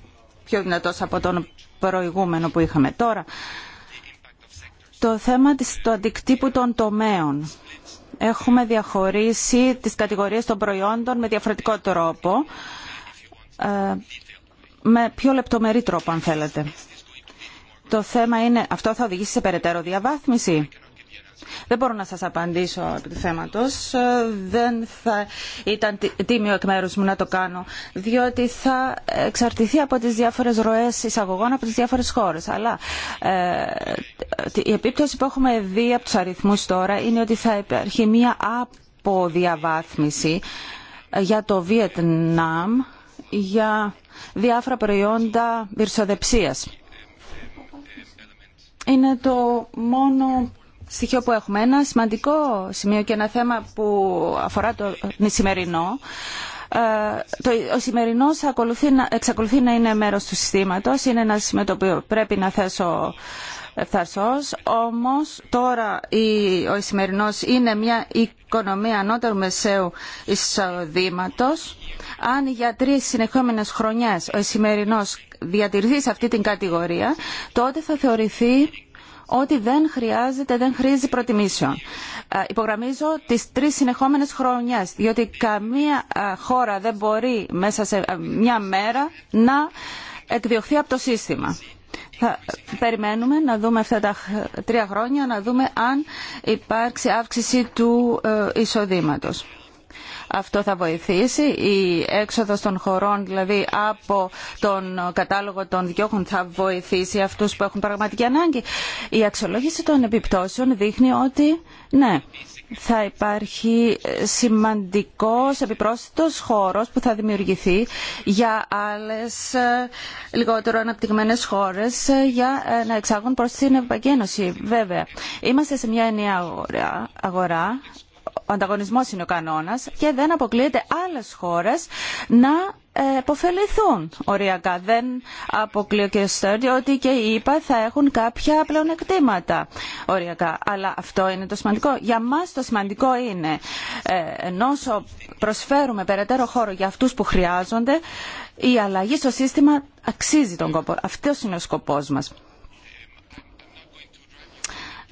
S4: πιο δυνατός από τον προηγούμενο που είχαμε τώρα. Το θέμα του αντικτύπου των τομέων. Έχουμε διαχωρίσει τις κατηγορίες των προϊόντων με διαφορετικό τρόπο, ε, με πιο λεπτομερή τρόπο αν θέλετε. Το θέμα είναι, αυτό θα οδηγήσει σε περαιτέρω διαβάθμιση. Δεν μπορώ να σας απαντήσω επί του θέματος. Δεν θα ήταν τίμιο εκ μέρους μου να το κάνω, διότι θα εξαρτηθεί από τις διάφορες ροές εισαγωγών από τις διάφορες χώρες. Αλλά ε, η επίπτωση που έχουμε δει από τους αριθμούς τώρα είναι ότι θα υπάρχει μία αποδιαβάθμιση για το Βιετνάμ για διάφορα προϊόντα βυρσοδεψίας είναι το μόνο στοιχείο που έχουμε. Ένα σημαντικό σημείο και ένα θέμα που αφορά το σημερινό. Ε, ο σημερινό εξακολουθεί να είναι μέρο του συστήματο. Είναι ένα σημείο το οποίο πρέπει να θέσω ευθαρσός. Όμως τώρα ο σημερινό είναι μια οικονομία ανώτερου μεσαίου εισοδήματος αν για τρει συνεχόμενες χρονιέ ο σημερινός διατηρηθεί σε αυτή την κατηγορία, τότε θα θεωρηθεί ότι δεν χρειάζεται, δεν χρήζει προτιμήσεων. Ε, υπογραμμίζω τις τρεις συνεχόμενες χρονιές, διότι καμία ε, χώρα δεν μπορεί μέσα σε ε, μια μέρα να εκδιωχθεί από το σύστημα. Θα περιμένουμε να δούμε αυτά τα τρία χρόνια, να δούμε αν υπάρξει αύξηση του εισοδήματος. Αυτό θα βοηθήσει. Η έξοδος των χωρών, δηλαδή από τον κατάλογο των διώχων, θα βοηθήσει αυτούς που έχουν πραγματική ανάγκη. Η αξιολόγηση των επιπτώσεων δείχνει ότι ναι, θα υπάρχει σημαντικός επιπρόσθετος χώρος που θα δημιουργηθεί για άλλες ε, λιγότερο αναπτυγμένες χώρες ε, για ε, να εξάγουν προς την Ευρωπαϊκή Ένωση. Βέβαια, είμαστε σε μια ενιαία αγορά ανταγωνισμός είναι ο κανόνας και δεν αποκλείεται άλλες χώρες να υποφεληθούν ε, οριακά. Δεν αποκλείω και ότι και οι θα έχουν κάποια πλεονεκτήματα οριακά. Αλλά αυτό είναι το σημαντικό. Για μας το σημαντικό είναι ε, ενώ προσφέρουμε περαιτέρω χώρο για αυτούς που χρειάζονται η αλλαγή στο σύστημα αξίζει τον κόπο. Αυτός είναι ο σκοπός μας.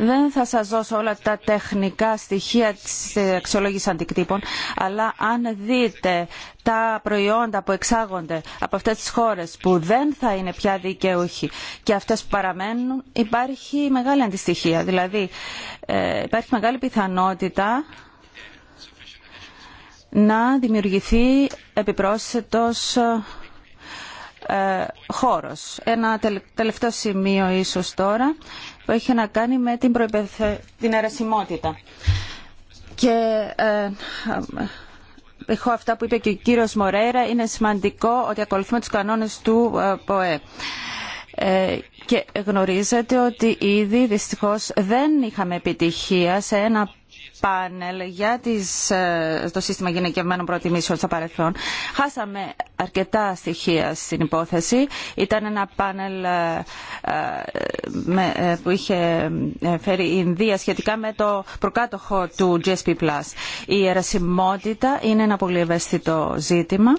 S4: Δεν θα σας δώσω όλα τα τεχνικά στοιχεία της αξιολόγησης αντικτύπων, αλλά αν δείτε τα προϊόντα που εξάγονται από αυτές τις χώρες που δεν θα είναι πια δικαιούχοι και αυτές που παραμένουν, υπάρχει μεγάλη αντιστοιχία. Δηλαδή, ε, υπάρχει μεγάλη πιθανότητα να δημιουργηθεί επιπρόσθετος ε, ε, χώρος. Ένα τελευταίο σημείο ίσως τώρα που έχει να κάνει με την, την αιρεσιμότητα. Και ε, ε, έχω αυτά που είπε και ο κύριος Μορέρα. Είναι σημαντικό ότι ακολουθούμε τους κανόνες του ε, ΠΟΕ. Ε, και γνωρίζετε ότι ήδη δυστυχώς δεν είχαμε επιτυχία σε ένα πάνελ για ε, το σύστημα γυναικευμένων προτιμήσεων στο παρελθόν. Χάσαμε αρκετά στοιχεία στην υπόθεση. Ήταν ένα πάνελ ε, ε, που είχε φέρει η Ινδία σχετικά με το προκάτοχο του GSP+. Η ερασιμότητα είναι ένα πολύ ευαίσθητο ζήτημα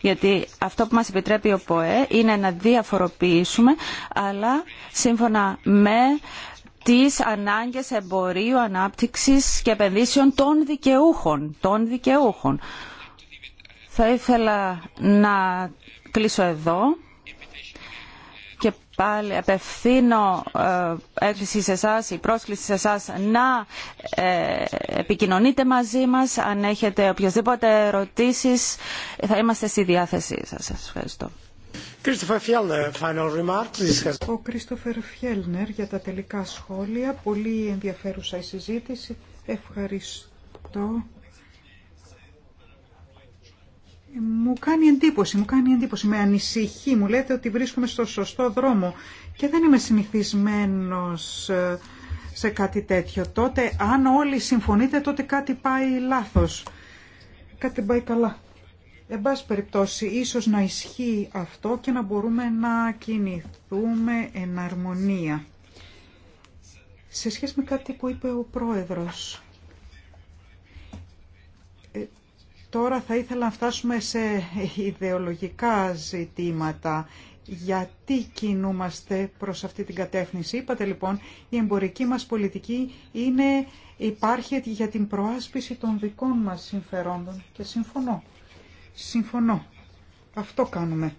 S4: γιατί αυτό που μας επιτρέπει ο ΠΟΕ είναι να διαφοροποιήσουμε αλλά σύμφωνα με τις ανάγκες εμπορίου, ανάπτυξης και επενδύσεων των δικαιούχων. Των δικαιούχων. Θα ήθελα να κλείσω εδώ και πάλι απευθύνω ε, έκκληση σε εσά, η πρόσκληση σε εσά να ε, επικοινωνείτε μαζί μας αν έχετε οποιασδήποτε ερωτήσεις θα είμαστε στη διάθεσή σας. Σας ευχαριστώ.
S2: Ο Κρίστοφερ Φιέλνερ για τα τελικά σχόλια. Πολύ ενδιαφέρουσα η συζήτηση. Ευχαριστώ. Μου κάνει εντύπωση, μου κάνει εντύπωση, με ανησυχεί. Μου λέτε ότι βρίσκομαι στο σωστό δρόμο και δεν είμαι συνηθισμένος ε, σε κάτι τέτοιο. Τότε, αν όλοι συμφωνείτε, τότε κάτι πάει λάθος. Κάτι πάει καλά. Εν πάση περιπτώσει, ίσως να ισχύει αυτό και να μπορούμε να κινηθούμε εν αρμονία. Σε σχέση με κάτι που είπε ο πρόεδρος, ε, τώρα θα ήθελα να φτάσουμε σε ιδεολογικά ζητήματα. Γιατί κινούμαστε προς αυτή την κατεύθυνση. Είπατε λοιπόν, η εμπορική μας πολιτική είναι, υπάρχει για την προάσπιση των δικών μας συμφερόντων και συμφωνώ. Συμφωνώ. Αυτό κάνουμε.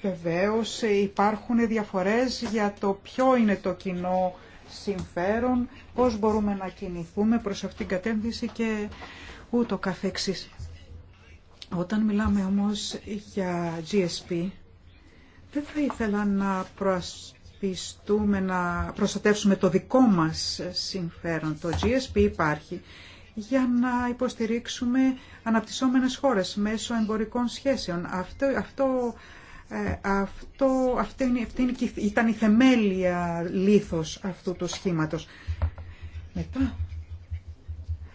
S2: Βεβαίως υπάρχουν διαφορές για το ποιο είναι το κοινό συμφέρον, πώς μπορούμε να κινηθούμε προς αυτήν την κατεύθυνση και ούτω καθεξής. Όταν μιλάμε όμως για GSP, δεν θα ήθελα να προσπιστούμε να προστατεύσουμε το δικό μας συμφέρον. Το GSP υπάρχει για να υποστηρίξουμε αναπτυσσόμενες χώρες μέσω εμπορικών σχέσεων. Αυτό, αυτό, ε, αυτό, αυτή, είναι, ήταν η θεμέλια λήθος αυτού του σχήματος. Μετά,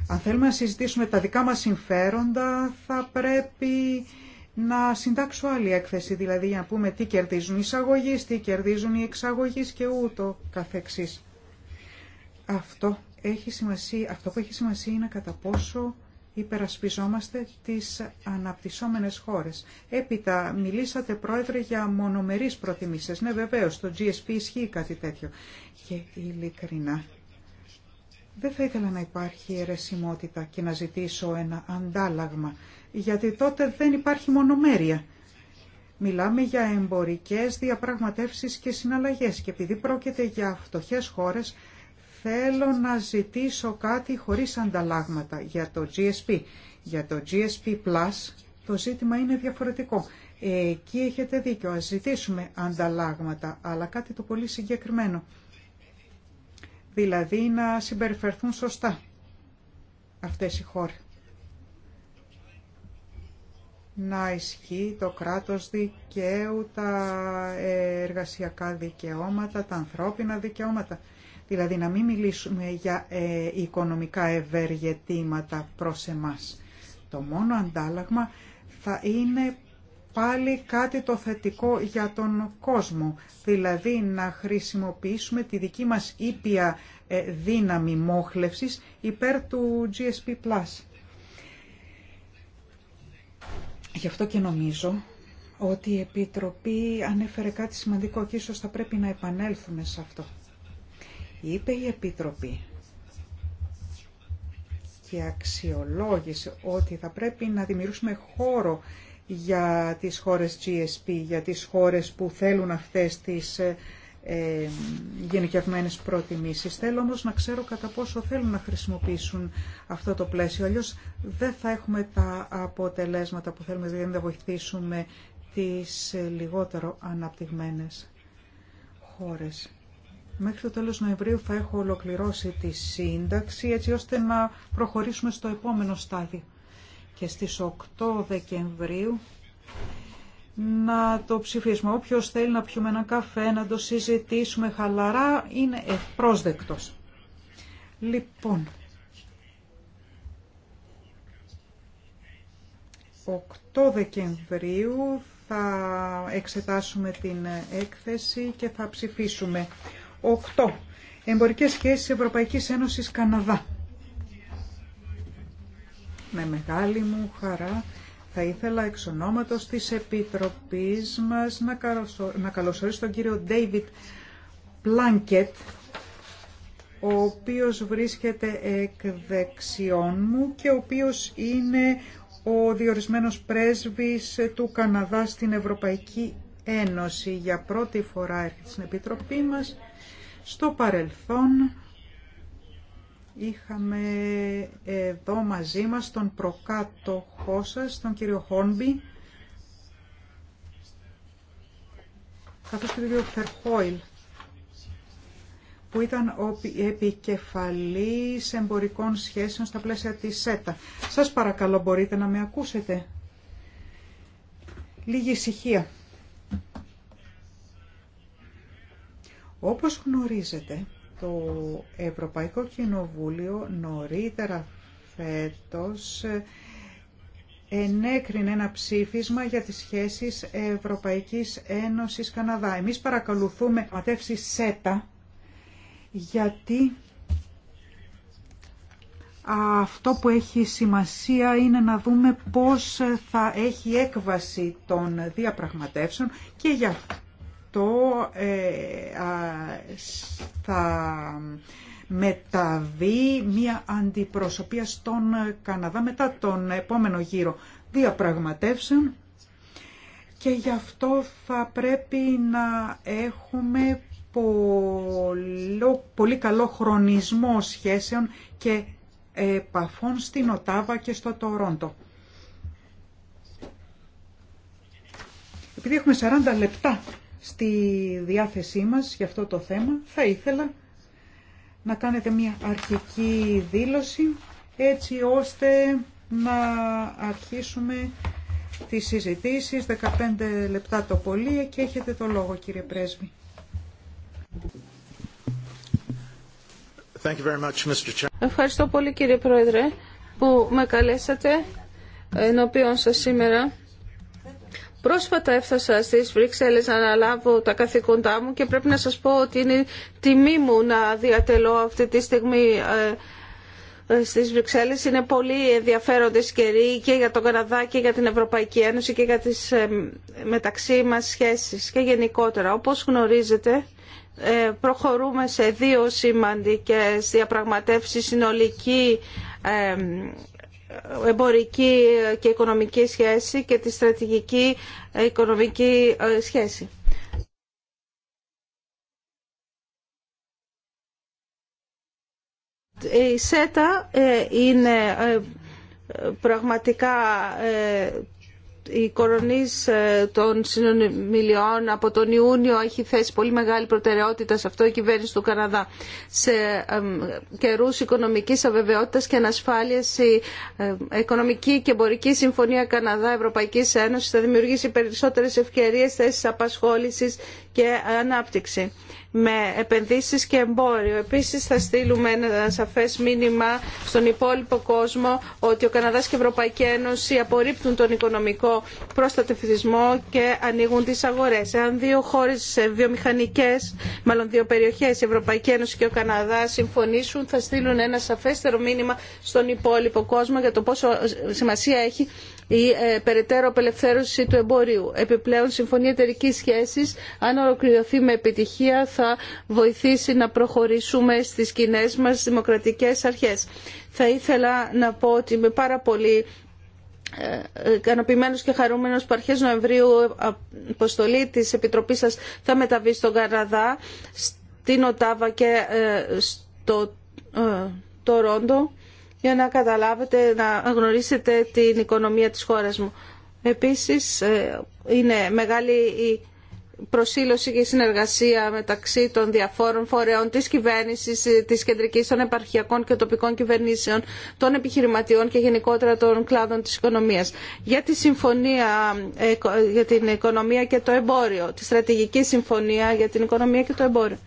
S2: αν θέλουμε να συζητήσουμε τα δικά μας συμφέροντα, θα πρέπει να συντάξω άλλη έκθεση, δηλαδή για να πούμε τι κερδίζουν οι εισαγωγείς, τι κερδίζουν οι εξαγωγείς και ούτω καθεξής. Αυτό έχει σημασία, αυτό που έχει σημασία είναι κατά πόσο υπερασπιζόμαστε τις αναπτυσσόμενες χώρες. Έπειτα μιλήσατε πρόεδρε για μονομερείς προτιμήσεις. Ναι βεβαίως, το GSP ισχύει κάτι τέτοιο. Και ειλικρινά δεν θα ήθελα να υπάρχει αιρεσιμότητα και να ζητήσω ένα αντάλλαγμα, γιατί τότε δεν υπάρχει μονομέρεια. Μιλάμε για εμπορικές διαπραγματεύσεις και συναλλαγές και επειδή πρόκειται για φτωχές χώρες, θέλω να ζητήσω κάτι χωρίς ανταλλάγματα για το GSP. Για το GSP Plus το ζήτημα είναι διαφορετικό. Εκεί έχετε δίκιο, ας ζητήσουμε ανταλλάγματα, αλλά κάτι το πολύ συγκεκριμένο. Δηλαδή να συμπεριφερθούν σωστά αυτές οι χώρες. Να ισχύει το κράτος δικαίου, τα εργασιακά δικαιώματα, τα ανθρώπινα δικαιώματα. Δηλαδή να μην μιλήσουμε για ε, οικονομικά ευεργετήματα προς εμάς. Το μόνο αντάλλαγμα θα είναι πάλι κάτι το θετικό για τον κόσμο. Δηλαδή να χρησιμοποιήσουμε τη δική μας ήπια ε, δύναμη μόχλευσης υπέρ του GSP+. Γι' αυτό και νομίζω ότι η Επιτροπή ανέφερε κάτι σημαντικό και ίσως θα πρέπει να επανέλθουμε σε αυτό είπε η Επίτροπη και αξιολόγησε ότι θα πρέπει να δημιουργήσουμε χώρο για τις χώρες GSP, για τις χώρες που θέλουν αυτές τις ε, ε, γενικευμένες προτιμήσεις. Θέλω όμως να ξέρω κατά πόσο θέλουν να χρησιμοποιήσουν αυτό το πλαίσιο, αλλιώς δεν θα έχουμε τα αποτελέσματα που θέλουμε, δηλαδή δεν βοηθήσουμε τις ε, λιγότερο αναπτυγμένες χώρες. Μέχρι το τέλος Νοεμβρίου θα έχω ολοκληρώσει τη σύνταξη έτσι ώστε να προχωρήσουμε στο επόμενο στάδιο. Και στις 8 Δεκεμβρίου να το ψηφίσουμε. Όποιος θέλει να πιούμε ένα καφέ, να το συζητήσουμε χαλαρά, είναι ευπρόσδεκτος. Λοιπόν, 8 Δεκεμβρίου θα εξετάσουμε την έκθεση και θα ψηφίσουμε. 8. Εμπορικές σχέσεις Ευρωπαϊκής Ένωσης Καναδά. Με μεγάλη μου χαρά θα ήθελα εξ ονόματο της Επιτροπής μας να καλωσορίσω τον κύριο Ντέιβιτ Πλάνκετ, ο οποίος βρίσκεται εκ δεξιών μου και ο οποίος είναι ο διορισμένος πρέσβης του Καναδά στην Ευρωπαϊκή Ένωση. Για πρώτη φορά έρχεται στην Επιτροπή μας στο παρελθόν είχαμε εδώ μαζί μας τον προκάτοχό σας, τον κύριο Χόνμπι, καθώς και τον κύριο Φερχόιλ, που ήταν ο επικεφαλής εμπορικών σχέσεων στα πλαίσια της ΣΕΤΑ. Σας παρακαλώ μπορείτε να με ακούσετε. Λίγη ησυχία. Όπως γνωρίζετε, το Ευρωπαϊκό Κοινοβούλιο νωρίτερα φέτος ενέκρινε ένα ψήφισμα για τις σχέσεις Ευρωπαϊκής Ένωσης Καναδά. Εμείς παρακολουθούμε ματεύσει ΣΕΤΑ γιατί αυτό που έχει σημασία είναι να δούμε πώς θα έχει έκβαση των διαπραγματεύσεων και για. αυτό αυτό ε, θα μεταβεί μία αντιπροσωπεία στον Καναδά μετά τον επόμενο γύρο διαπραγματεύσεων και γι' αυτό θα πρέπει να έχουμε πολύ πολύ καλό χρονισμό σχέσεων και επαφών στην Οτάβα και στο Τορόντο. Επειδή έχουμε 40 λεπτά στη διάθεσή μας για αυτό το θέμα, θα ήθελα να κάνετε μια αρχική δήλωση έτσι ώστε να αρχίσουμε τις συζητήσεις 15 λεπτά το πολύ και έχετε το λόγο κύριε Πρέσβη.
S1: Thank you very much, Mr.
S2: Ευχαριστώ
S3: πολύ κύριε Πρόεδρε που με καλέσατε ε, ενώπιον σας σήμερα Πρόσφατα έφτασα στις Βρυξέλλες να αναλάβω τα καθήκοντά μου και πρέπει να σας πω ότι είναι τιμή μου να διατελώ αυτή τη στιγμή ε, ε, στις Βρυξέλλες. Είναι πολύ ενδιαφέροντες καιροί και για τον Καναδά και για την Ευρωπαϊκή Ένωση και για τις ε, μεταξύ μας σχέσεις και γενικότερα. Όπως γνωρίζετε προχωρούμε σε δύο σημαντικές διαπραγματεύσεις συνολική εμπορική και οικονομική σχέση και τη στρατηγική οικονομική ε, σχέση. Η ΣΕΤΑ ε, είναι ε, πραγματικά η κορονής ε, των συνομιλιών από τον Ιούνιο έχει θέσει πολύ μεγάλη προτεραιότητα σε αυτό η κυβέρνηση του Καναδά. Σε καιρούς οικονομικής αβεβαιότητας και ανασφάλειας η Οικονομική και Εμπορική Συμφωνία Καναδά-Ευρωπαϊκής Ένωσης θα δημιουργήσει περισσότερες ευκαιρίες θέσεις απασχόλησης και ανάπτυξη με επενδύσεις και εμπόριο. Επίσης θα στείλουμε ένα σαφές μήνυμα στον υπόλοιπο κόσμο ότι ο Καναδάς και η Ευρωπαϊκή Ένωση απορρίπτουν τον οικονομικό προστατευτισμό και ανοίγουν τις αγορές. Εάν δύο χώρες βιομηχανικές, μάλλον δύο περιοχές, η Ευρωπαϊκή Ένωση και ο Καναδάς συμφωνήσουν, θα στείλουν ένα σαφέστερο μήνυμα στον υπόλοιπο κόσμο για το πόσο σημασία έχει η ε, περαιτέρω απελευθέρωση του εμπορίου. Επιπλέον, Συμφωνία Εταιρικής Σχέσης, αν ολοκληρωθεί με επιτυχία, θα βοηθήσει να προχωρήσουμε στις κοινέ μας δημοκρατικές αρχές. Θα ήθελα να πω ότι είμαι πάρα πολύ ε, ικανοποιημένο και χαρούμενος που αρχέ Νοεμβρίου ε, αποστολή τη Επιτροπής σα θα μεταβεί στον Καναδά, στην Οτάβα και στο Τορόντο για να καταλάβετε, να γνωρίσετε την οικονομία της χώρας μου. Επίσης, ε, είναι μεγάλη η προσήλωση και η συνεργασία μεταξύ των διαφόρων φορέων της κυβέρνησης, ε, της κεντρικής των επαρχιακών και τοπικών κυβερνήσεων, των επιχειρηματιών και γενικότερα των κλάδων της οικονομίας. Για τη συμφωνία ε, για την οικονομία και το εμπόριο, τη στρατηγική συμφωνία για την οικονομία και το εμπόριο.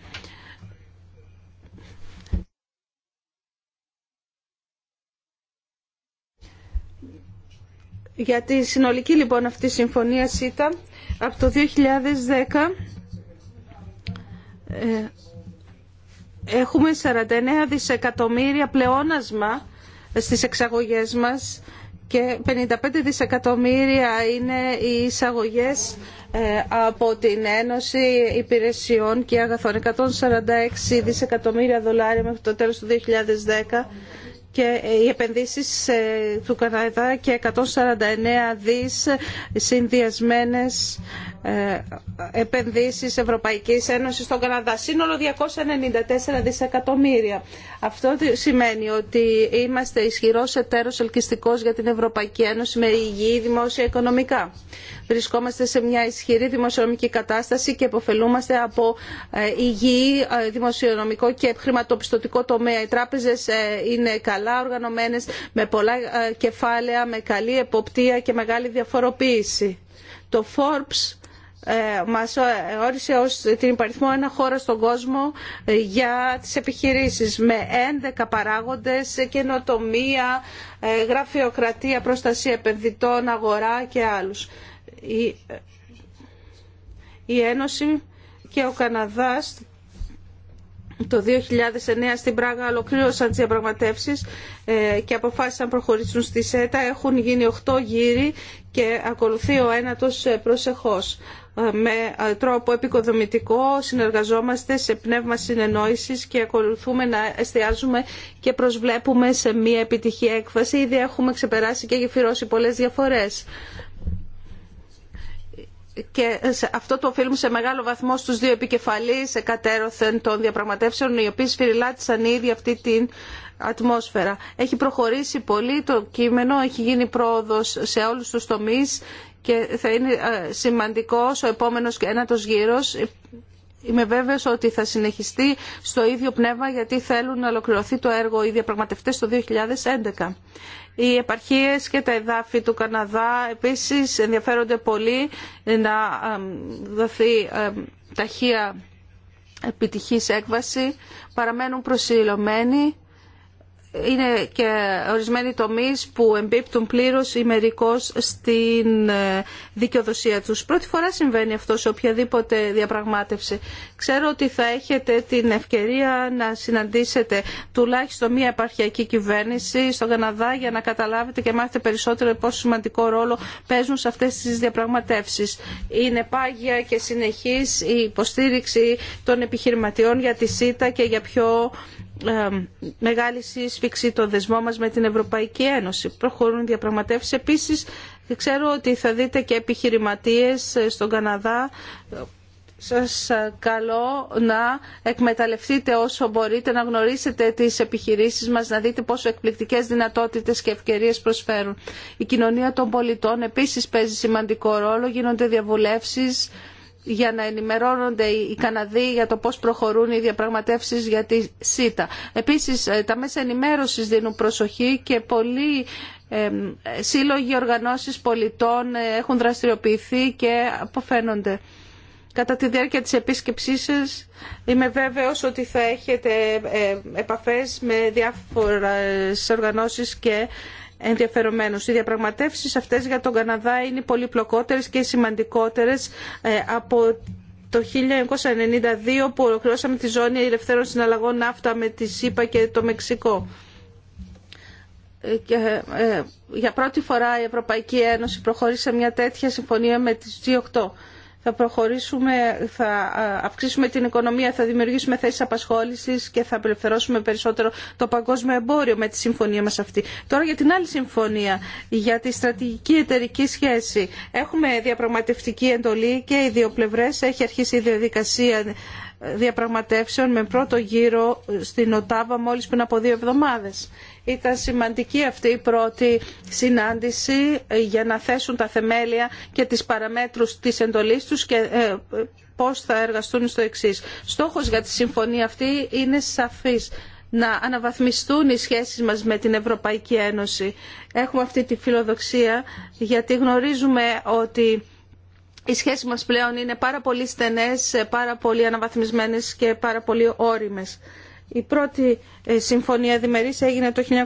S3: Γιατί η συνολική λοιπόν αυτή η συμφωνία ΣΥΤΑ από το 2010 ε, έχουμε 49 δισεκατομμύρια πλεόνασμα στις εξαγωγές μας και 55 δισεκατομμύρια είναι οι εισαγωγές ε, από την Ένωση Υπηρεσιών και Αγαθών. 146 δισεκατομμύρια δολάρια μέχρι το τέλος του 2010 και οι επενδύσεις ε, του Καναδά και 149 δις συνδυασμένες ε, επενδύσεις Ευρωπαϊκής Ένωσης στον Καναδά. Σύνολο 294 δισεκατομμύρια. Αυτό σημαίνει ότι είμαστε ισχυρός εταίρος ελκυστικός για την Ευρωπαϊκή Ένωση με υγιή δημόσια οικονομικά. Βρισκόμαστε σε μια ισχυρή δημοσιονομική κατάσταση και επωφελούμαστε από ε, υγιή ε, δημοσιονομικό και χρηματοπιστωτικό τομέα. Οι τράπεζες είναι καλά οργανωμένες, με πολλά κεφάλαια, με καλή εποπτεία και μεγάλη διαφοροποίηση. Το Forbes ε, μας όρισε ως την υπαριθμό ένα χώρο στον κόσμο ε, για τις επιχειρήσεις με 11 παράγοντες, ε, καινοτομία, γραφειοκρατία, προστασία επενδυτών, αγορά και άλλους. Η, η Ένωση και ο Καναδάς το 2009 στην Πράγα ολοκλήρωσαν τι διαπραγματεύσει και αποφάσισαν να προχωρήσουν στη ΣΕΤΑ. Έχουν γίνει 8 γύροι και ακολουθεί ο ένατος προσεχώς με τρόπο επικοδομητικό συνεργαζόμαστε σε πνεύμα συνεννόησης και ακολουθούμε να εστιάζουμε και προσβλέπουμε σε μια επιτυχή έκφαση. Ήδη έχουμε ξεπεράσει και γεφυρώσει πολλές διαφορές. Και αυτό το οφείλουμε σε μεγάλο βαθμό στους δύο επικεφαλείς εκατέρωθεν των διαπραγματεύσεων οι οποίοι σφυριλάτησαν ήδη αυτή την ατμόσφαιρα. Έχει προχωρήσει πολύ το κείμενο, έχει γίνει πρόοδος σε όλους τους τομείς και θα είναι ε, σημαντικός ο επόμενος και ένατος γύρος. Είμαι βέβαιος ότι θα συνεχιστεί στο ίδιο πνεύμα γιατί θέλουν να ολοκληρωθεί το έργο οι διαπραγματευτές το 2011. Οι επαρχίες και τα εδάφη του Καναδά επίσης ενδιαφέρονται πολύ να δοθεί ταχεία επιτυχής έκβαση. Παραμένουν προσιλωμένοι είναι και ορισμένοι τομείς που εμπίπτουν πλήρως ή στην ε, δικαιοδοσία τους. Πρώτη φορά συμβαίνει αυτό σε οποιαδήποτε διαπραγμάτευση. Ξέρω ότι θα έχετε την ευκαιρία να συναντήσετε τουλάχιστον μία επαρχιακή κυβέρνηση στον Καναδά για να καταλάβετε και μάθετε περισσότερο πόσο σημαντικό ρόλο παίζουν σε αυτές τις διαπραγματεύσεις. Είναι πάγια και συνεχής η υποστήριξη των επιχειρηματιών για τη ΣΥΤΑ και για πιο μεγάλη σύσφυξη το δεσμό μας με την Ευρωπαϊκή Ένωση. Προχωρούν διαπραγματεύσεις. Επίσης, ξέρω ότι θα δείτε και επιχειρηματίες ε, στον Καναδά. Σας καλώ να εκμεταλλευτείτε όσο μπορείτε, να γνωρίσετε τις επιχειρήσεις μας, να δείτε πόσο εκπληκτικές δυνατότητες και ευκαιρίες προσφέρουν. Η κοινωνία των πολιτών επίσης παίζει σημαντικό ρόλο, γίνονται διαβουλεύσεις για να ενημερώνονται οι Καναδοί για το πώς προχωρούν οι διαπραγματεύσεις για τη ΣΥΤΑ. Επίσης, ε, τα μέσα ενημέρωσης δίνουν προσοχή και πολλοί ε, σύλλογοι οργανώσεις πολιτών ε, έχουν δραστηριοποιηθεί και αποφαίνονται. Κατά τη διάρκεια της επίσκεψής σας είμαι βέβαιος ότι θα έχετε επαφές με διάφορες οργανώσεις και οι διαπραγματεύσεις αυτές για τον Καναδά είναι πολυπλοκότερες και σημαντικότερες ε, από το 1992 που ολοκληρώσαμε τη ζώνη ελευθέρων συναλλαγών ναύτα με τη ΣΥΠΑ και το Μεξικό. Ε, ε, για πρώτη φορά η Ευρωπαϊκή Ένωση προχώρησε μια τέτοια συμφωνία με τις G8 θα προχωρήσουμε, θα αυξήσουμε την οικονομία, θα δημιουργήσουμε θέσεις απασχόλησης και θα απελευθερώσουμε περισσότερο το παγκόσμιο εμπόριο με τη συμφωνία μας αυτή. Τώρα για την άλλη συμφωνία, για τη στρατηγική εταιρική σχέση. Έχουμε διαπραγματευτική εντολή και οι δύο πλευρέ έχει αρχίσει η διαδικασία ε, διαπραγματεύσεων με πρώτο γύρο στην Οτάβα μόλις πριν από δύο εβδομάδες. Ήταν σημαντική αυτή η πρώτη συνάντηση ε, για να θέσουν τα θεμέλια και τις παραμέτρους της εντολής τους και ε, πώς θα εργαστούν στο εξής. Στόχος για τη συμφωνία αυτή είναι σαφής να αναβαθμιστούν οι σχέσεις μας με την Ευρωπαϊκή Ένωση. Έχουμε αυτή τη φιλοδοξία γιατί γνωρίζουμε ότι οι σχέσεις μας πλέον είναι πάρα πολύ στενές, ε, πάρα πολύ αναβαθμισμένες και πάρα πολύ όριμες. Η πρώτη ε, συμφωνία διμερής έγινε το 1959.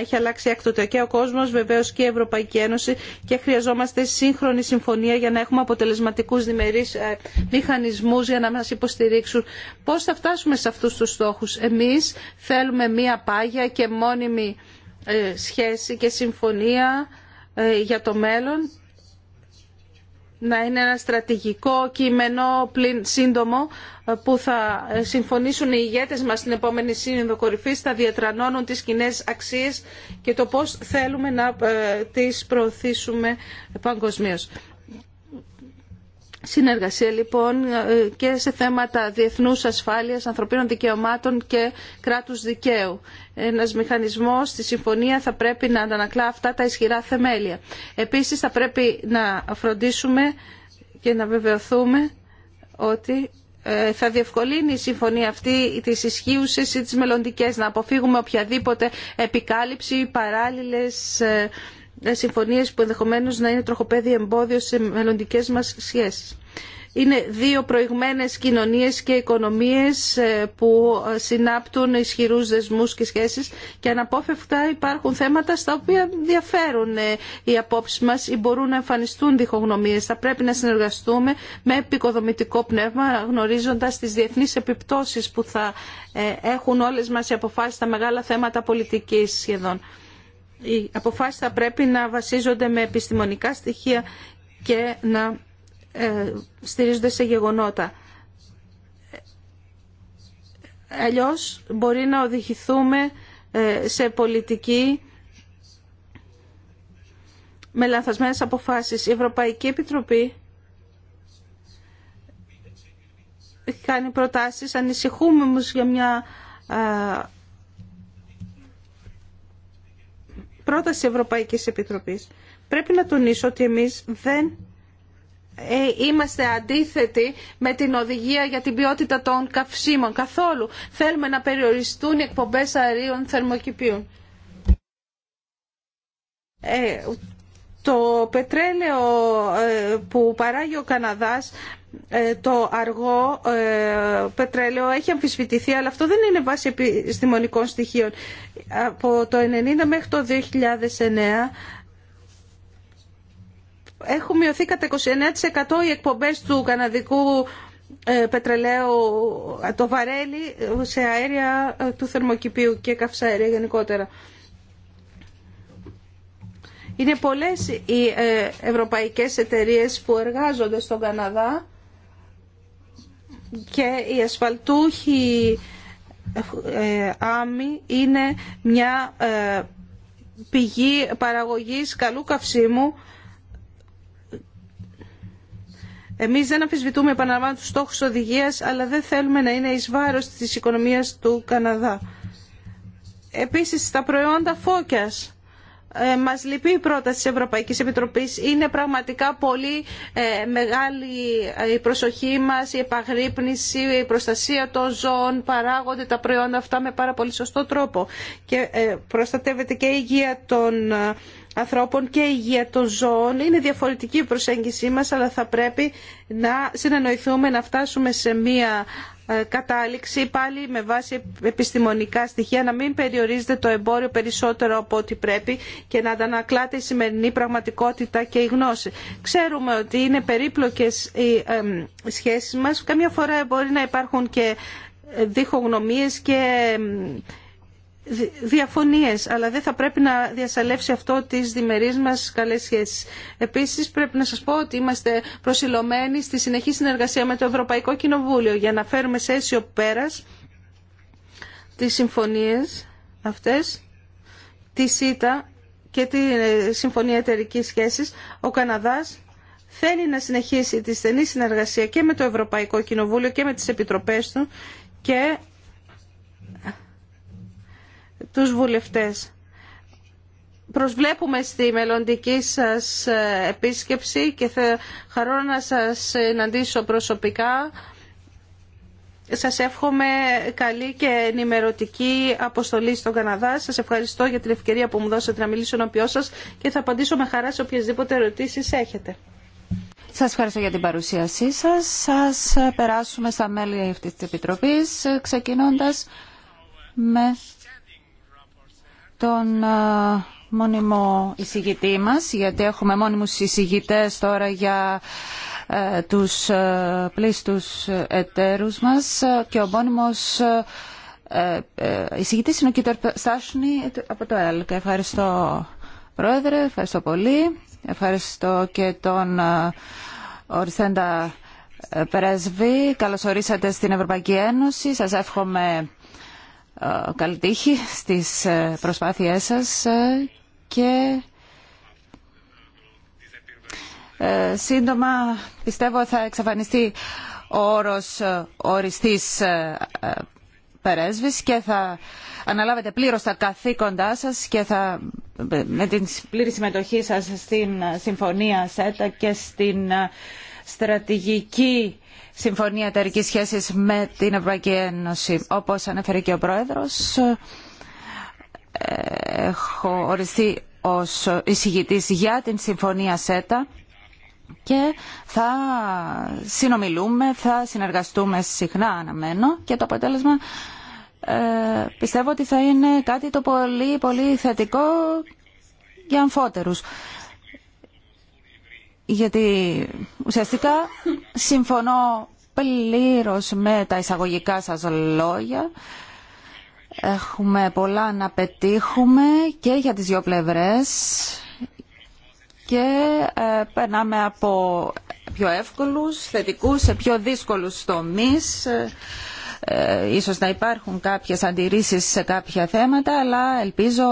S3: Έχει αλλάξει εκτοτέ και ο κόσμος, βεβαίως και η Ευρωπαϊκή Ένωση και χρειαζόμαστε σύγχρονη συμφωνία για να έχουμε αποτελεσματικούς διμερείς ε, μηχανισμούς για να μας υποστηρίξουν. Πώς θα φτάσουμε σε αυτούς τους στόχους. Εμείς θέλουμε μία πάγια και μόνιμη ε, σχέση και συμφωνία για το μέλλον να είναι ένα στρατηγικό κείμενο πλην σύντομο που θα συμφωνήσουν οι ηγέτες μας στην επόμενη σύνοδο κορυφής, θα διατρανώνουν τις κοινέ αξίες και το πώς θέλουμε να ε, τις προωθήσουμε παγκοσμίως. Συνεργασία λοιπόν ε, και σε θέματα διεθνούς ασφάλειας, ανθρωπίνων δικαιωμάτων και κράτους δικαίου. Ένας μηχανισμός στη συμφωνία θα πρέπει να αντανακλά αυτά τα ισχυρά θεμέλια. Επίσης θα πρέπει να φροντίσουμε και να βεβαιωθούμε ότι ε, θα διευκολύνει η συμφωνία αυτή τις ισχύουσες ή τι μελλοντικέ, να αποφύγουμε οποιαδήποτε επικάλυψη ή παράλληλε. Ε, συμφωνίες που ενδεχομένως να είναι τροχοπέδι εμπόδιο σε μελλοντικές μας σχέσεις. Είναι δύο προηγμένες κοινωνίες και οικονομίες ε, που ε, συνάπτουν ισχυρούς δεσμούς και σχέσεις και αναπόφευκτα υπάρχουν θέματα στα οποία διαφέρουν ε, οι απόψεις μας ή μπορούν να εμφανιστούν διχογνωμίες. Θα πρέπει να συνεργαστούμε με επικοδομητικό πνεύμα γνωρίζοντας τις διεθνείς επιπτώσεις που θα έχουν όλες μας οι αποφάσεις στα μεγάλα θέματα πολιτικής σχεδόν οι αποφάσεις θα πρέπει να βασίζονται με επιστημονικά στοιχεία και να ε, στηρίζονται σε γεγονότα. Αλλιώς μπορεί να οδηγηθούμε ε, σε πολιτική με λανθασμένες αποφάσεις. Η Ευρωπαϊκή Επιτροπή κάνει προτάσεις. Ανησυχούμε όμως για μια ε, πρόταση Ευρωπαϊκής Επιτροπής. Πρέπει να τονίσω ότι εμείς δεν ε, είμαστε αντίθετοι με την οδηγία για την ποιότητα των καυσίμων. Καθόλου θέλουμε να περιοριστούν οι εκπομπές αερίων θερμοκηπίων. Ε, το πετρέλαιο ε, που παράγει ο Καναδάς, ε, το αργό ε, πετρέλαιο έχει αμφισβητηθεί, αλλά αυτό δεν είναι βάση επιστημονικών στοιχείων. Από το 1990 μέχρι το 2009 έχουν μειωθεί κατά 29% οι εκπομπές του καναδικού πετρελαίου, το βαρέλι σε αέρια του θερμοκηπίου και καυσαέρια γενικότερα. Είναι πολλές οι ε, ευρωπαϊκές εταιρείες που εργάζονται στον Καναδά και η ασφαλτούχη ε, άμοι είναι μια ε, πηγή παραγωγής καλού καυσίμου. Εμείς δεν αμφισβητούμε, επαναλαμβάνω, τους στόχους οδηγίας, αλλά δεν θέλουμε να είναι εις βάρος της οικονομίας του Καναδά. Επίσης, τα προϊόντα φώκιας ε, μας λυπεί η πρόταση της Ευρωπαϊκής Επιτροπής. Είναι πραγματικά πολύ ε, μεγάλη η προσοχή μας, η επαγρύπνηση, η προστασία των ζώων, παράγονται τα προϊόντα αυτά με πάρα πολύ σωστό τρόπο και ε, προστατεύεται και η υγεία των ανθρώπων και η υγεία των ζώων. Είναι διαφορετική η προσέγγιση μας, αλλά θα πρέπει να συνεννοηθούμε, να φτάσουμε σε μία ε, κατάληξη πάλι με βάση επιστημονικά στοιχεία να μην περιορίζεται το εμπόριο περισσότερο από ό,τι πρέπει και να αντανακλάται η σημερινή πραγματικότητα και η γνώση. Ξέρουμε ότι είναι περίπλοκες οι σχέσεις μας. Καμιά φορά μπορεί να υπάρχουν και διχογνωμίες και διαφωνίες, αλλά δεν θα πρέπει να διασαλεύσει αυτό τις διμερείς μας καλές σχέσεις. Επίσης πρέπει να σας πω ότι είμαστε προσιλωμένοι στη συνεχή συνεργασία με το Ευρωπαϊκό Κοινοβούλιο για να φέρουμε σε αίσιο πέρας τις συμφωνίες αυτές, τη ΣΥΤΑ και τη ε, Συμφωνία εταιρική Σχέσης. Ο Καναδάς θέλει να συνεχίσει τη στενή συνεργασία και με το Ευρωπαϊκό Κοινοβούλιο και με τις επιτροπές του και τους βουλευτές. Προσβλέπουμε στη μελλοντική σας ε, επίσκεψη και θα χαρώ να σας εναντήσω προσωπικά. Σας εύχομαι καλή και ενημερωτική αποστολή στον Καναδά. Σας ευχαριστώ για την ευκαιρία που μου δώσατε να μιλήσω ενώπιό σας και θα απαντήσω με χαρά σε οποιασδήποτε ερωτήσεις έχετε.
S4: Σας ευχαριστώ για την παρουσίασή σας. Σας περάσουμε στα μέλη αυτής της Επιτροπής, ξεκινώντας με τον ε, μόνιμο εισηγητή μας, γιατί έχουμε μόνιμους εισηγητές τώρα για ε, τους ε, πλήστους εταίρους μας και ο μόνιμος εισηγητής είναι ο Κίτερ Στάσουνη από το ΕΛΚ. Ευχαριστώ Πρόεδρε, ευχαριστώ πολύ. Ευχαριστώ και τον οριστέντα Πρέσβη. Καλώς ορίσατε στην Ευρωπαϊκή Ένωση. Σας εύχομαι καλή τύχη στις ε, προσπάθειές σας ε, και ε, σύντομα πιστεύω θα εξαφανιστεί ο όρος οριστής περέσβης και θα αναλάβετε πλήρως τα καθήκοντά σας και θα, με την πλήρη συμμετοχή σας στην Συμφωνία ΣΕΤΑ και στην στρατηγική Συμφωνία Εταιρικής Σχέσης με την Ευρωπαϊκή Ένωση. Όπως ανέφερε και ο Πρόεδρος, έχω οριστεί ως εισηγητής για την Συμφωνία ΣΕΤΑ και θα συνομιλούμε, θα συνεργαστούμε συχνά αναμένω και το αποτέλεσμα ε, πιστεύω ότι θα είναι κάτι το πολύ, πολύ θετικό για αμφότερους γιατί ουσιαστικά συμφωνώ πλήρως με τα εισαγωγικά σας λόγια. Έχουμε πολλά να πετύχουμε και για τις δύο πλευρές και ε, περνάμε από πιο εύκολους, θετικούς σε πιο δύσκολους τομείς. Ε, ίσως να υπάρχουν κάποιες αντιρρήσεις σε κάποια θέματα, αλλά ελπίζω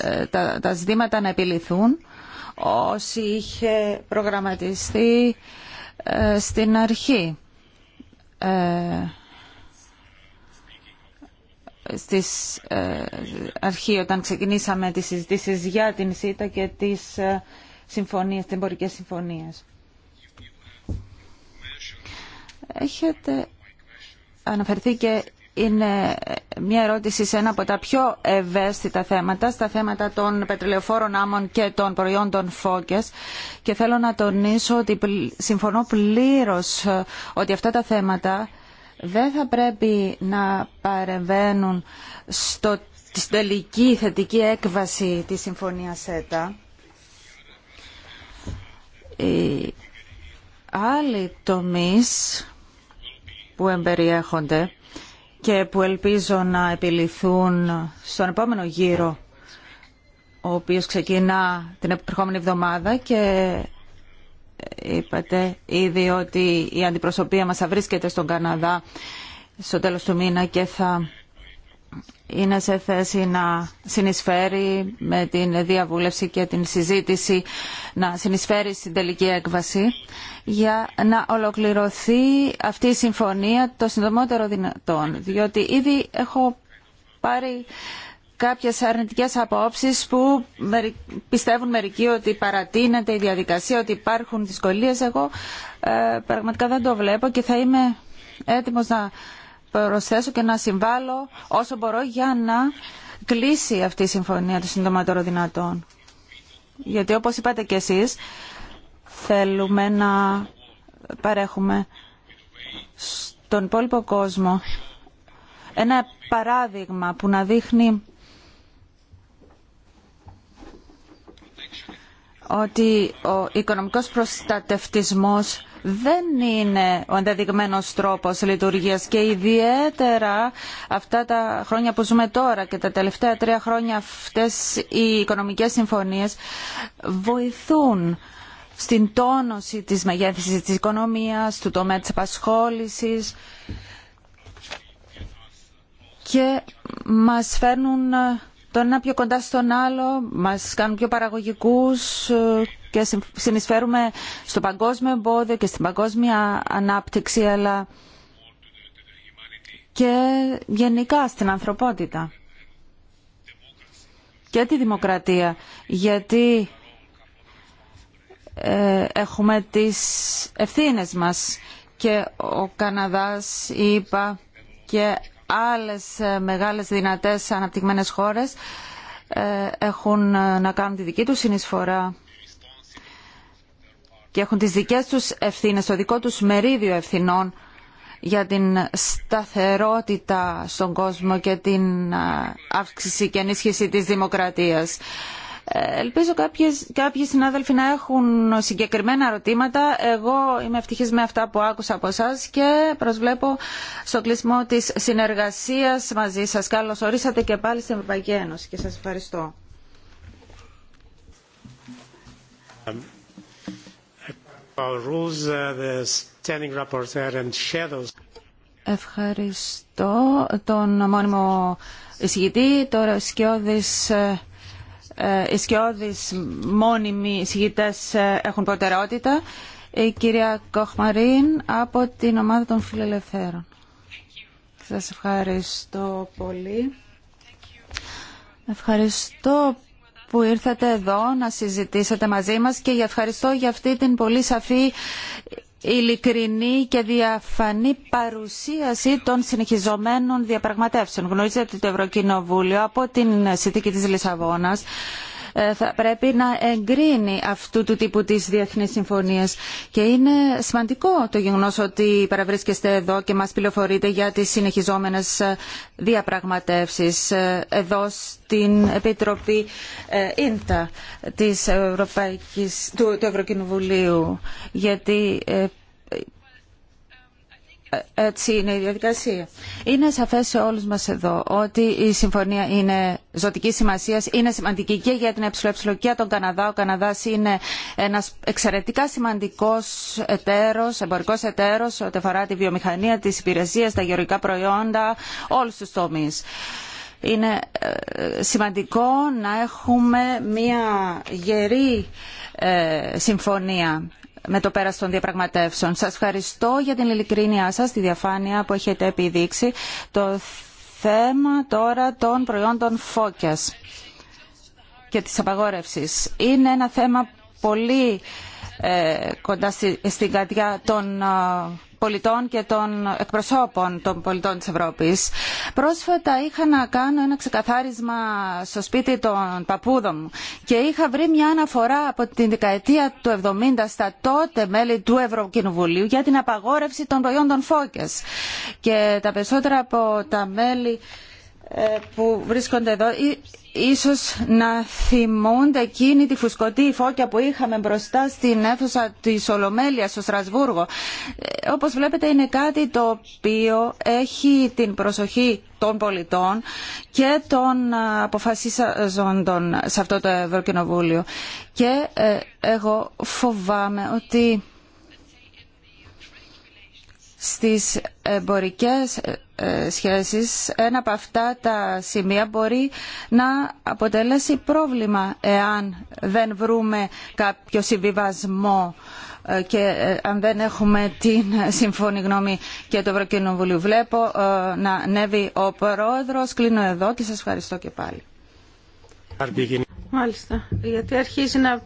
S4: ε, τα, τα ζητήματα να επιληθούν όσοι είχε προγραμματιστεί ε, στην αρχή ε, στις ε, αρχή όταν ξεκινήσαμε τις συζητήσεις για την ΣΥΤΑ και τις ε, συμφωνίες, τις εμπορικές συμφωνίες. Έχετε αναφερθεί και είναι μια ερώτηση σε ένα από τα πιο ευαίσθητα θέματα, στα θέματα των πετρελαιοφόρων άμμων και των προϊόντων φώκες και θέλω να τονίσω ότι συμφωνώ πλήρως ε, ότι αυτά τα θέματα δεν θα πρέπει να παρεμβαίνουν στο, στην τελική θετική έκβαση της Συμφωνίας ΕΤΑ. Οι άλλοι τομείς που εμπεριέχονται και που ελπίζω να επιληθούν στον επόμενο γύρο ο οποίος ξεκινά την επόμενη εβδομάδα και ε, είπατε ήδη ότι η αντιπροσωπεία μας θα βρίσκεται στον Καναδά στο τέλος του μήνα και θα είναι σε θέση να συνεισφέρει με την διαβούλευση και την συζήτηση να συνεισφέρει στην τελική έκβαση για να ολοκληρωθεί αυτή η συμφωνία το συντομότερο δυνατόν. Διότι ήδη έχω πάρει κάποιες αρνητικές απόψεις που πιστεύουν μερικοί ότι παρατείνεται η διαδικασία, ότι υπάρχουν δυσκολίες. Εγώ ε, πραγματικά δεν το βλέπω και θα είμαι έτοιμος να προσθέσω και να συμβάλλω όσο μπορώ για να κλείσει αυτή η συμφωνία το συντομότερο δυνατόν. Γιατί όπως είπατε κι εσείς, θέλουμε να παρέχουμε στον υπόλοιπο κόσμο ένα παράδειγμα που να δείχνει ότι ο οικονομικός προστατευτισμός δεν είναι ο ενδεδειγμένος τρόπος λειτουργίας και ιδιαίτερα αυτά τα χρόνια που ζούμε τώρα και τα τελευταία τρία χρόνια αυτές οι οικονομικές συμφωνίες βοηθούν στην τόνωση της μεγέθυνσης της οικονομίας, του τομέα της απασχόλησης και μας φέρνουν τον ένα πιο κοντά στον άλλο, μας κάνουν πιο παραγωγικούς και συνεισφέρουμε στο παγκόσμιο εμπόδιο και στην παγκόσμια ανάπτυξη αλλά και γενικά στην ανθρωπότητα και τη δημοκρατία γιατί ε, έχουμε τις ευθύνες μας και ο Καναδάς, είπα και άλλες ε, μεγάλες δυνατές αναπτυγμένες χώρες ε, έχουν να κάνουν τη δική τους συνεισφορά και έχουν τις δικές τους ευθύνες, το δικό τους μερίδιο ευθυνών για την σταθερότητα στον κόσμο και την αύξηση και ενίσχυση της δημοκρατίας. Ελπίζω κάποιοι συνάδελφοι να έχουν συγκεκριμένα ερωτήματα. Εγώ είμαι ευτυχής με αυτά που άκουσα από εσά και προσβλέπω στο κλεισμό της συνεργασίας μαζί σας. Καλώς ορίσατε και πάλι στην Ευρωπαϊκή Ένωση και σας ευχαριστώ.
S1: Um, uh,
S4: ευχαριστώ τον μόνιμο εισηγητή, τώρα Σκιόδης. Ε, ε, οι μόνιμοι συγητές ε, έχουν προτεραιότητα. Η κυρία Κοχμαρίν από την ομάδα των φιλελευθέρων. Σας ευχαριστώ πολύ. Ευχαριστώ που ήρθατε εδώ να συζητήσετε μαζί μας και ευχαριστώ για αυτή την πολύ σαφή ειλικρινή και διαφανή παρουσίαση των συνεχιζομένων διαπραγματεύσεων. Γνωρίζετε ότι το Ευρωκοινοβούλιο από την συνθήκη της Λισαβόνας ε, θα πρέπει να εγκρίνει αυτού του τύπου τις διεθνείς συμφωνίες. Και είναι σημαντικό το γεγονός ότι παραβρίσκεστε εδώ και μας πληροφορείτε για τις συνεχιζόμενες ε, διαπραγματεύσεις ε, εδώ στην Επιτροπή ΙΝΤΑ της Ευρωπαϊκής, του, του Ευρωκοινοβουλίου. Γιατί έτσι είναι η διαδικασία. Είναι σαφέ σε όλου μα εδώ ότι η συμφωνία είναι ζωτική σημασία, είναι σημαντική και για την ΕΕ και τον Καναδά. Ο Καναδά είναι ένα εξαιρετικά σημαντικό εταίρο, εμπορικό εταίρο, ό,τι αφορά τη βιομηχανία, τι υπηρεσίε, τα γεωργικά προϊόντα, όλου του τομεί. Είναι ε, σημαντικό να έχουμε μια γερή ε, συμφωνία με το πέραστον των διαπραγματεύσεων. Σας ευχαριστώ για την ειλικρίνειά σα τη διαφάνεια που έχετε επιδείξει. Το θέμα τώρα των προϊόντων φώκια και τη απαγόρευση. είναι ένα θέμα πολύ ε, κοντά στην καρδιά των ε, πολιτών και των εκπροσώπων των πολιτών της Ευρώπης. Πρόσφατα είχα να κάνω ένα ξεκαθάρισμα στο σπίτι των παππούδων μου και είχα βρει μια αναφορά από την δεκαετία του 70 στα τότε μέλη του Ευρωκοινοβουλίου για την απαγόρευση των προϊόντων φώκες. Και τα περισσότερα από τα μέλη ε, που βρίσκονται εδώ ίσως να θυμούνται εκείνη τη φουσκωτή φώκια που είχαμε μπροστά στην αίθουσα της Ολομέλειας στο Στρασβούργο. Ε, όπως βλέπετε είναι κάτι το οποίο έχει την προσοχή των πολιτών και των ε, αποφασίζοντων σε αυτό το Ευρωκοινοβούλιο. Και εγώ φοβάμαι ότι στις εμπορικές ε, σχέσεις, ένα από αυτά τα σημεία μπορεί να αποτελέσει πρόβλημα εάν δεν βρούμε κάποιο συμβιβασμό ε, και ε, αν δεν έχουμε την συμφωνή γνώμη και το Ευρωκοινοβουλίου. Βλέπω να ανέβει ο Πρόεδρος. Κλείνω εδώ και σας ευχαριστώ και πάλι. Μάλιστα, γιατί αρχίζει να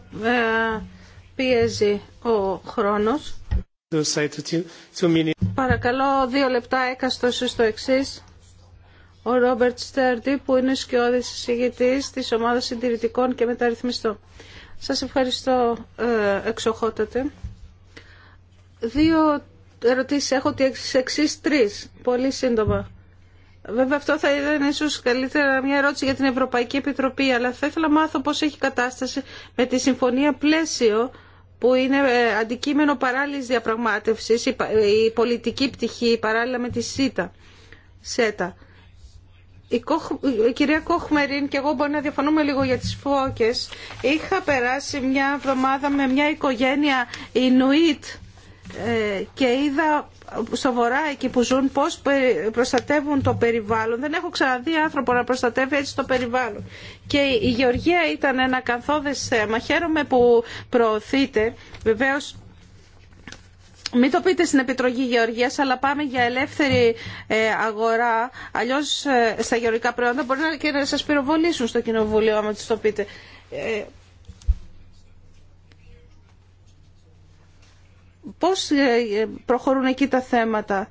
S4: πιέζει ο
S3: χρόνος. Παρακαλώ δύο λεπτά έκαστος στο εξή. Ο Ρόμπερτ Στέρντι που είναι σκιώδης συζητητή της ομάδας συντηρητικών και μεταρρυθμιστών. Σας ευχαριστώ ε, εξοχότατε. Δύο ερωτήσεις έχω τις εξή τρεις, πολύ σύντομα. Βέβαια αυτό θα ήταν ίσως καλύτερα μια ερώτηση για την Ευρωπαϊκή Επιτροπή, αλλά θα ήθελα να μάθω πώς έχει κατάσταση με τη Συμφωνία Πλαίσιο που είναι ε, αντικείμενο παράλληλης διαπραγμάτευσης, η πολιτική πτυχή παράλληλα με τη ΣΥΤΑ. ΣΕΤΑ. Η, κυρία Κοχμερίν και εγώ μπορεί να διαφωνούμε λίγο για τις φώκες. Είχα περάσει μια εβδομάδα με μια οικογένεια Ινουίτ και είδα στο βορρά εκεί που ζουν πώς προστατεύουν το περιβάλλον. Δεν έχω ξαναδεί άνθρωπο να προστατεύει έτσι το περιβάλλον. Και η γεωργία ήταν ένα καθόδες θέμα. Χαίρομαι που προωθείτε. Βεβαίως μην το πείτε στην Επιτρογή Γεωργίας, αλλά πάμε για ελεύθερη ε, αγορά. Αλλιώς ε, στα γεωργικά προϊόντα μπορεί να, και να σας πυροβολήσουν στο Κοινοβούλιο, άμα τους το πείτε. Ε, Πώς ε, ε, προχωρούν εκεί τα θέματα.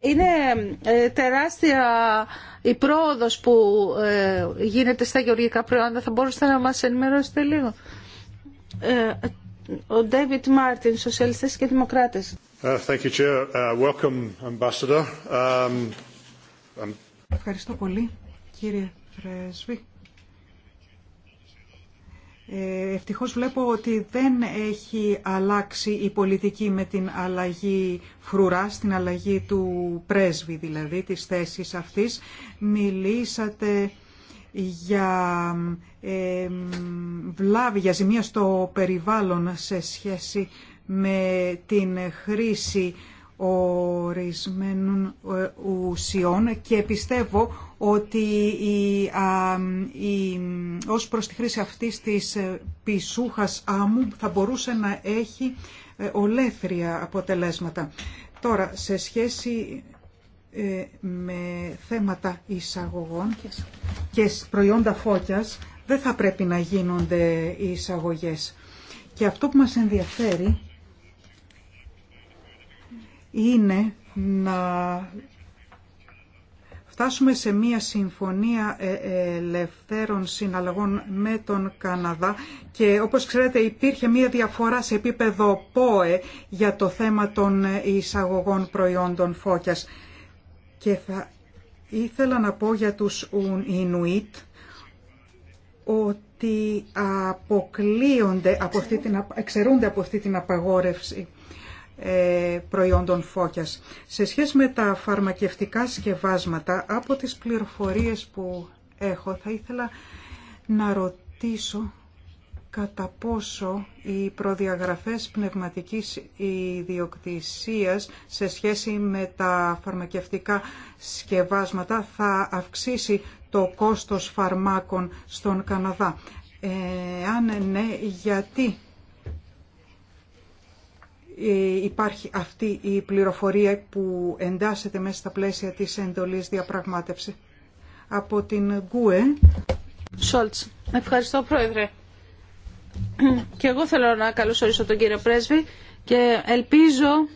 S3: Είναι ε, τεράστια η πρόοδος που γίνεται στα γεωργικά προϊόντα. Θα μπορούσατε να μας ενημερώσετε λίγο. Ο Ντέβιτ Μάρτιν, Σοσιαλιστές και Δημοκράτες.
S1: Uh, uh, um,
S2: Ευχαριστώ πολύ, κύριε Πρέσβη. Ε, ευτυχώς βλέπω ότι δεν έχει αλλάξει η πολιτική με την αλλαγή φρουρά, την αλλαγή του πρέσβη δηλαδή, της θέσης αυτής. Μιλήσατε για ε, βλάβη, για ζημία στο περιβάλλον σε σχέση με την χρήση ορισμένων ε, ουσιών και πιστεύω ότι η, α, ως προς τη χρήση αυτής της ε, πισούχας άμμου θα μπορούσε να έχει ε, ολέθρια αποτελέσματα. Τώρα, σε σχέση με θέματα εισαγωγών και προϊόντα φώκιας, δεν θα πρέπει να γίνονται εισαγωγές. Και αυτό που μας ενδιαφέρει είναι να φτάσουμε σε μία συμφωνία ε, ελευθέρων συναλλαγών με τον Καναδά και όπως ξέρετε υπήρχε μία διαφορά σε επίπεδο ΠΟΕ για το θέμα των εισαγωγών προϊόντων φώκιας. Και θα ήθελα να πω για τους Ινουίτ ότι αποκλείονται από αυτή την, εξαιρούνται από αυτή την απαγόρευση ε, προϊόντων φώκιας. Σε σχέση με τα φαρμακευτικά σκευάσματα, από τις πληροφορίες που έχω, θα ήθελα να ρωτήσω κατά πόσο οι προδιαγραφές πνευματικής ιδιοκτησίας σε σχέση με τα φαρμακευτικά σκευάσματα θα αυξήσει το κόστος φαρμάκων στον Καναδά. Ε, αν ναι, γιατί ε, υπάρχει αυτή η πληροφορία που εντάσσεται μέσα στα πλαίσια της εντολής διαπραγμάτευση. Από την Γκουε. Σόλτς. Ευχαριστώ Πρόεδρε. Και εγώ θέλω να καλωσορίσω
S3: τον κύριο Πρέσβη και ελπίζω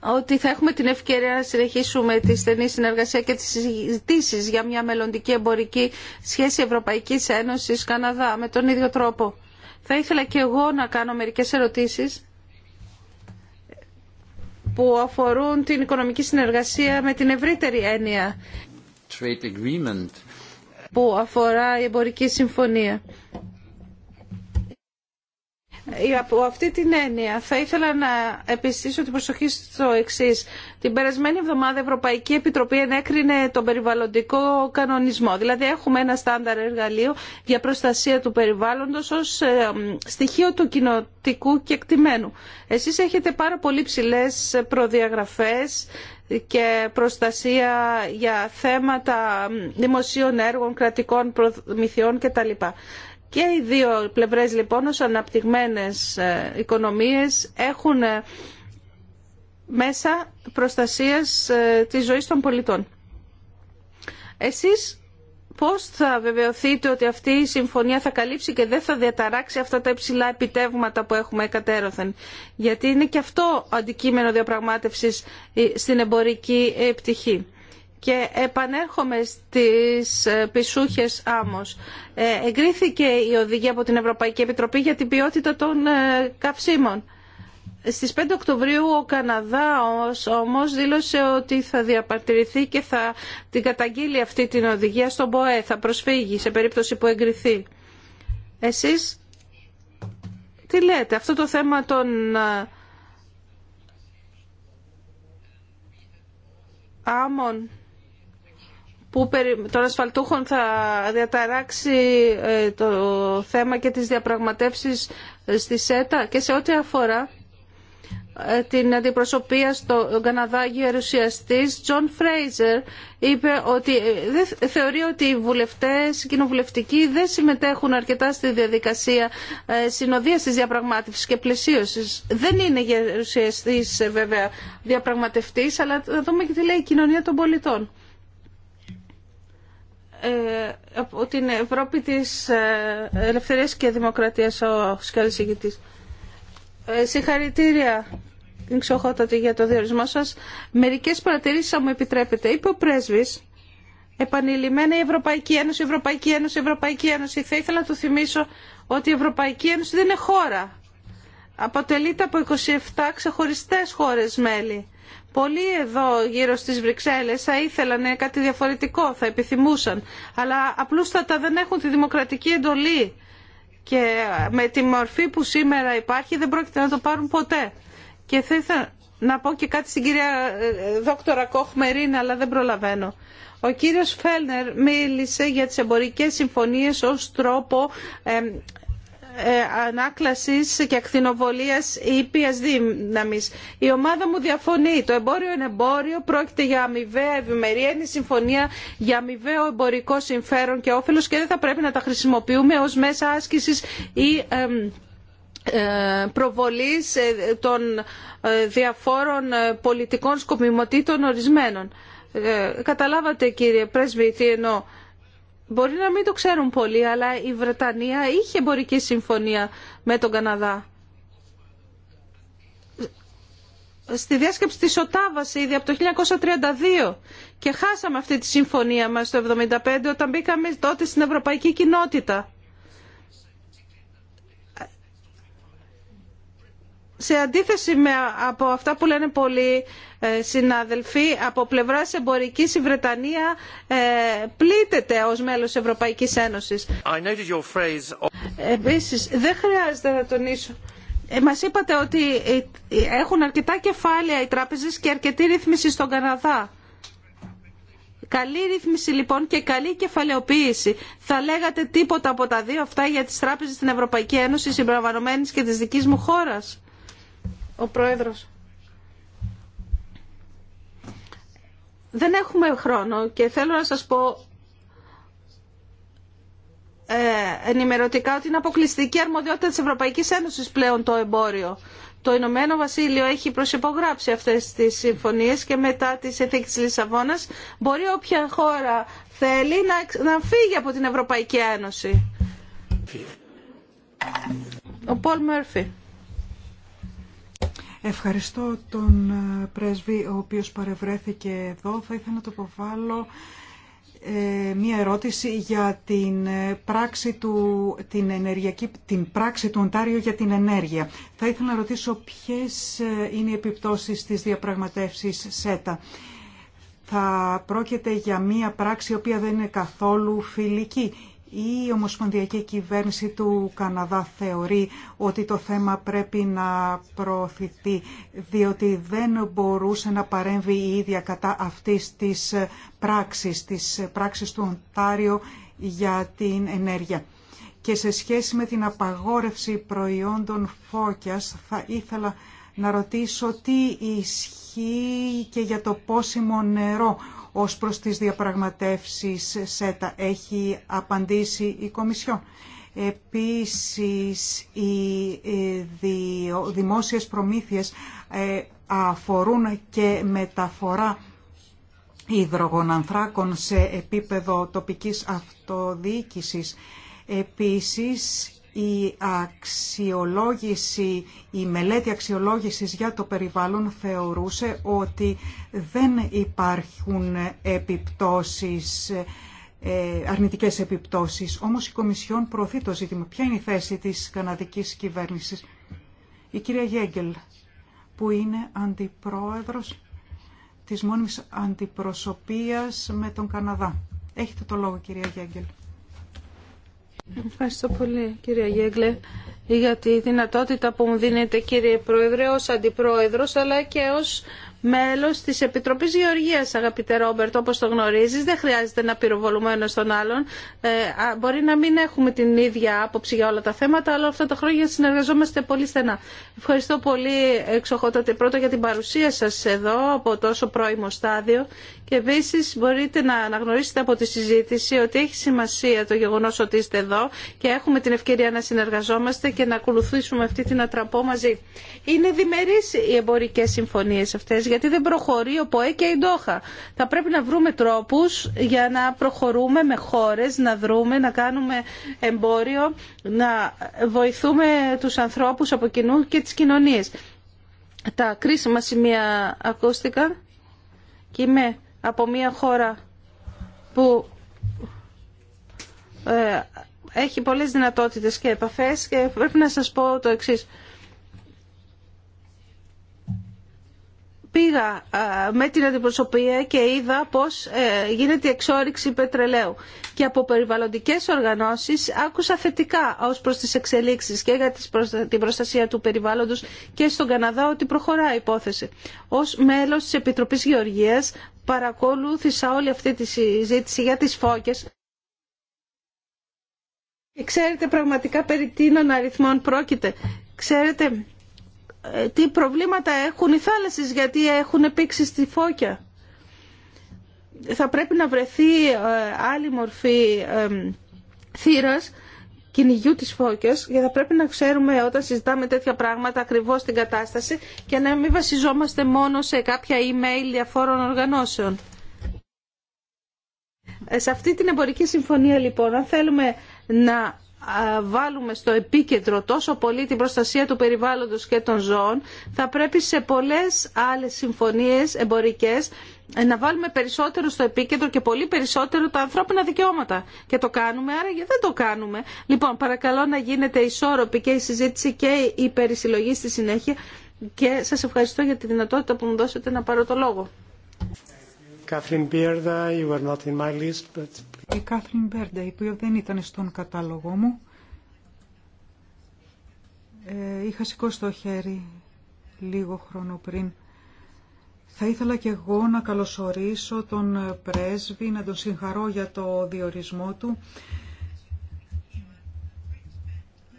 S3: ότι θα έχουμε την ευκαιρία να συνεχίσουμε τη στενή συνεργασία και τις συζητήσει για μια μελλοντική εμπορική σχέση Ευρωπαϊκής Ένωσης Καναδά με τον ίδιο τρόπο. Θα ήθελα και εγώ να κάνω μερικές ερωτήσεις που αφορούν την οικονομική συνεργασία με την ευρύτερη έννοια που αφορά η εμπορική συμφωνία. Ε, από αυτή την έννοια θα ήθελα να επιστήσω την προσοχή στο εξή. Την περασμένη εβδομάδα η Ευρωπαϊκή Επιτροπή ενέκρινε τον περιβαλλοντικό κανονισμό. Δηλαδή έχουμε ένα στάνταρ εργαλείο για προστασία του περιβάλλοντος ως ε, στοιχείο του κοινοτικού κεκτημένου. Εσείς έχετε πάρα πολύ ψηλέ προδιαγραφές και προστασία για θέματα δημοσίων έργων, κρατικών προμηθειών κτλ. Και οι δύο πλευρές λοιπόν ως αναπτυγμένες ε, οικονομίες έχουν ε, μέσα προστασίας ε, της ζωής των πολιτών. Εσείς πώς θα βεβαιωθείτε ότι αυτή η συμφωνία θα καλύψει και δεν θα διαταράξει αυτά τα υψηλά επιτεύγματα που έχουμε κατέρωθεν. Γιατί είναι και αυτό αντικείμενο διαπραγμάτευσης στην εμπορική πτυχή. Και επανέρχομαι στις ε, πισούχες άμμος. Ε, εγκρίθηκε η οδηγία από την Ευρωπαϊκή Επιτροπή για την ποιότητα των ε, καυσίμων. Στις 5 Οκτωβρίου ο Καναδάος, όμως δήλωσε ότι θα διαπαρτηρηθεί και θα την καταγγείλει αυτή την οδηγία στον ΠΟΕ. Θα προσφύγει σε περίπτωση που εγκριθεί. Εσείς τι λέτε, αυτό το θέμα των άμμων που των ασφαλτούχων θα διαταράξει ε, το θέμα και τις διαπραγματεύσεις ε, στη ΣΕΤΑ και σε ό,τι αφορά ε, την αντιπροσωπεία στο Καναδά γερουσιαστής Τζον Φρέιζερ είπε ότι θεωρεί ότι οι βουλευτές οι κοινοβουλευτικοί δεν συμμετέχουν αρκετά στη διαδικασία συνοδείας της διαπραγμάτευσης και πλαισίωσης. Δεν είναι γερουσιαστής βέβαια διαπραγματευτής αλλά θα δούμε και τι λέει η κοινωνία των πολιτών. Ε, από την Ευρώπη της ε, Ελευθερίας και Δημοκρατίας ο σκαλισηγητής. Ε, συγχαρητήρια εξοχότατη για το διορισμό σας. Μερικές παρατηρήσεις αν μου επιτρέπετε. Είπε ο πρέσβης επανειλημμένα η Ευρωπαϊκή Ένωση, η Ευρωπαϊκή Ένωση, η Ευρωπαϊκή Ένωση. Θα ήθελα να του θυμίσω ότι η Ευρωπαϊκή Ένωση δεν είναι χώρα. Αποτελείται από 27 ξεχωριστές χώρες μέλη Πολλοί εδώ γύρω στις Βρυξέλλες θα ήθελαν ε, κάτι διαφορετικό, θα επιθυμούσαν, αλλά απλούστατα δεν έχουν τη δημοκρατική εντολή και ε, με τη μορφή που σήμερα υπάρχει δεν πρόκειται να το πάρουν ποτέ. Και θα ήθελα να πω και κάτι στην κυρία ε, δόκτωρα Κοχμερίνα, αλλά δεν προλαβαίνω. Ο κύριος Φέλνερ μίλησε για τις εμπορικές συμφωνίες ως τρόπο ε, ανάκλασης και Η ήπια δύναμη. Η ομάδα μου διαφωνεί. Το εμπόριο είναι εμπόριο, πρόκειται για αμοιβαία ευημερία, είναι συμφωνία για αμοιβαίο εμπορικό συμφέρον και όφελο και δεν θα πρέπει να τα χρησιμοποιούμε ως μέσα άσκησης ή ε, προβολής ε, των διαφόρων πολιτικών σκοπιμοτήτων ορισμένων. Καταλάβατε κύριε πρέσβη τι εννοώ Μπορεί να μην το ξέρουν πολλοί, αλλά η Βρετανία είχε εμπορική συμφωνία με τον Καναδά. Στη διάσκεψη της Οτάβας ήδη από το 1932 και χάσαμε αυτή τη συμφωνία μας το 1975 όταν μπήκαμε τότε στην Ευρωπαϊκή Κοινότητα. σε αντίθεση με, από αυτά που λένε πολλοί ε, συνάδελφοι, από πλευράς εμπορικής η Βρετανία ε, πλήττεται ως μέλος Ευρωπαϊκής Ένωσης. Επίσης, δεν χρειάζεται να τονίσω. Ε, μας είπατε ότι ε, έχουν αρκετά κεφάλαια οι τράπεζες και αρκετή ρύθμιση στον Καναδά. Καλή ρύθμιση λοιπόν και καλή κεφαλαιοποίηση. Θα λέγατε τίποτα από τα δύο αυτά για τις τράπεζες στην Ευρωπαϊκή Ένωση συμπεριλαμβανομένης και της δικής μου χώρας ο Πρόεδρος. Δεν έχουμε χρόνο και θέλω να σας πω ε, ενημερωτικά ότι είναι αποκλειστική αρμοδιότητα της Ευρωπαϊκής Ένωσης πλέον το εμπόριο. Το Ηνωμένο Βασίλειο έχει προσυπογράψει αυτές τις συμφωνίες και μετά τη συνθήκη της Λισαβόνας μπορεί όποια χώρα θέλει να, να φύγει από την Ευρωπαϊκή Ένωση.
S2: Ο Πολ Μέρφυ. Ευχαριστώ τον ε, πρέσβη ο οποίος παρευρέθηκε εδώ. Θα ήθελα να το προβάλλω ε, μία ερώτηση για την ε, πράξη του, την ενεργειακή, την πράξη του Οντάριο για την ενέργεια. Θα ήθελα να ρωτήσω ποιες είναι οι επιπτώσεις της διαπραγματεύσης ΣΕΤΑ. Θα πρόκειται για μία πράξη η οποία δεν είναι καθόλου φιλική η Ομοσπονδιακή Κυβέρνηση του Καναδά θεωρεί ότι το θέμα πρέπει να προωθηθεί, διότι δεν μπορούσε να παρέμβει η ίδια κατά αυτής της πράξης, της πράξης του Οντάριο για την ενέργεια. Και σε σχέση με την απαγόρευση προϊόντων φώκιας θα ήθελα να ρωτήσω τι ισχύει και για το πόσιμο νερό ως προς τις διαπραγματεύσεις ΣΕΤΑ. Έχει απαντήσει η Κομισιόν. Επίσης, οι ε, δημόσιες προμήθειες ε, αφορούν και μεταφορά υδρογονανθράκων σε επίπεδο τοπικής αυτοδιοίκησης. Επίσης, η αξιολόγηση, η μελέτη αξιολόγησης για το περιβάλλον θεωρούσε ότι δεν υπάρχουν επιπτώσεις ε, αρνητικές επιπτώσεις. Όμως η Κομισιόν προωθεί το ζήτημα. Ποια είναι η θέση της καναδικής κυβέρνησης. Η κυρία Γέγκελ, που είναι αντιπρόεδρος της μόνιμης αντιπροσωπείας με τον Καναδά. Έχετε το λόγο κυρία Γέγκελ.
S3: Ευχαριστώ πολύ κυρία Γέγλε για τη δυνατότητα που μου δίνετε κύριε Πρόεδρε ως Αντιπρόεδρος αλλά και ως μέλος της Επιτροπής Γεωργίας αγαπητέ Ρόμπερτ όπως το γνωρίζεις δεν χρειάζεται να πυροβολούμε ένα τον άλλον ε, μπορεί να μην έχουμε την ίδια άποψη για όλα τα θέματα αλλά αυτά τα χρόνια συνεργαζόμαστε πολύ στενά ευχαριστώ πολύ εξοχότατε πρώτα για την παρουσία σας εδώ από τόσο πρώιμο στάδιο και επίση μπορείτε να αναγνωρίσετε από τη συζήτηση ότι έχει σημασία το γεγονό ότι είστε εδώ και έχουμε την ευκαιρία να συνεργαζόμαστε και να ακολουθήσουμε αυτή την ατραπό μαζί. Είναι διμερεί οι εμπορικέ συμφωνίε αυτέ, γιατί δεν προχωρεί ο ΠΟΕ και η Ντόχα. Θα πρέπει να βρούμε τρόπου για να προχωρούμε με χώρε, να δρούμε, να κάνουμε εμπόριο, να βοηθούμε του ανθρώπου από κοινού και τι κοινωνίε. Τα κρίσιμα σημεία ακούστηκαν και είμαι από μια χώρα που ε, έχει πολλές δυνατότητες και επαφές και πρέπει να σας πω το εξής. Πήγα ε, με την αντιπροσωπεία και είδα πώς ε, γίνεται η εξόριξη πετρελαίου και από περιβαλλοντικές οργανώσεις άκουσα θετικά ως προς τις εξελίξεις και για την προστασία του περιβάλλοντος και στον Καναδά ότι προχωρά η υπόθεση. Ως μέλος της Επιτροπής Γεωργίας παρακολούθησα όλη αυτή τη συζήτηση για τις φώκες. Και ξέρετε πραγματικά περί τίνων αριθμών πρόκειται. Ξέρετε ε, τι προβλήματα έχουν οι θάλασσες γιατί έχουν επίξει στη φώκια. Θα πρέπει να βρεθεί ε, άλλη μορφή ε, θύρας κυνηγιού της φώκιας και θα πρέπει να ξέρουμε όταν συζητάμε τέτοια πράγματα ακριβώς την κατάσταση και να μην βασιζόμαστε μόνο σε κάποια email διαφόρων οργανώσεων. Ε, σε αυτή την εμπορική συμφωνία λοιπόν, αν θέλουμε να βάλουμε στο επίκεντρο τόσο πολύ την προστασία του περιβάλλοντος και των ζώων, θα πρέπει σε πολλές άλλες συμφωνίες εμπορικές ε, να βάλουμε περισσότερο στο επίκεντρο και πολύ περισσότερο τα ανθρώπινα δικαιώματα. Και το κάνουμε, άρα δεν το κάνουμε. Λοιπόν, παρακαλώ να γίνεται ισόρροπη και η συζήτηση και η περισυλλογή στη συνέχεια. Και σας ευχαριστώ για τη δυνατότητα που μου δώσετε να πάρω το λόγο.
S2: Η Κάθριν Μπέρντα, η οποία δεν ήταν στον κατάλογο μου, ε, είχα σηκώσει το χέρι λίγο χρόνο πριν. Θα ήθελα και εγώ να καλωσορίσω τον πρέσβη, να τον συγχαρώ για το διορισμό του.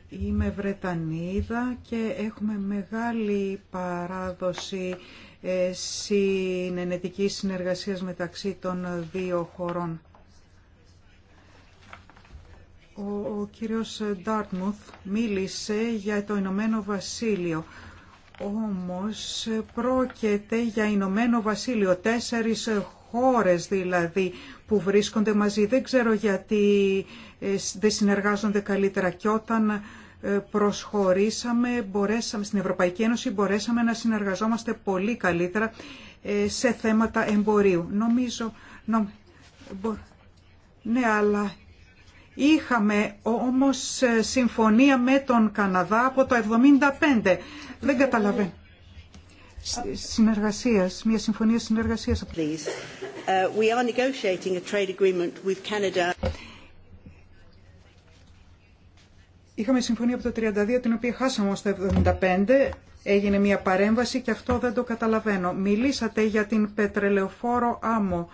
S2: Είμαι Βρετανίδα και έχουμε μεγάλη παράδοση ε, συνενετικής συνεργασίας μεταξύ των δύο χωρών. Ο, ο κύριος Ντάρτμουθ μίλησε για το Ηνωμένο Βασίλειο όμως πρόκειται για Ηνωμένο Βασίλειο, τέσσερις χώρες δηλαδή που βρίσκονται μαζί. Δεν ξέρω γιατί ε, δεν συνεργάζονται καλύτερα και όταν ε, προσχωρήσαμε, μπορέσαμε, στην Ευρωπαϊκή Ένωση μπορέσαμε να συνεργαζόμαστε πολύ καλύτερα ε, σε θέματα εμπορίου. Νομίζω, ναι, αλλά Είχαμε όμως ε, συμφωνία με τον Καναδά από το 1975. Δεν καταλαβαίνω. Συνεργασίας, μια συμφωνία συνεργασίας. Please. Uh,
S4: we are negotiating a trade agreement with Canada.
S2: Είχαμε συμφωνία από το 1932, την οποία χάσαμε ως το 1975. Έγινε μια παρέμβαση και αυτό δεν το καταλαβαίνω. Μιλήσατε για την πετρελαιοφόρο άμμο.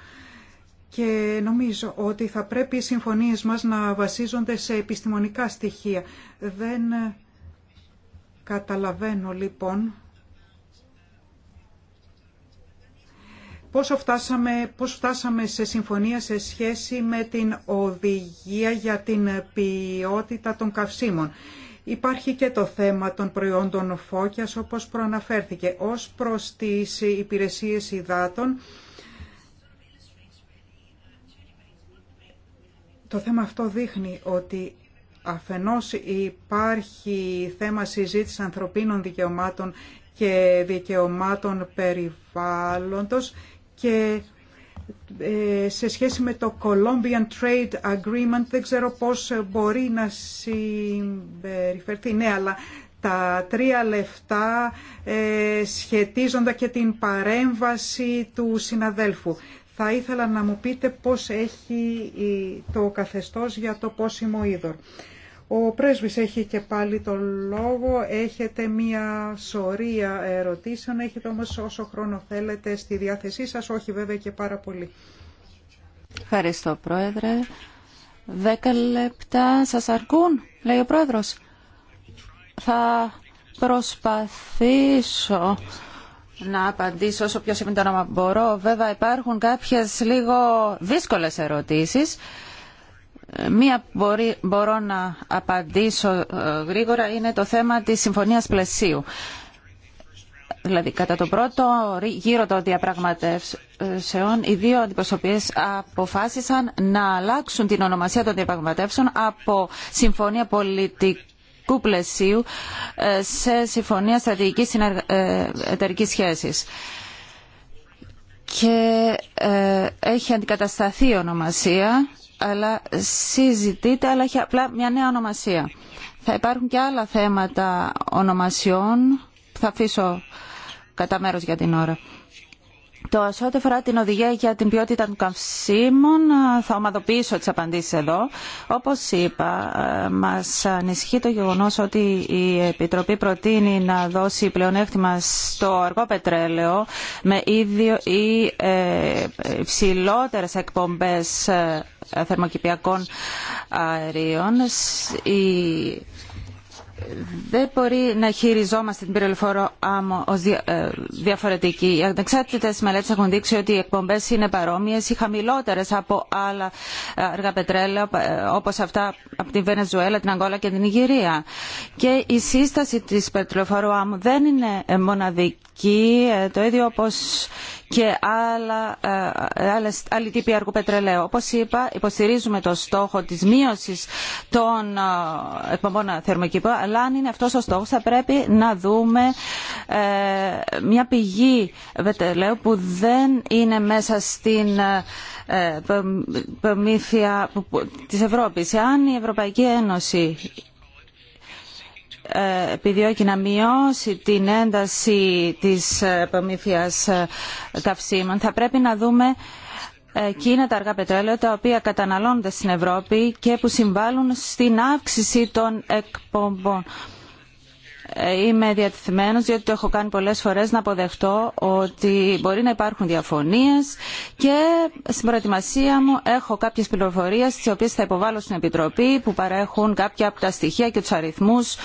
S2: Και νομίζω ότι θα πρέπει οι συμφωνίες μας να βασίζονται σε επιστημονικά στοιχεία. Δεν καταλαβαίνω λοιπόν Πόσο φτάσαμε, πώς φτάσαμε σε συμφωνία σε σχέση με την οδηγία για την ποιότητα των καυσίμων. Υπάρχει και το θέμα των προϊόντων φώκιας όπως προαναφέρθηκε ως προς τις υπηρεσίες υδάτων Το θέμα αυτό δείχνει ότι αφενός υπάρχει θέμα συζήτηση ανθρωπίνων δικαιωμάτων και δικαιωμάτων περιβάλλοντος και ε, σε σχέση με το Colombian Trade Agreement δεν ξέρω πώς μπορεί να συμπεριφερθεί. Ναι, αλλά τα τρία λεφτά ε, σχετίζοντα και την παρέμβαση του συναδέλφου. Θα ήθελα να μου πείτε πώς έχει το καθεστώς για το πόσιμο είδωρ. Ο πρέσβης έχει και πάλι το λόγο, έχετε μία σωρία ερωτήσεων, έχετε όμως όσο χρόνο θέλετε στη διάθεσή σας, όχι βέβαια και πάρα πολύ. Ευχαριστώ
S4: Πρόεδρε. Δέκα λεπτά σας αρκούν, λέει ο Πρόεδρος. Θα προσπαθήσω να απαντήσω όσο πιο σύντομα μπορώ. Βέβαια υπάρχουν κάποιες λίγο δύσκολες ερωτήσεις. Μία μπορεί, μπορώ να απαντήσω ε, γρήγορα είναι το θέμα της συμφωνίας πλαισίου. Δηλαδή, κατά το πρώτο γύρο των διαπραγματεύσεων, οι δύο αντιπροσωπείες αποφάσισαν να αλλάξουν την ονομασία των διαπραγματεύσεων από Συμφωνία πολιτική ε, σε συμφωνία στρατηγικής συνεργασίας. Ε, εταιρικής σχέσης και ε, έχει αντικατασταθεί ονομασία, αλλά συζητείται, αλλά έχει απλά μια νέα ονομασία. Θα υπάρχουν και άλλα θέματα ονομασιών που θα αφήσω κατά μέρος για την ώρα. Το ΑΣΟ ό,τι την οδηγία για την ποιότητα των καυσίμων, θα ομαδοποιήσω τι απαντήσει εδώ. Όπως είπα, μας ανησυχεί το γεγονό ότι η Επιτροπή προτείνει να δώσει πλεονέκτημα στο αργό πετρέλαιο με ίδιο ή ε, υψηλότερες εκπομπές ε, θερμοκηπιακών αερίων. η ψηλότερε εκπομπες θερμοκηπιακων αεριων η δεν μπορεί να χειριζόμαστε την πυρελφόρο άμμο ω ε, διαφορετική. Οι ανεξάρτητε μελέτε έχουν δείξει ότι οι εκπομπέ είναι παρόμοιε ή χαμηλότερε από άλλα ε, αργά πετρέλαια ε, όπω αυτά από τη Βενεζουέλα, την Αγγόλα και την Ιγυρία. Και η σύσταση τη πυροελευθόρου άμμου δεν είναι μοναδική, το ίδιο όπω και άλλα, άλλες, άλλοι τύποι αργού πετρελαίου. Όπως είπα, υποστηρίζουμε το στόχο της μείωσης των εκπομπών θερμοκηπών, αλλά αν είναι αυτός ο στόχος θα πρέπει να δούμε ε, μια πηγή πετρελαίου που δεν είναι μέσα στην ε, προμήθεια της Ευρώπης. Αν η Ευρωπαϊκή Ένωση ε, επιδιώκει να μειώσει την ένταση της προμήθεια καυσίμων θα πρέπει να δούμε ε, είναι τα αργά πετρέλαια τα οποία καταναλώνονται στην Ευρώπη και που συμβάλλουν στην αύξηση των εκπομπών. Ε, είμαι διατεθειμένος διότι το έχω κάνει πολλές φορές να αποδεχτώ ότι μπορεί να υπάρχουν διαφωνίες και στην προετοιμασία μου έχω κάποιες πληροφορίες τις οποίες θα υποβάλω στην Επιτροπή που παρέχουν κάποια από τα στοιχεία και τους αριθμούς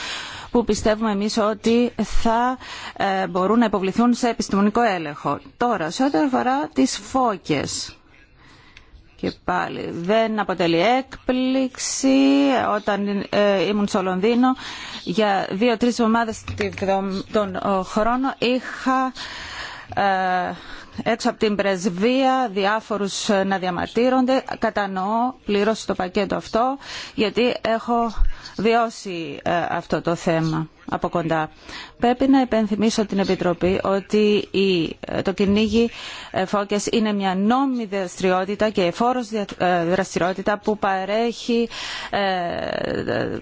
S4: που πιστεύουμε εμείς ότι θα ε, μπορούν να υποβληθούν σε επιστημονικό έλεγχο. Τώρα, σε ό,τι αφορά τις φώκες και πάλι δεν αποτελεί έκπληξη όταν ε, ήμουν στο Λονδίνο για δύο-τρεις εβδομάδες τον χρόνο είχα ε, έξω από την πρεσβεία διάφορους ε, να διαμαρτύρονται. Κατανοώ πληρώσει το πακέτο αυτό γιατί έχω βιώσει αυτό το θέμα από κοντά. Πρέπει να επενθυμίσω την Επιτροπή ότι η το κυνήγι ε, φώκες είναι μια νόμιμη δραστηριότητα και εφόρος ε, δραστηριότητα που παρέχει ε,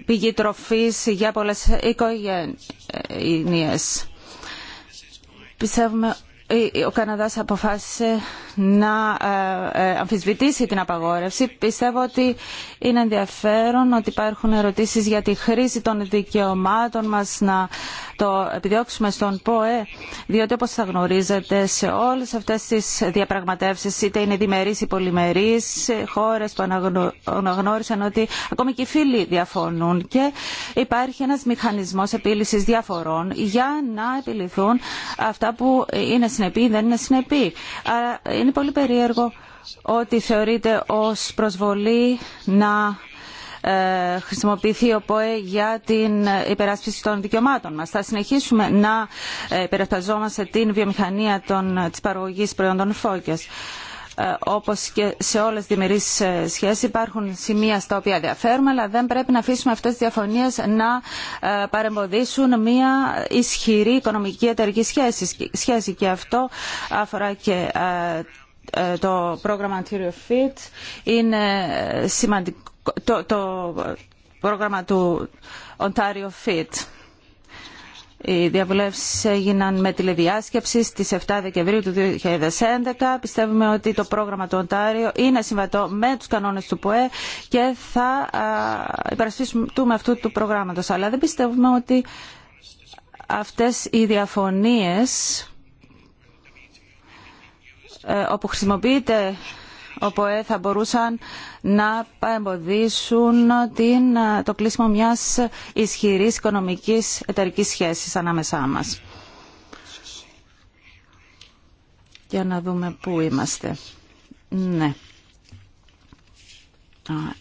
S4: πηγή τροφής για πολλές οικογένειες. Πιστεύουμε ο Καναδάς αποφάσισε να ε, ε, αμφισβητήσει την απαγόρευση. Πιστεύω ότι είναι ενδιαφέρον ότι υπάρχουν ερωτήσεις για τη χρήση των δικαιωμάτων μας να το επιδιώξουμε στον ΠΟΕ, διότι όπως θα γνωρίζετε σε όλες αυτές τις διαπραγματεύσεις, είτε είναι διμερείς ή πολυμερείς, χώρες που αναγνώρισαν ότι ακόμη και οι φίλοι διαφωνούν και υπάρχει ένας μηχανισμός επίλυσης διαφορών για να επιληθούν αυτά που είναι συνεπή ή δεν είναι συνεπή. Είναι πολύ περίεργο ότι θεωρείται ως προσβολή να ε, χρησιμοποιηθεί ο ΠΟΕ για την υπεράσπιση των δικαιωμάτων μας. Θα συνεχίσουμε να ε, υπερασπιζόμαστε την βιομηχανία των, της παραγωγής προϊόντων φώκες. Ε, όπως και σε όλες τις διμερείς ε, σχέσεις υπάρχουν σημεία στα οποία διαφέρουμε αλλά δεν πρέπει να αφήσουμε αυτές τις διαφωνίες να ε, παρεμποδίσουν μια ισχυρή οικονομική εταιρική σχέση Σχέση και αυτό αφορά και το πρόγραμμα Ontario Fit είναι σημαντικό το, το πρόγραμμα του Ontario Fit οι διαβουλεύσεις έγιναν με τηλεδιάσκεψη στις 7 Δεκεμβρίου του 2011. Πιστεύουμε ότι το πρόγραμμα του Οντάριο είναι συμβατό με τους κανόνες του ΠΟΕ και θα υπερασπιστούμε αυτού του προγράμματος. Αλλά δεν πιστεύουμε ότι αυτές οι διαφωνίες ε, όπου χρησιμοποιείται ο ε, θα μπορούσαν να εμποδίσουν την, το κλείσιμο μιας ισχυρής οικονομικής εταιρικής σχέσης ανάμεσά μας. Για να δούμε πού είμαστε. Ναι.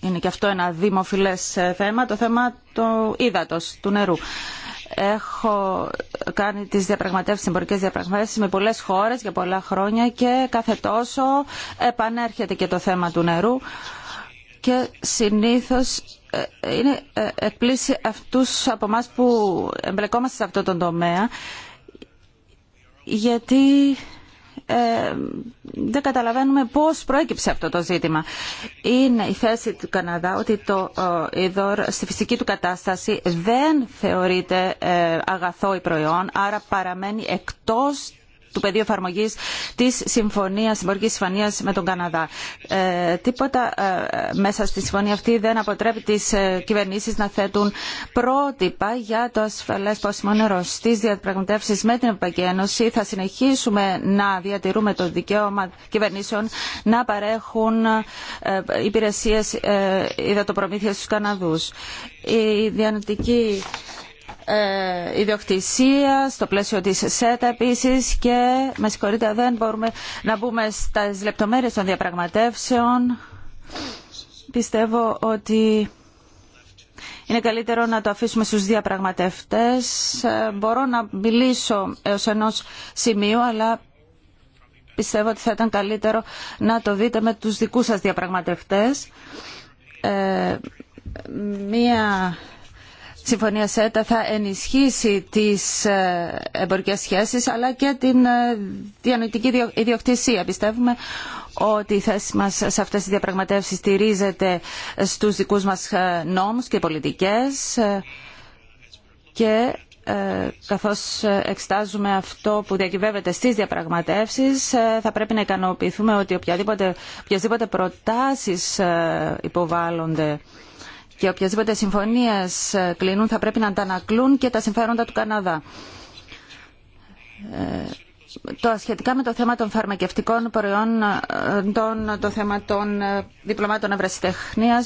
S4: Είναι και αυτό ένα δημοφιλές ε, θέμα, το θέμα του ύδατος, του νερού. Έχω κάνει τις διαπραγματεύσεις, εμπορικές διαπραγματεύσεις με πολλές χώρες για πολλά χρόνια και κάθε τόσο επανέρχεται και το θέμα του νερού και συνήθως ε, είναι ε, εκπλήσει αυτούς από εμά που εμπλεκόμαστε σε αυτό τον τομέα γιατί ε, δεν καταλαβαίνουμε πώς προέκυψε αυτό το ζήτημα. Είναι η θέση του Καναδά ότι το είδωρ στη φυσική του κατάσταση δεν θεωρείται ε, αγαθό ή προϊόν, άρα παραμένει εκτός του πεδίου εφαρμογή τη Συμφωνία Συμπορική Συμφωνία με τον Καναδά. Ε, τίποτα ε, μέσα στη συμφωνία αυτή δεν αποτρέπει τι ε, κυβερνήσεις κυβερνήσει να θέτουν πρότυπα για το ασφαλέ πόσιμο νερό. Στι διαπραγματεύσει με την Ευρωπαϊκή Ένωση θα συνεχίσουμε να διατηρούμε το δικαίωμα κυβερνήσεων να παρέχουν υπηρεσίε υδατοπρομήθεια στου Καναδού. Η διανοητική ε, ιδιοκτησία, στο πλαίσιο της ΣΕΤΑ επίσης και με συγχωρείτε δεν μπορούμε να μπούμε στα λεπτομέρειες των διαπραγματεύσεων. Πιστεύω ότι είναι καλύτερο να το αφήσουμε στους διαπραγματευτές. Ε, μπορώ να μιλήσω έως ενός σημείου, αλλά πιστεύω ότι θα ήταν καλύτερο να το δείτε με τους δικούς σας διαπραγματευτές. Ε, μία συμφωνία ΣΕΤΑ θα ενισχύσει τις ε, εμπορικές σχέσεις αλλά και την ε, διανοητική ιδιοκτησία. Πιστεύουμε ότι η θέση μας σε αυτές τις διαπραγματεύσεις στηρίζεται στους δικούς μας ε, νόμους και πολιτικές και καθώς εξτάζουμε αυτό που διακυβεύεται στις διαπραγματεύσεις θα πρέπει να ικανοποιηθούμε ότι οποιασδήποτε προτάσεις υποβάλλονται και οποιασδήποτε συμφωνίε ε, κλείνουν θα πρέπει να αντανακλούν και τα συμφέροντα του Καναδά. Ε, το σχετικά με το θέμα των φαρμακευτικών προϊόντων, ε, το θέμα των διπλωμάτων ευρεσιτεχνία,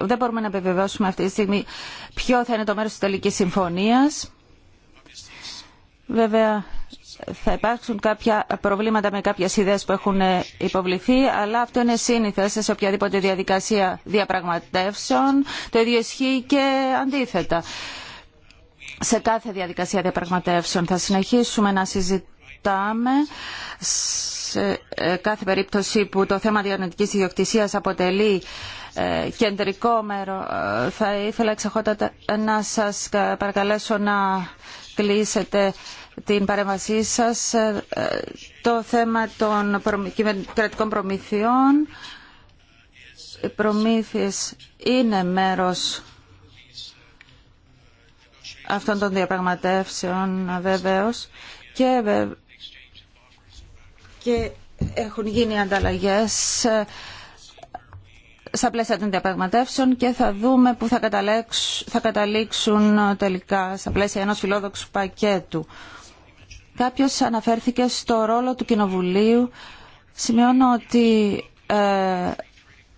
S4: δεν μπορούμε να επιβεβαιώσουμε αυτή τη στιγμή ποιο θα είναι το μέρο τη τελική συμφωνία. Βέβαια, θα υπάρξουν κάποια προβλήματα με κάποιες ιδέες που έχουν υποβληθεί, αλλά αυτό είναι σύνηθε σε οποιαδήποτε διαδικασία διαπραγματεύσεων. Το ίδιο ισχύει και αντίθετα. Σε κάθε διαδικασία διαπραγματεύσεων θα συνεχίσουμε να συζητάμε σε ε, κάθε περίπτωση που το θέμα διανοητικής ιδιοκτησίας αποτελεί ε, κεντρικό μέρο. Ε, θα ήθελα να σας παρακαλέσω να κλείσετε την παρέμβασή σας ε, το θέμα των κρατικών προμηθειών. Οι προμήθειες είναι μέρος αυτών των διαπραγματεύσεων βεβαίως και, και έχουν γίνει ανταλλαγές ε, στα πλαίσια των διαπραγματεύσεων και θα δούμε πού θα, θα καταλήξουν τελικά στα πλαίσια ενός φιλόδοξου πακέτου. Κάποιος αναφέρθηκε στο ρόλο του Κοινοβουλίου. Σημειώνω ότι ε,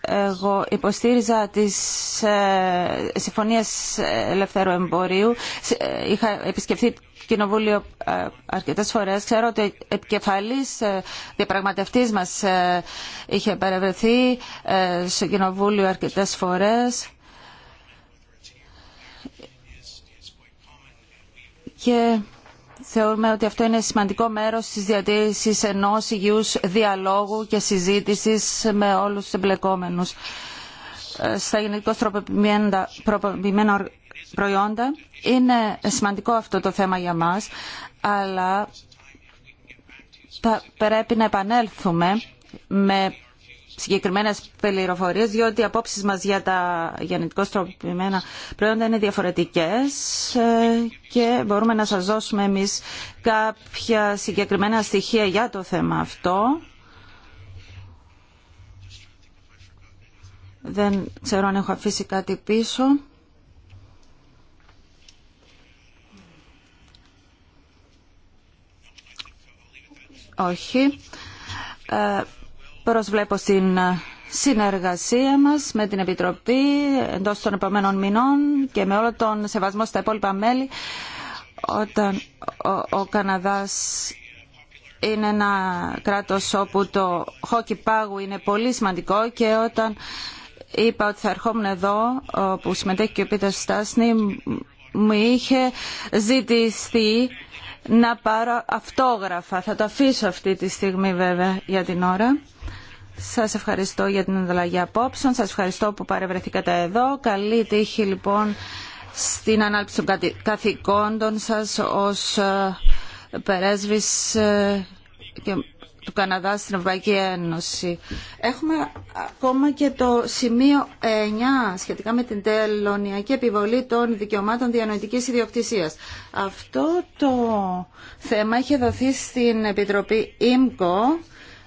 S4: εγώ υποστήριζα τις ε, συμφωνίες ελευθερού εμπορίου. Ε, είχα επισκεφθεί το κοινοβούλιο αρκετές φορές. Ξέρω ότι ε, διαπραγματευτής μας είχε παρευρεθεί στο κοινοβούλιο αρκετές φορές. Και θεωρούμε ότι αυτό είναι σημαντικό μέρος της διατήρησης ενός υγιούς διαλόγου και συζήτησης με όλους τους εμπλεκόμενους ε, στα γενετικώς τροποποιημένα προϊόντα. Είναι σημαντικό αυτό το θέμα για μας, αλλά θα πρέπει να επανέλθουμε με Συγκεκριμένε πληροφορίε, διότι οι απόψει μα για τα γενετικώ τροποποιημένα προϊόντα είναι διαφορετικές ε, και μπορούμε να σας δώσουμε εμείς κάποια συγκεκριμένα στοιχεία για το θέμα αυτό. Δεν ξέρω αν έχω αφήσει κάτι πίσω. Όχι. Ε, Προσβλέπω στην ε, συνεργασία μας με την Επιτροπή εντός των επόμενων μηνών και με όλο τον σεβασμό στα υπόλοιπα μέλη όταν ο, ο Καναδάς είναι ένα κράτος όπου το χόκι πάγου είναι πολύ σημαντικό και όταν είπα ότι θα ερχόμουν εδώ που συμμετέχει και ο Πίτερ Στάσνη μου είχε ζητηθεί να πάρω αυτόγραφα. Θα το αφήσω αυτή τη στιγμή βέβαια για την ώρα. Σας ευχαριστώ για την ανταλλαγή απόψεων. Σας ευχαριστώ που παρευρεθήκατε εδώ. Καλή τύχη λοιπόν στην ανάλυση των καθηκόντων σας ως ε, περέσβης ε, του Καναδά στην Ευρωπαϊκή Ένωση. Έχουμε ακόμα και το σημείο 9 σχετικά με την τελωνιακή επιβολή των δικαιωμάτων διανοητικής ιδιοκτησίας. Αυτό το θέμα είχε δοθεί στην Επιτροπή ΙΜΚΟ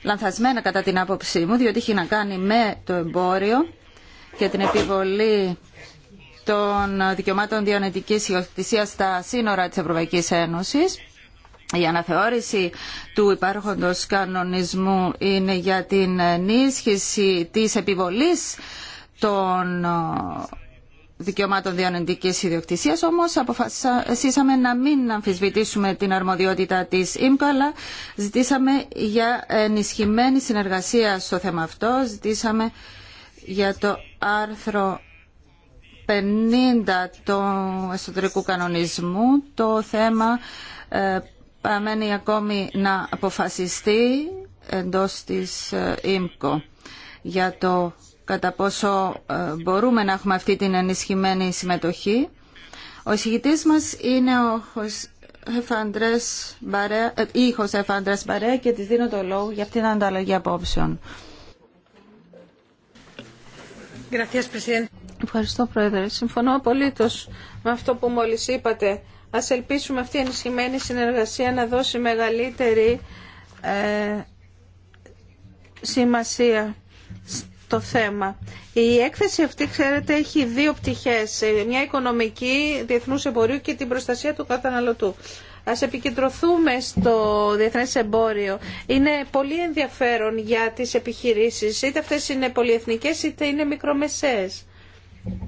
S4: λανθασμένα κατά την άποψή μου, διότι έχει να κάνει με το εμπόριο και την επιβολή των δικαιωμάτων διανοητικής ιδιοκτησίας στα σύνορα της Ευρωπαϊκής Ένωσης. Η αναθεώρηση του υπάρχοντος κανονισμού είναι για την ενίσχυση της επιβολής των δικαιωμάτων διανοητικής Ιδιοκτησία. όμως αποφασίσαμε να μην αμφισβητήσουμε την αρμοδιότητα της ΙΜΚΟ, αλλά ζητήσαμε για ενισχυμένη συνεργασία στο θέμα αυτό, ζητήσαμε για το άρθρο 50 του εσωτερικού κανονισμού, το θέμα ε, παραμένει ακόμη να αποφασιστεί εντός της ε, ΙΜΚΟ για το κατά πόσο ε, μπορούμε να έχουμε αυτή την ενισχυμένη συμμετοχή. Ο εισηγητής μας είναι ο Χωσέφαντρες Εφάντρας Μπαρέα και της δίνω το λόγο για αυτήν την ανταλλαγή απόψεων.
S3: Ευχαριστώ, Πρόεδρε. Συμφωνώ απολύτω με αυτό που μόλι είπατε. Α ελπίσουμε αυτή η ενισχυμένη συνεργασία να δώσει μεγαλύτερη ε, σημασία το θέμα. Η έκθεση αυτή, ξέρετε, έχει δύο πτυχές. Μια οικονομική, διεθνούς εμπορίου και την προστασία του καταναλωτού. Ας επικεντρωθούμε στο διεθνές εμπόριο. Είναι πολύ ενδιαφέρον για τις επιχειρήσεις, είτε αυτές είναι πολυεθνικές είτε είναι μικρομεσαίες.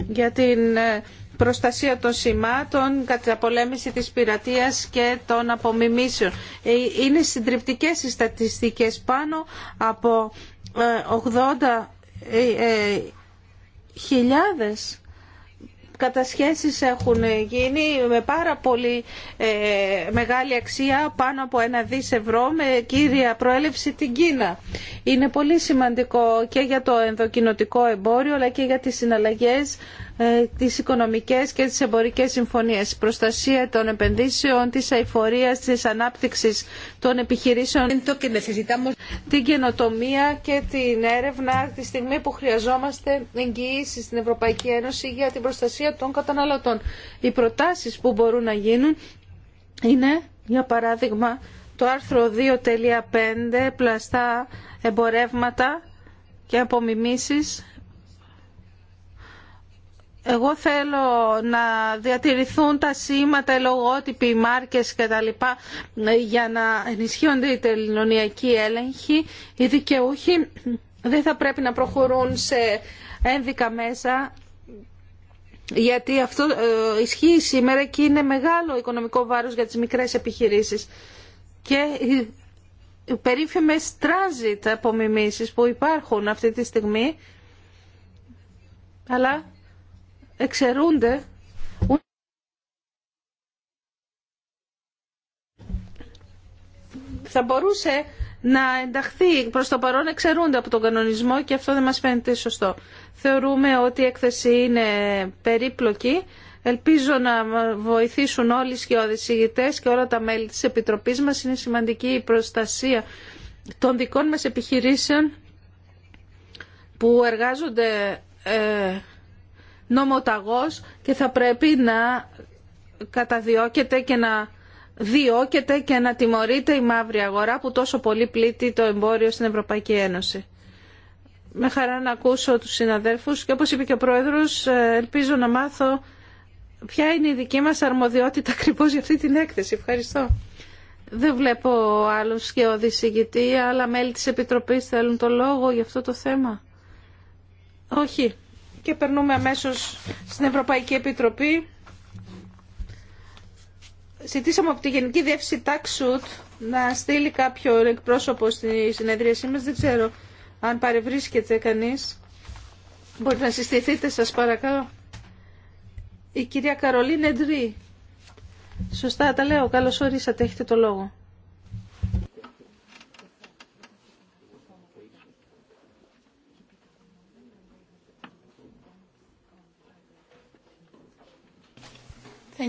S3: Για την ε, προστασία των σημάτων, απολέμηση της πειρατείας και των απομιμήσεων. Ε, είναι συντριπτικές οι στατιστικές πάνω από 80 ε, ε, ε, χιλιάδες κατασχέσεις έχουν γίνει με πάρα πολύ ε, μεγάλη αξία, πάνω από ένα δις ευρώ, με κύρια προέλευση την Κίνα. Είναι πολύ σημαντικό και για το ενδοκινοτικό εμπόριο, αλλά και για τις συναλλαγές ε, τις οικονομικές και τις εμπορικές συμφωνίες, προστασία των επενδύσεων, της αηφορίας, της ανάπτυξης των επιχειρήσεων, την καινοτομία και την έρευνα τη στιγμή που χρειαζόμαστε εγγυήσει στην Ευρωπαϊκή Ένωση για την προστασία των καταναλωτών. Οι προτάσεις που μπορούν να γίνουν είναι, για παράδειγμα, το άρθρο 2.5 πλαστά εμπορεύματα και απομιμήσεις εγώ θέλω να διατηρηθούν τα σήματα, λογότυποι, οι μάρκες και για να ενισχύονται οι τελεινωνιακοί έλεγχοι. Οι δικαιούχοι δεν θα πρέπει να προχωρούν σε ένδικα μέσα γιατί αυτό ε, ισχύει σήμερα και είναι μεγάλο οικονομικό βάρος για τις μικρές επιχειρήσεις. Και οι περίφημες transit απομιμήσεις που υπάρχουν αυτή τη στιγμή αλλά εξαιρούνται θα μπορούσε να ενταχθεί προς το παρόν εξαιρούνται από τον κανονισμό και αυτό δεν μας φαίνεται σωστό. Θεωρούμε ότι η έκθεση είναι περίπλοκη. Ελπίζω να βοηθήσουν όλοι οι σκιώδες και όλα τα μέλη της Επιτροπής μας. Είναι σημαντική η προστασία των δικών μας επιχειρήσεων που εργάζονται ε, νομοταγός και θα πρέπει να καταδιώκεται και να διώκεται και να τιμωρείται η μαύρη αγορά που τόσο πολύ πλήττει το εμπόριο στην Ευρωπαϊκή Ένωση. Με χαρά να ακούσω τους συναδέλφους και όπως είπε και ο Πρόεδρος ε, ελπίζω να μάθω ποια είναι η δική μας αρμοδιότητα ακριβώ για αυτή την έκθεση. Ευχαριστώ. Δεν βλέπω άλλου και άλλα μέλη της Επιτροπής θέλουν το λόγο για αυτό το θέμα. Όχι. Και περνούμε αμέσως στην Ευρωπαϊκή Επιτροπή. Ζητήσαμε από τη Γενική Διεύθυνση Τάξουτ να στείλει κάποιο εκπρόσωπο στη συνεδρίασή μας. Δεν ξέρω αν παρευρίσκεται κανείς. Μπορείτε να συστηθείτε σας παρακαλώ. Η κυρία Καρολίν Εντρή. Σωστά τα λέω. Καλώς ορίσατε. Έχετε το λόγο.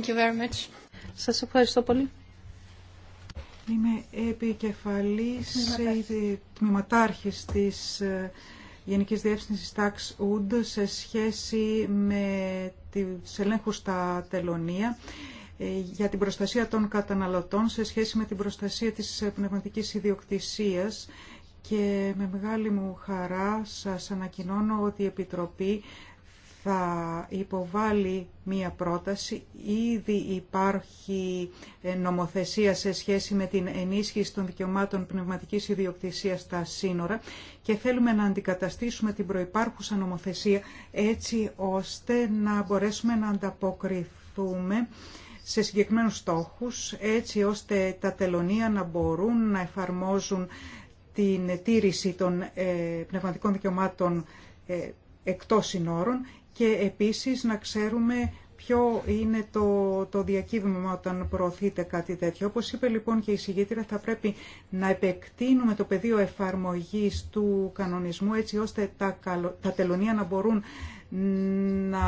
S3: Thank Σας ευχαριστώ πολύ.
S2: Είμαι επικεφαλής τμήματάρχης της ε, Γενικής Διεύθυνσης Tax Wood σε σχέση με τις ελέγχους στα τελωνία ε, για την προστασία των καταναλωτών σε σχέση με την προστασία της πνευματικής ιδιοκτησίας και με μεγάλη μου χαρά σας ανακοινώνω ότι η Επιτροπή θα υποβάλει μία πρόταση. Ήδη υπάρχει ε, νομοθεσία σε σχέση με την ενίσχυση των δικαιωμάτων πνευματικής ιδιοκτησίας στα σύνορα και θέλουμε να αντικαταστήσουμε την προϋπάρχουσα νομοθεσία έτσι ώστε να μπορέσουμε να ανταποκριθούμε σε συγκεκριμένους στόχους έτσι ώστε τα τελωνία να μπορούν να εφαρμόζουν την τήρηση των ε, πνευματικών δικαιωμάτων ε, εκτός συνόρων και επίσης να ξέρουμε ποιο είναι το, το διακύβημα όταν προωθείται κάτι τέτοιο. Όπως είπε λοιπόν και η συγγήτρια, θα πρέπει να επεκτείνουμε το πεδίο εφαρμογής του κανονισμού έτσι ώστε τα, τα τελωνία να μπορούν να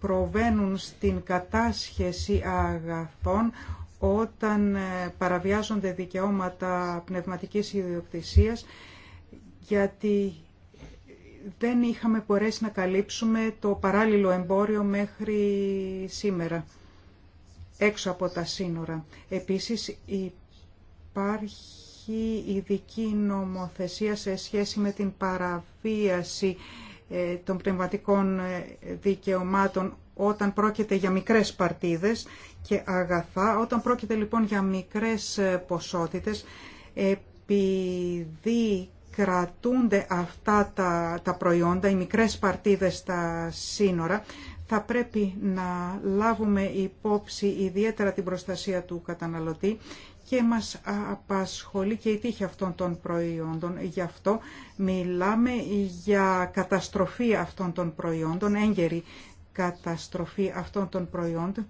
S2: προβαίνουν στην κατάσχεση αγαθών όταν ε, παραβιάζονται δικαιώματα πνευματικής ιδιοκτησίας γιατί δεν είχαμε μπορέσει να καλύψουμε το παράλληλο εμπόριο μέχρι σήμερα, έξω από τα σύνορα. Επίσης υπάρχει ειδική νομοθεσία σε σχέση με την παραβίαση ε, των πνευματικών ε, δικαιωμάτων όταν πρόκειται για μικρές παρτίδες και αγαθά. Όταν πρόκειται λοιπόν για μικρές ε, ποσότητες, επειδή κρατούνται αυτά τα, τα προϊόντα, οι μικρές παρτίδες στα σύνορα, θα πρέπει να λάβουμε υπόψη ιδιαίτερα την προστασία του καταναλωτή και μας απασχολεί και η τύχη αυτών των προϊόντων. Γι' αυτό μιλάμε για καταστροφή αυτών των προϊόντων, έγκαιρη καταστροφή αυτών των προϊόντων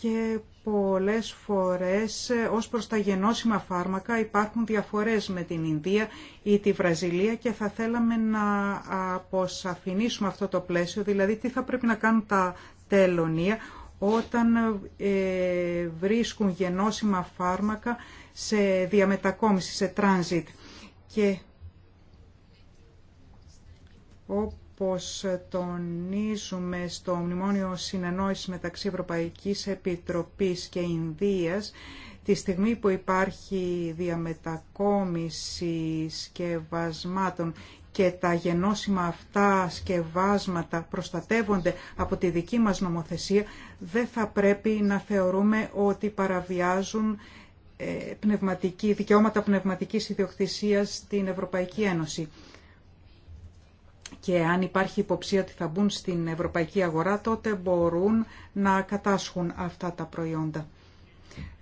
S2: και πολλές φορές ε, ως προς τα γενώσιμα φάρμακα υπάρχουν διαφορές με την Ινδία ή τη Βραζιλία και θα θέλαμε να αποσαφηνίσουμε αυτό το πλαίσιο, δηλαδή τι θα πρέπει να κάνουν τα τελωνία όταν ε, βρίσκουν γενώσιμα φάρμακα σε διαμετακόμιση, σε τράνζιτ. Και Πώς τονίζουμε στο Μνημόνιο Συνεννόησης μεταξύ Ευρωπαϊκής Επιτροπής και Ινδίας, τη στιγμή που υπάρχει διαμετακόμιση σκευασμάτων και τα γενώσιμα αυτά σκευάσματα προστατεύονται από τη δική μας νομοθεσία, δεν θα πρέπει να θεωρούμε ότι παραβιάζουν ε, πνευματική, δικαιώματα πνευματικής ιδιοκτησίας στην Ευρωπαϊκή Ένωση και αν υπάρχει υποψία ότι θα μπουν στην ευρωπαϊκή αγορά, τότε μπορούν να κατάσχουν αυτά τα προϊόντα.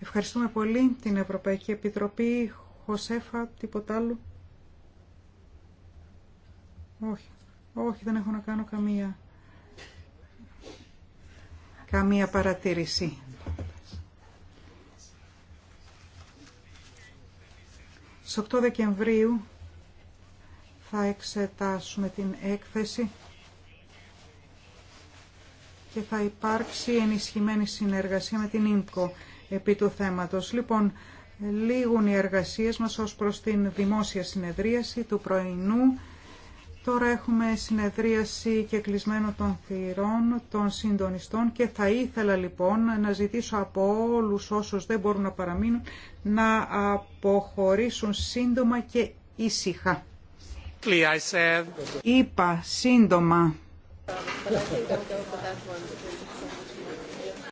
S2: Ευχαριστούμε πολύ την Ευρωπαϊκή Επιτροπή. Χωσέφα, τίποτα άλλο. Όχι, όχι, δεν έχω να κάνω καμία, καμία παρατήρηση. Στις 8 Δεκεμβρίου θα εξετάσουμε την έκθεση και θα υπάρξει ενισχυμένη συνεργασία με την ΙΜΚΟ επί του θέματος. Λοιπόν, λίγουν οι εργασίες μας ως προς την δημόσια συνεδρίαση του πρωινού. Τώρα έχουμε συνεδρίαση και κλεισμένο των θυρών των συντονιστών και θα ήθελα λοιπόν να ζητήσω από όλους όσους δεν μπορούν να παραμείνουν να αποχωρήσουν σύντομα και ήσυχα. Είπα σύντομα.